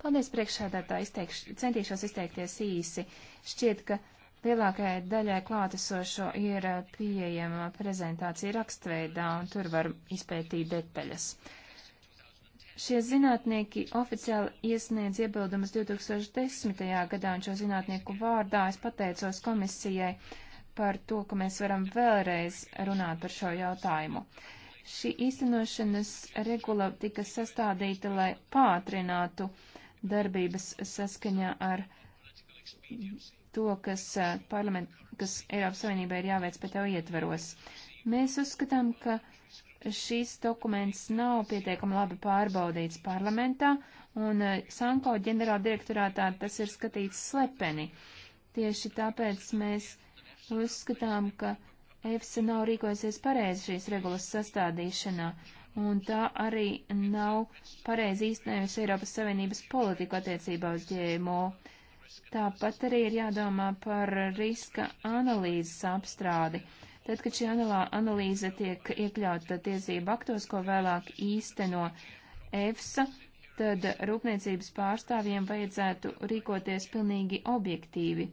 Paldies priekšādātā, izteikš, centīšos izteikties īsi. Šķiet, ka Lielākajai daļai klātesošo ir eh, pieejama prezentācija rakstveidā, un tur var izpētīt detaļas. Šie zinātnieki oficiāli iesniedz iebildumus 2010. gadā, un šo zinātnieku vārdā es pateicos komisijai par to, ka mēs varam vēlreiz runāt par šo jautājumu. Šī īstenošanas regula tika sastādīta, lai pātrinātu darbības saskaņā ar to, kas, parlament, kas Eiropas Savienībā ir jāveic pēc tev ietveros. Mēs uzskatām, ka šīs dokuments nav pietiekami labi pārbaudīts parlamentā, un Sanko ģenerāla direktorātā tas ir skatīts slepeni. Tieši tāpēc mēs uzskatām, ka EFSA nav rīkojusies pareizi šīs regulas sastādīšanā, un tā arī nav pareizi īstenojusi Eiropas Savienības politiku attiecībā uz GMO. Uh, Tāpat arī ir jādomā par riska analīzes apstrādi. Tad, kad šī analīze tiek iekļauta tiesību aktos, ko vēlāk īsteno EFSA, tad rūpniecības pārstāvjiem vajadzētu rīkoties pilnīgi objektīvi.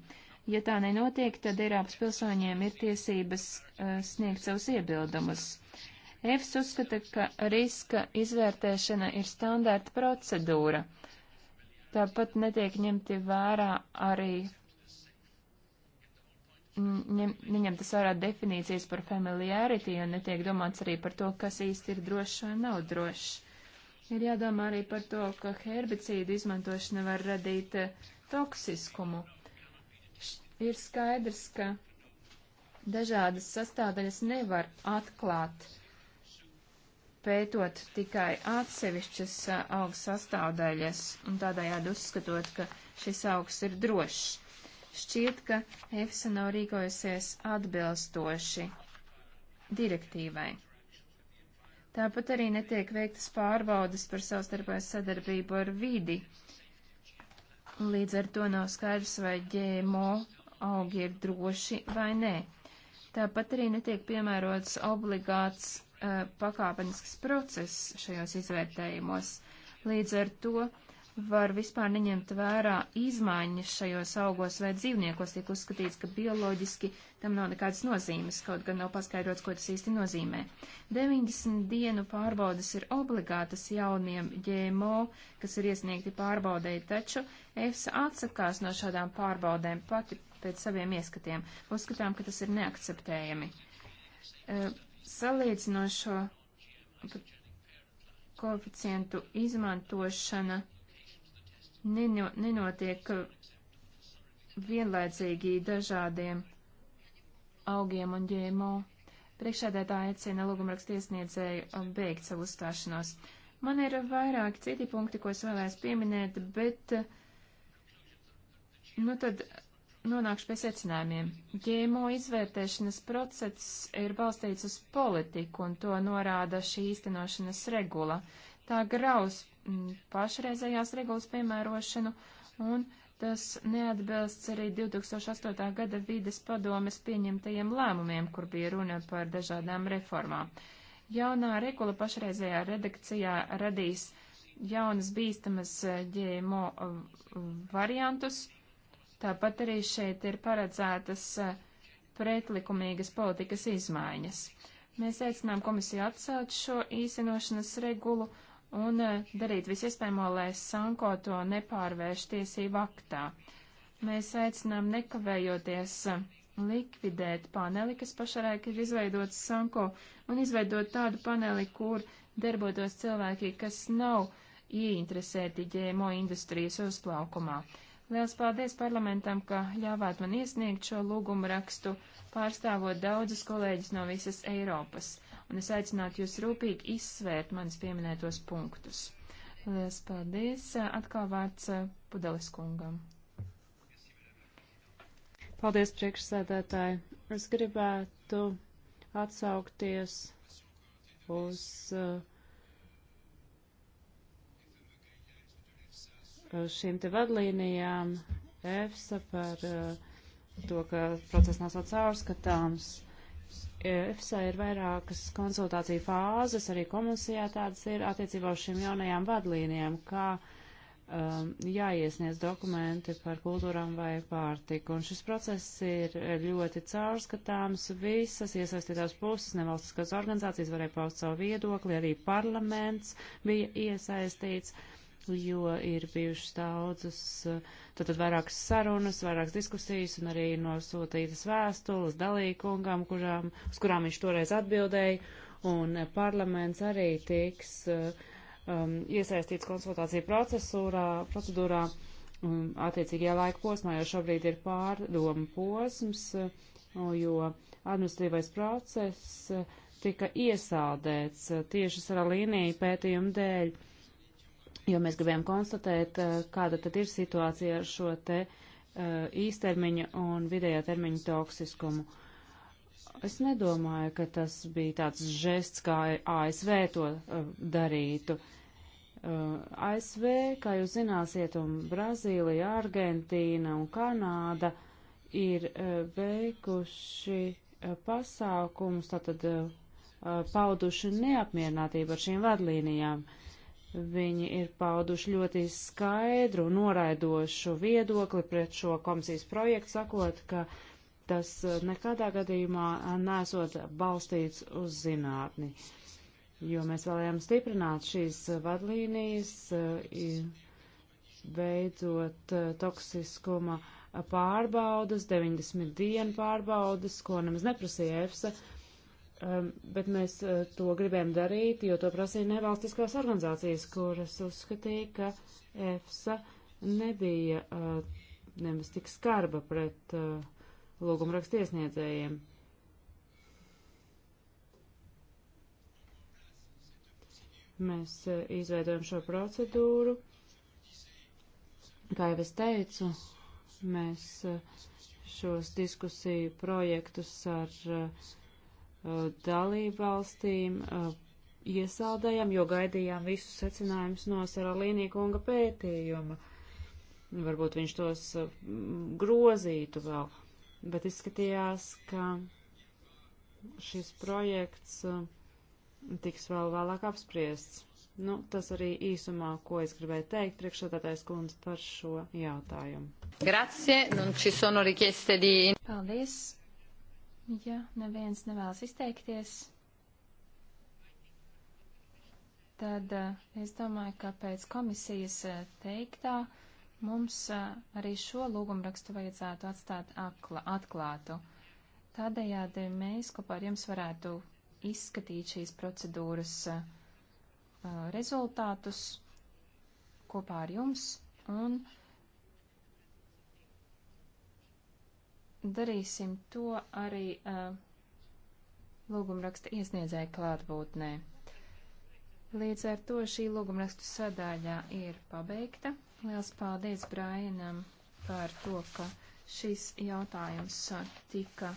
Ja tā nenotiek, tad Eiropas pilsoņiem ir tiesības uh, sniegt savus iebildumus. EFSA uzskata, ka riska izvērtēšana ir standarta procedūra. Uh, Tāpat netiek ņemti vērā arī ņem, neņemtas vērā definīcijas par familiarity un netiek domāts arī par to, kas īsti ir drošs vai nav drošs. Ir jādomā arī par to, ka herbicīdu izmantošana var radīt eh, toksiskumu. Ir skaidrs, ka dažādas sastāvdaļas nevar atklāt pētot tikai atsevišķas augs sastāvdaļas un tādējādi uzskatot, ka šis augs ir drošs. Šķiet, ka EFSA nav rīkojusies atbilstoši direktīvai. Tāpat arī netiek veiktas pārbaudas par savstarpēju sadarbību ar vidi. Līdz ar to nav skaidrs, vai ģēmo augi ir droši vai nē. Tāpat arī netiek piemērots obligāts uh, pakāpenisks process šajos izvērtējumos. Līdz ar to var vispār neņemt vērā izmaiņas šajos augos vai dzīvniekos, tiek uzskatīts, ka bioloģiski tam nav nekādas nozīmes, kaut gan nav paskaidrots, ko tas īsti nozīmē. 90 dienu pārbaudas ir obligātas jauniem ģēmo, kas ir iesniegti pārbaudēji, taču EFSA atsakās no šādām pārbaudēm pati pēc saviem ieskatiem. Uzskatām, ka tas ir neakceptējami. Uh, salīdzinošo koeficientu izmantošana neno, nenotiek vienlaicīgi dažādiem augiem un ģēmo. Priekšādētāja aicina lūgumrakstu iesniedzēju um, beigt savu uzstāšanos. Man ir vairāki citi punkti, ko es vēlēs pieminēt, bet, uh, nu tad, nonākšu pie secinājumiem. GMO izvērtēšanas process ir balstīts uz politiku, un to norāda šī īstenošanas regula. Tā graus mm, pašreizējās regulas piemērošanu, un tas neatbilsts arī 2008. gada vides padomes pieņemtajiem lēmumiem, kur bija runa par dažādām reformām. Jaunā regula pašreizējā redakcijā radīs jaunas bīstamas eh, ģēmo eh, variantus, Tāpat arī šeit ir paredzētas eh, pretlikumīgas politikas izmaiņas. Mēs aicinām komisiju atcelt šo īstenošanas regulu un eh, darīt visu iespējamo, lai Sanko to nepārvērš tiesību aktā. Mēs aicinām nekavējoties eh, likvidēt paneli, kas pašlaik ir izveidots Sanko, un izveidot tādu paneli, kur darbotos cilvēki, kas nav ieinteresēti ģēmo industrijas uzplaukumā. Liels paldies parlamentam, ka ļāvāt man iesniegt šo lūgumu rakstu, pārstāvot daudzus kolēģus no visas Eiropas, un es aicinātu jūs rūpīgi izsvērt manis pieminētos punktus. Liels paldies! Atkal vārds eh, Pudelis kungam. Paldies, priekšsēdētāji. Es gribētu
atsaukties uz uh, šīm te vadlīnijām EFSA par eh, to, ka process nav sauc caurskatāms. EFSA ir vairākas konsultāciju fāzes, arī komisijā tādas ir attiecībā uz šīm jaunajām vadlīnijām, kā um, jāiesniedz dokumenti par kultūrām vai pārtiku. Un šis process ir ļoti caurskatāms. Visas iesaistītās puses, nevalstiskās organizācijas varēja paust savu viedokli, arī parlaments bija iesaistīts. Uh, jo ir bijušas daudzas, tātad vairākas sarunas, vairākas diskusijas un arī nosūtītas vēstules dalīkungam, kurām, uz kurām viņš toreiz atbildēja, un parlaments arī tiks um, iesaistīts konsultāciju procesūrā, procedūrā um, attiecīgajā laika posmā, jo šobrīd ir pārdomu posms, jo administratīvais process tika iesaldēts tieši sarā līnija pētījuma dēļ. Uh, jo mēs gribējām konstatēt, eh, kāda tad ir situācija ar šo te eh, īstermiņa un vidējā termiņa toksiskumu. Es nedomāju, ka tas bija tāds žests, kā ASV to eh, darītu. ASV, kā jūs zināsiet, un Brazīlija, Argentīna un Kanāda ir veikuši pasākumus, tātad pauduši neapmierinātību ar šīm vadlīnijām. Uh, Viņi ir pauduši ļoti skaidru, noraidošu viedokli pret šo komisijas projektu, sakot, ka tas eh, nekādā gadījumā nesot balstīts uz zinātni, jo mēs vēlējām stiprināt šīs vadlīnijas, beidzot eh, eh, toksiskuma pārbaudas, 90 dienu pārbaudas, ko nemaz neprasīja EFSA. Ehm, bet mēs eh, to gribējām darīt, jo to prasīja nevalstiskās organizācijas, kuras uzskatīja, ka EFSA nebija eh, nemaz tik skarba pret eh, lūgumrakstu iesniedzējiem. Mēs izveidojam šo procedūru. Kā jau es teicu, mēs šos diskusiju projektus ar uh, Uh, dalību valstīm uh, iesaldējām, jo gaidījām visus secinājumus no Saralīnī kunga pētījuma. Varbūt viņš tos uh, grozītu vēl, bet izskatījās, ka šis projekts tiks vēl vēlāk apspriests. Nu, tas arī īsumā, ko es gribēju teikt priekšsādātais kundze par šo jautājumu. Grazie,
non ci sono richieste di... Paldies.
Ja neviens nevēlas izteikties, tad eh, es domāju, ka pēc komisijas eh, teiktā mums eh, arī šo lūgumrakstu vajadzētu atstāt akla, atklātu. Tādējādi mēs kopā ar jums varētu izskatīt šīs procedūras rezultātus kopā ar jums un. darīsim to arī uh, lūgumraksta iesniedzēja klātbūtnē. Līdz ar to šī lūgumrakstu sadaļā ir pabeigta. Liels paldies Brainam par to, ka šis jautājums tika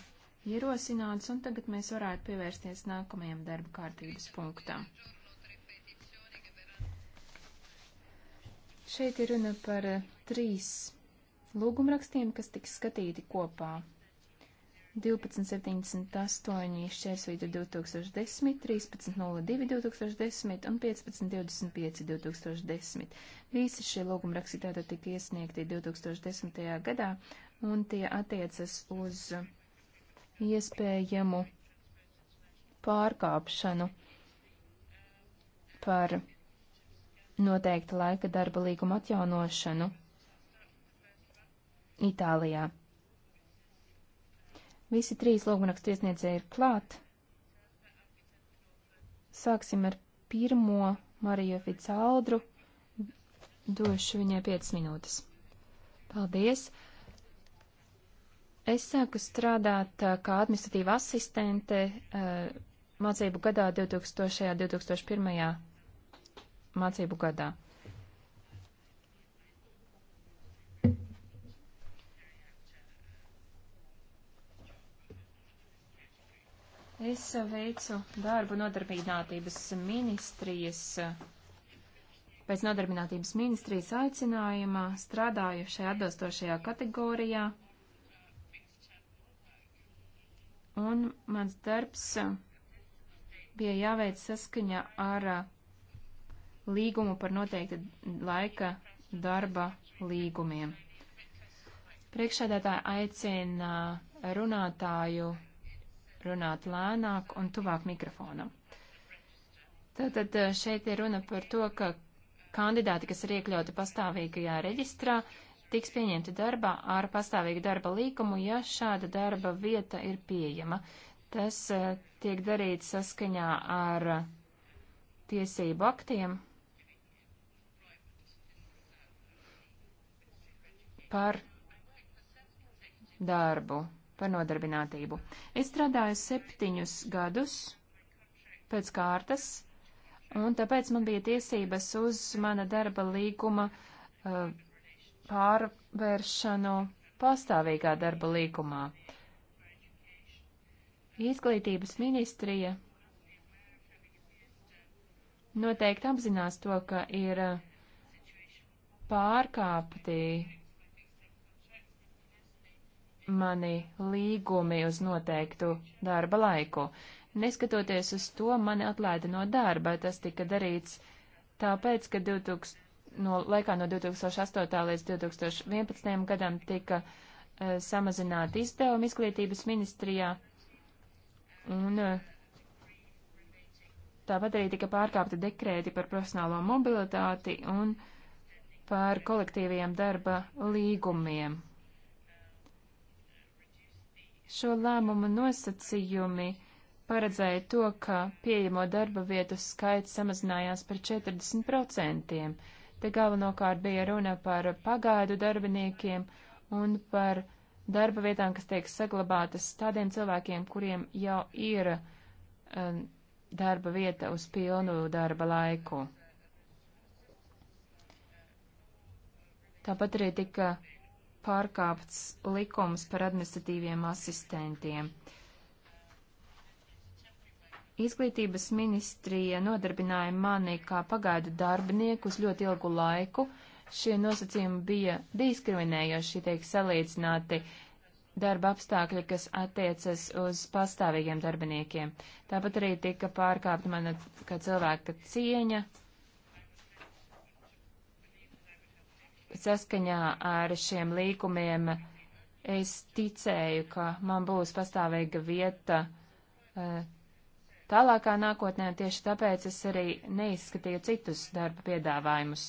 ierosināts, un tagad mēs varētu pievērsties nākamajam darba kārtības punktam. Šeit ir runa par uh, trīs lūgumrakstiem, kas tiks skatīti kopā. 1278 šķērsvīta 2010, 1302 2010 un 1525 2010. Visi šie lūgumraksti tātad tika iesniegti 2010. gadā un tie attiecas uz iespējamu pārkāpšanu par noteikta laika darba līguma atjaunošanu Itālijā. Visi trīs lūgumrakstu iesniedzēji ir klāt. Sāksim ar pirmo Mariju Ficaldru. Došu viņai 5 minūtes. Paldies! Es sāku strādāt uh, kā administratīva asistente uh, mācību gadā 2000. un 2001. mācību gadā. Es veicu darbu nodarbinātības ministrijas, pēc nodarbinātības ministrijas aicinājuma, strādāju šajā atbilstošajā kategorijā, un mans darbs bija jāveic saskaņa ar līgumu par noteikta laika darba līgumiem. Priekšādātāja aicina runātāju runāt lēnāk un tuvāk mikrofonam. Tātad eh, šeit ir runa par to, ka kandidāti, kas ir iekļauti pastāvīgajā reģistrā, tiks pieņemti darbā ar pastāvīgu darba līkumu, ja šāda darba vieta ir pieejama. Tas eh, tiek darīts saskaņā ar tiesību aktiem par darbu par nodarbinātību. Es strādāju septiņus gadus pēc kārtas, un tāpēc man bija tiesības uz mana darba līguma uh, pārvēršanu pastāvīgā darba līgumā. Izglītības ministrija noteikti apzinās to, ka ir uh, pārkāpti mani līgumi uz noteiktu darba laiku. Neskatoties uz to, mani atlaida no darba. Tas tika darīts tāpēc, ka 2000, no, laikā no 2008. līdz 2011. gadam tika uh, samazināti izdevumi izglītības ministrijā. Un uh, tāpat arī tika pārkāpti dekrēti par profesionālo mobilitāti un par kolektīviem darba līgumiem. Šo lēmumu nosacījumi paredzēja to, ka pieejamo darba vietu skaits samazinājās par 40%. Te galvenokārt bija runa par pagaidu darbiniekiem un par darba vietām, kas tiek saglabātas tādiem cilvēkiem, kuriem jau ir um, darba vieta uz pilnu darba laiku. Tāpat arī tika pārkāpts likums par administratīviem asistentiem. Izglītības ministrija nodarbināja mani kā pagaidu darbinieku uz ļoti ilgu laiku. Šie nosacījumi bija diskriminējoši, tiek salīdzināti darba apstākļi, kas attiecas uz pastāvīgiem darbiniekiem. Tāpat arī tika pārkāpta mana kā cilvēka cieņa, saskaņā ar šiem līkumiem es ticēju, ka man būs pastāvīga vieta e, tālākā nākotnē, un tieši tāpēc es arī neizskatīju citus darba piedāvājumus.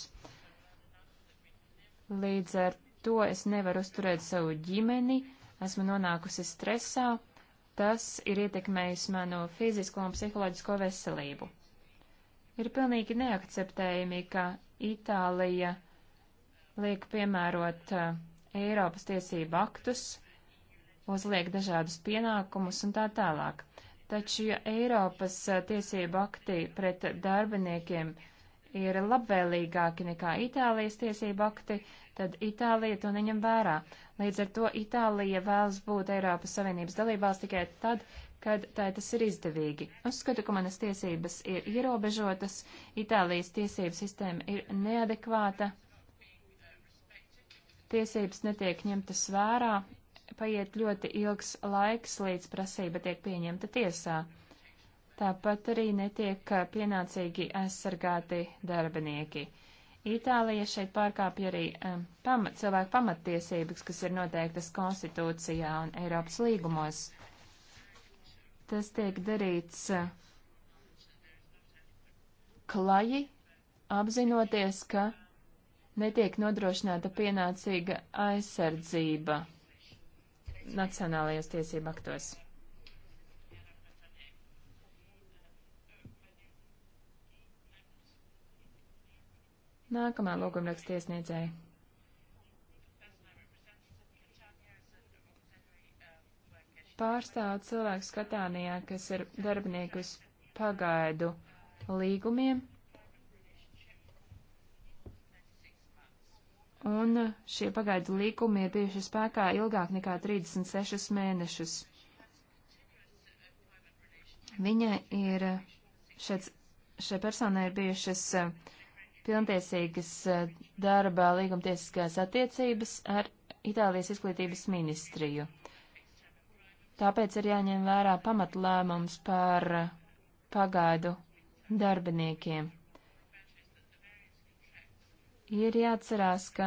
Līdz ar to es nevaru uzturēt savu ģimeni, esmu nonākusi stresā, tas ir ietekmējis manu fizisko un psiholoģisko veselību. Ir pilnīgi neakceptējami, ka Itālija uh, liek piemērot uh, Eiropas tiesību aktus, uzliek dažādus pienākumus un tā tālāk. Taču, ja Eiropas uh, tiesību akti pret darbiniekiem ir labvēlīgāki nekā Itālijas tiesību akti, tad Itālija to neņem vērā. Līdz ar to Itālija vēlas būt Eiropas Savienības dalībās tikai tad, kad tai tas ir izdevīgi. Uzskatu, ka manas tiesības ir ierobežotas, Itālijas tiesību sistēma ir neadekvāta tiesības netiek ņemtas vērā, paiet ļoti ilgs laiks, līdz prasība tiek pieņemta tiesā. Tāpat arī netiek pienācīgi aizsargāti darbinieki. Itālija šeit pārkāpja arī um, pamat, cilvēku pamattiesības, kas ir noteiktas konstitūcijā un Eiropas līgumos. Tas tiek darīts uh, klaji, apzinoties, ka netiek nodrošināta pienācīga aizsardzība nacionālajos tiesību aktos. Nākamā lūgumraksta iesniedzēja. Pārstāv cilvēks Katānijā, kas ir darbinieki uz pagaidu līgumiem, un šie pagaidu līkumi ir bijuši spēkā ilgāk nekā 36 mēnešus. Viņa ir, šeit, šai personai ir bijušas eh, pilntiesīgas eh, darba līgumtiesiskās attiecības ar Itālijas izglītības ministriju. Tāpēc ir jāņem vērā pamatlēmums par eh, pagaidu darbiniekiem ir jāatcerās, ka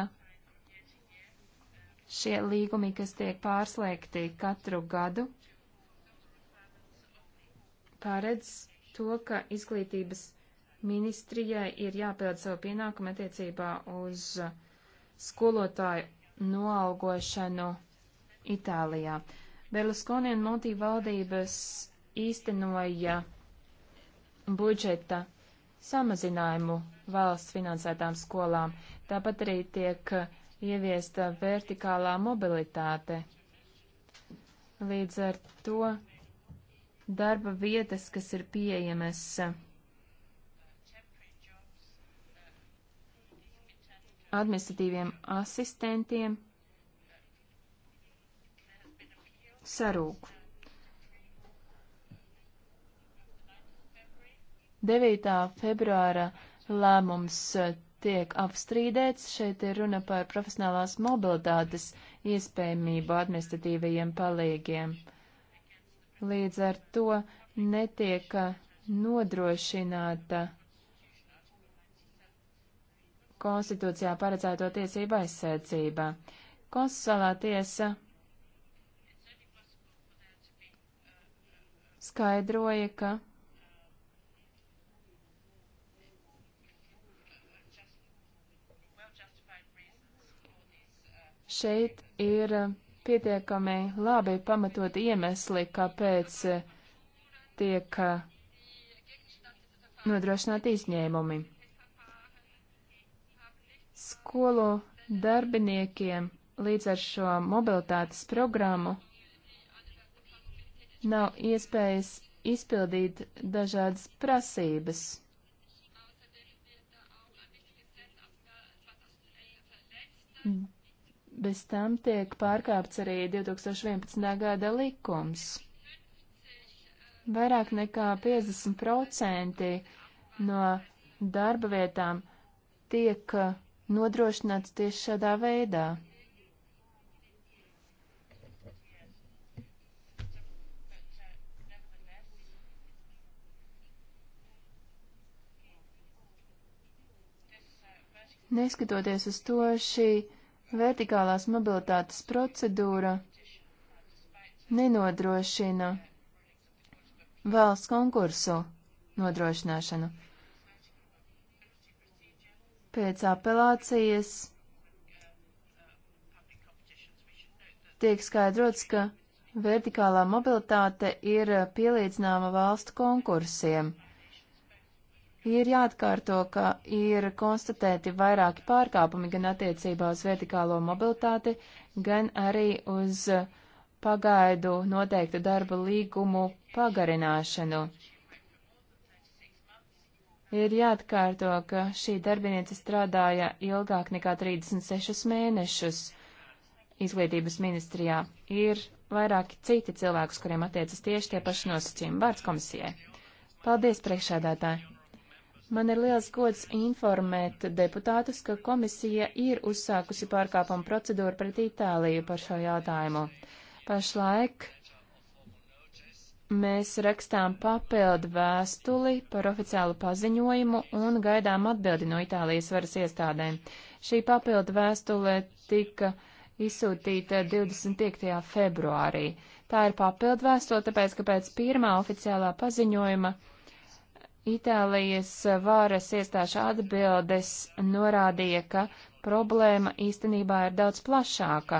šie līgumi, kas tiek pārslēgti katru gadu, paredz to, ka izglītības ministrijai ir jāpild savu pienākumu attiecībā uz skolotāju noalgošanu Itālijā. Berlusconi un Monti valdības īstenoja budžeta samazinājumu valsts finansētām skolām. Tāpat arī tiek ieviesta vertikālā mobilitāte. Līdz ar to darba vietas, kas ir pieejamas administratīviem asistentiem sarūku. 9. februāra lēmums eh, tiek apstrīdēts. Šeit ir runa par profesionālās mobilitātes iespējamību administratīvajiem palīgiem. Līdz ar to netiek eh, nodrošināta konstitūcijā paredzēto tiesību aizsardzība. Konstitucionālā tiesa skaidroja, ka Šeit ir pietiekami labi pamatot iemesli, kāpēc tiek nodrošināti izņēmumi. Skolu darbiniekiem līdz ar šo mobilitātes programmu nav iespējas izpildīt dažādas prasības. Bez tam tiek pārkāpts arī 2011. gada likums. Vairāk nekā 50% no darba vietām tiek nodrošināts tieši šādā veidā. Neskatoties uz to, šī Vertikālās mobilitātes procedūra nenodrošina valsts konkursu nodrošināšanu. Pēc apelācijas tiek skaidrots, ka vertikālā mobilitāte ir pielīdzināma valstu konkursiem. Ir jāatkārto, ka ir konstatēti vairāki pārkāpumi gan attiecībā uz vertikālo mobilitāti, gan arī uz pagaidu noteiktu darba līgumu pagarināšanu. Ir jāatkārto, ka šī darbiniece strādāja ilgāk nekā 36 mēnešus izglītības ministrijā. Ir vairāki citi cilvēkus, kuriem attiecas tieši tie paši nosacījumi. Vārds komisijai. Paldies, priekšādātāji! Man ir liels gods informēt deputātus, ka komisija ir uzsākusi pārkāpumu procedūru pret Itāliju par šo jautājumu. Pašlaik mēs rakstām papildu vēstuli par oficiālu paziņojumu un gaidām atbildi no Itālijas varas iestādēm. Šī papildu vēstule tika izsūtīta 25. februārī. Tā ir papildu vēstule, tāpēc, ka pēc pirmā oficiālā paziņojuma Itālijas eh, vāras iestāšu atbildes norādīja, ka problēma īstenībā ir daudz plašāka.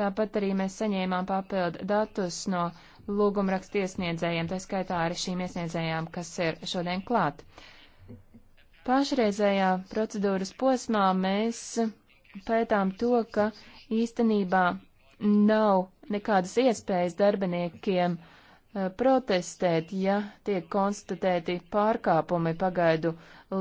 Tāpat arī mēs saņēmām papildu datus no lūgumrakstu iesniedzējiem, tā skaitā arī šīm iesniedzējām, kas ir šodien klāt. Pašreizējā procedūras posmā mēs pētām to, ka īstenībā nav nekādas iespējas darbiniekiem uh, Eh, protestēt, ja tiek konstatēti pārkāpumi pagaidu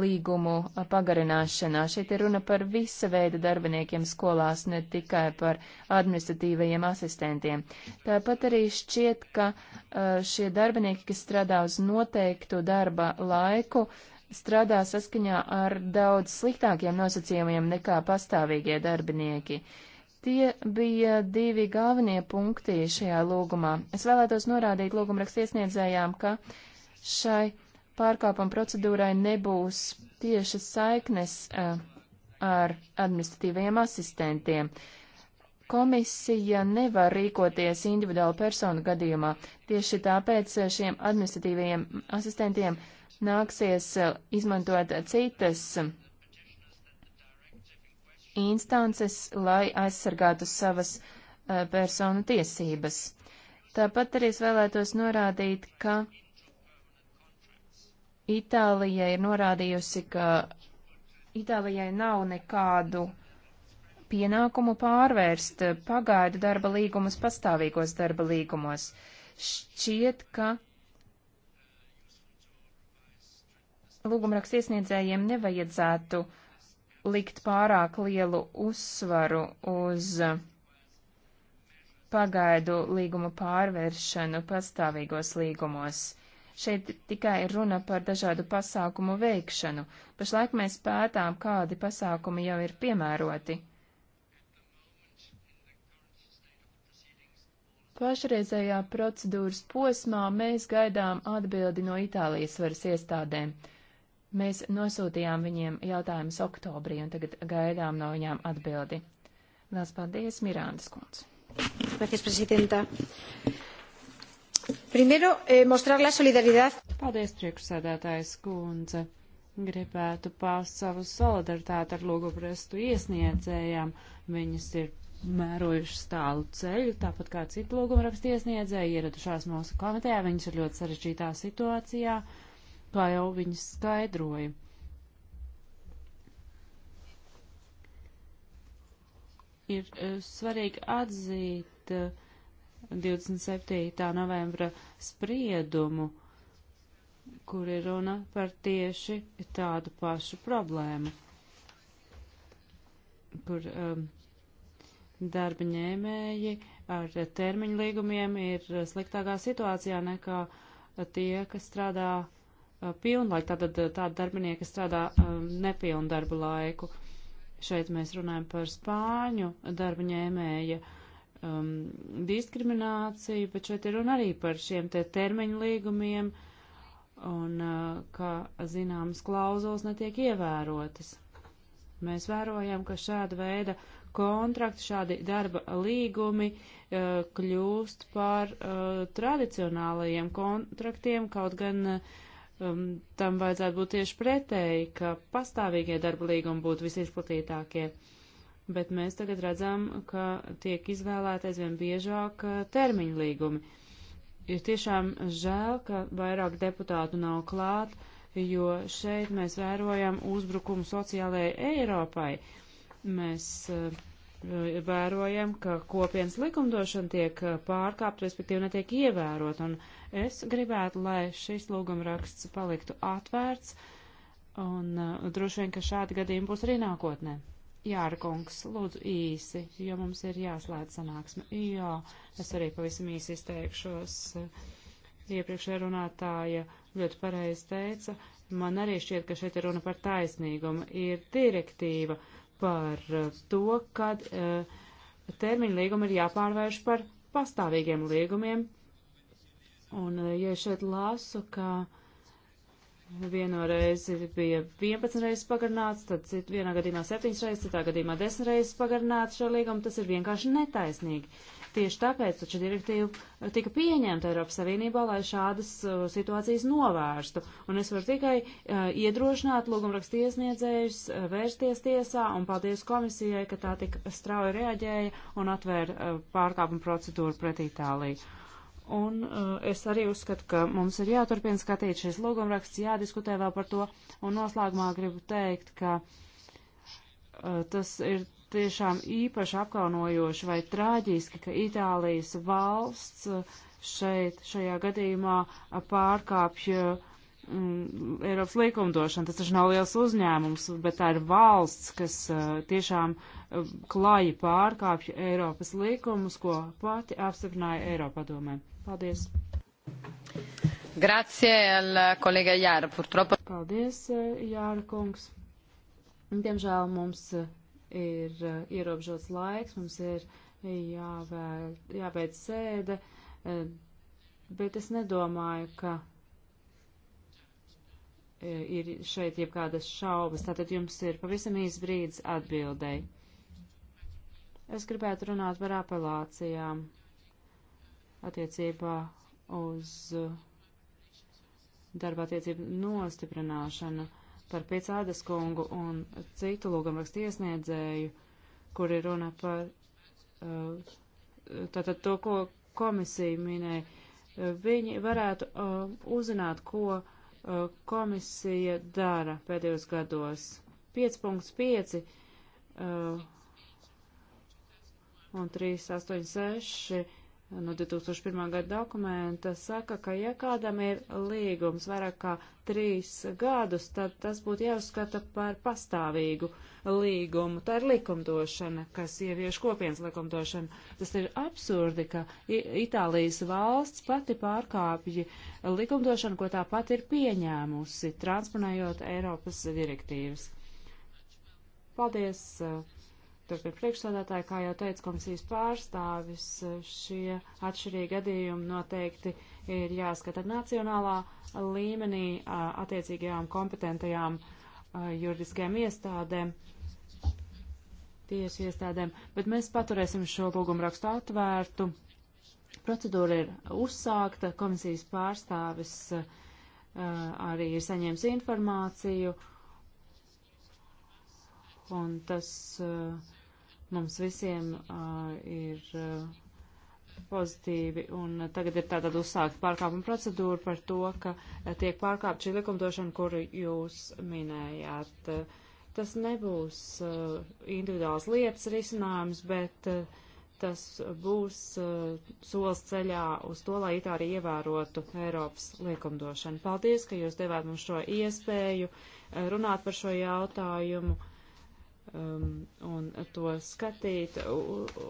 līgumu pagarināšanā. Šeit ir runa par visa veida darbiniekiem skolās, ne tikai par administratīvajiem asistentiem. Tāpat arī šķiet, ka eh, šie darbinieki, kas strādā uz noteiktu darba laiku, strādā saskaņā ar daudz sliktākiem nosacījumiem nekā pastāvīgie darbinieki. Uh, Tie bija divi galvenie punkti šajā lūgumā. Es vēlētos norādīt lūgumrakstu iesniedzējām, ka šai pārkāpuma procedūrai nebūs tiešas saiknes uh, ar administratīvajiem asistentiem. Komisija nevar rīkoties individuālu personu gadījumā. Tieši tāpēc šiem administratīvajiem asistentiem nāksies eh, izmantot citas instances, lai aizsargātu savas uh, personu tiesības. Tāpat arī es vēlētos norādīt, ka Itālija ir norādījusi, ka Itālijai nav nekādu pienākumu pārvērst pagaidu darba līgumus pastāvīgos darba līgumos. Šķiet, ka lūgumraksta iesniedzējiem nevajadzētu uh, likt pārāk lielu uzsvaru uz pagaidu līgumu pārvēršanu pastāvīgos līgumos. Šeit tikai ir runa par dažādu pasākumu veikšanu. Pašlaik mēs pētām, kādi pasākumi jau ir piemēroti. Pašreizējā procedūras posmā mēs gaidām atbildi no Itālijas varas iestādēm. Mēs nosūtījām viņiem jautājumus oktobrī un tagad gaidām no viņām atbildi. Lielas paldies, Mirāndas kundze. Gracias, prezidenta. Primero, eh, mostrar la solidaridad.
Paldies, priekšsēdētājs kundze. Gribētu paust savu solidaritāti ar logoprestu iesniedzējām. Viņas ir mērojušas tālu ceļu, tāpat kā citu logumrakstu iesniedzēji ieradušās mūsu komitejā. Viņas ir ļoti sarežģītā situācijā. Uh, kā jau viņas skaidroja. Ir e, svarīgi atzīt 27. E, novembra spriedumu, kur ir runa par tieši tādu pašu problēmu, kur um, darba ņēmēji ar termiņu līgumiem ir sliktākā situācijā nekā tie, kas strādā uh, Uh, pilnlaika, tātad tāda uh, darbinieka, kas strādā um, nepilnu darbu laiku. Šeit mēs runājam par spāņu darba ņēmēja um, diskrimināciju, bet šeit ir runa arī par šiem te termiņu līgumiem un, uh, ka zināmas klauzulas netiek ievērotas. Mēs vērojam, ka šāda veida kontrakti, šādi darba līgumi uh, kļūst par uh, tradicionālajiem kontraktiem, kaut gan uh, um, tam vajadzētu būt tieši pretēji, ka pastāvīgie darba līgumi būtu visizplatītākie. Bet mēs tagad redzam, ka tiek izvēlēti aizvien biežāk uh, termiņu līgumi. Ir tiešām žēl, ka vairāk deputātu nav klāt, jo šeit mēs vērojam uzbrukumu sociālajai Eiropai. Mēs uh, vērojam, ka kopienas likumdošana tiek uh, pārkāpt, respektīvi netiek ievērot, un es gribētu, lai šis lūgumraksts paliktu atvērts, un uh, droši vien, ka šādi gadījumi būs arī nākotnē. Jāra kungs, lūdzu īsi, jo mums ir jāslēdz sanāksme. Jā, es arī pavisam īsi izteikšos. Iepriekšējā runātāja ļoti pareizi teica, man arī šķiet, ka šeit ir runa par taisnīgumu. Ir direktīva, uh, par eh, to, kad eh, termiņu līgumi ir jāpārvērš par pastāvīgiem līgumiem. Un, eh, ja šeit lasu, ka uh, Vienoreiz bija 11 reizes pagarināts, tad vienā gadījumā 7 reizes, citā gadījumā 10 reizes pagarināts šo līgumu. Tas ir vienkārši netaisnīgi. Tieši tāpēc taču direktīva tika pieņemta Eiropas Savienībā, lai šādas uh, situācijas novērstu. Un es varu tikai uh, iedrošināt lūgumrakstu iesniedzējus uh, vērsties tiesā un paldies komisijai, ka tā tik strauji reaģēja un atvēra uh, pārkāpuma procedūru pret Itāliju. Un uh, es arī uzskatu, ka mums ir jāturpina skatīt šis lūgumraksts, jādiskutē vēl par to. Un noslēgumā gribu teikt, ka uh, tas ir tiešām īpaši apkaunojoši vai traģiski, ka Itālijas valsts uh, šeit šajā gadījumā uh, pārkāpj uh, mm, Eiropas likumdošana. Tas taču nav liels uzņēmums, bet tā ir valsts, kas uh, tiešām uh, eh, klāji pārkāpj Eiropas likumus, ko pati apstiprināja Eiropadomē. Paldies! Grazie al kolēģa Jāra, purtropa. Paldies, Jāra eh, kungs. Diemžēl mums ir ierobežots laiks, mums ir jāvē, jābeidz sēde, bet es nedomāju, ka E, ir šeit jebkādas šaubas. Tātad jums ir pavisam īs brīdis atbildēji. Es gribētu runāt par apelācijām attiecībā uz darba attiecību nostiprināšanu par Piecādas kungu un citu lūgumrakstu iesniedzēju, kur ir runa par e, tātad to, ko komisija minēja. Viņi varētu e, uzzināt, ko komisija dara pēdējos gados. 5.5 uh, un 3.86 no nu, 2001. gada dokumenta saka, ka ja kādam ir līgums vairāk kā trīs gadus, tad tas būtu jāuzskata par pastāvīgu līgumu. Tā ir likumdošana, kas ievieš kopienas likumdošana. Tas ir absurdi, ka Itālijas valsts pati pārkāpja likumdošanu, ko tā pat ir pieņēmusi, transponējot Eiropas direktīvas. Paldies! Uh, Turpin priekšsādātāji, kā jau teica komisijas pārstāvis, šie atšķirīgi gadījumi noteikti ir jāskata nacionālā līmenī attiecīgajām kompetentajām juridiskajām iestādēm, tiesu iestādēm, bet mēs paturēsim šo lūgumu rakstu atvērtu. Procedūra ir uzsākta, komisijas pārstāvis uh, arī ir saņēmis informāciju, un tas uh, Mums visiem uh, ir uh, pozitīvi, un tagad ir tātad uzsākt pārkāpuma procedūra par to, ka uh, tiek pārkāpt šī likumdošana, kuru jūs minējāt. Uh, tas nebūs uh, individuāls lietas risinājums, bet uh, tas būs uh, solis ceļā uz to, lai Itālija ievērotu Eiropas likumdošanu. Paldies, ka jūs devāt mums šo iespēju runāt par šo jautājumu um, un to skatīt,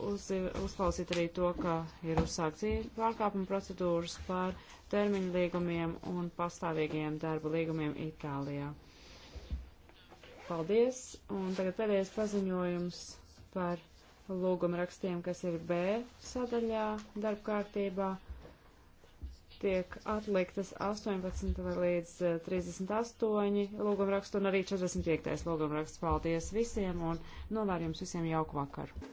uz, uzklausīt arī to, ka ir uzsākts pārkāpuma procedūras par termiņu līgumiem un pastāvīgiem darba līgumiem Itālijā. Paldies! Un tagad pēdējais paziņojums par lūguma rakstiem, kas ir B sadaļā darba kārtībā tiek atliktas 18 līdz 38 eh, lūgumrakstu un arī 45. lūgumraksts. Paldies visiem un novēr jums visiem jauku vakaru!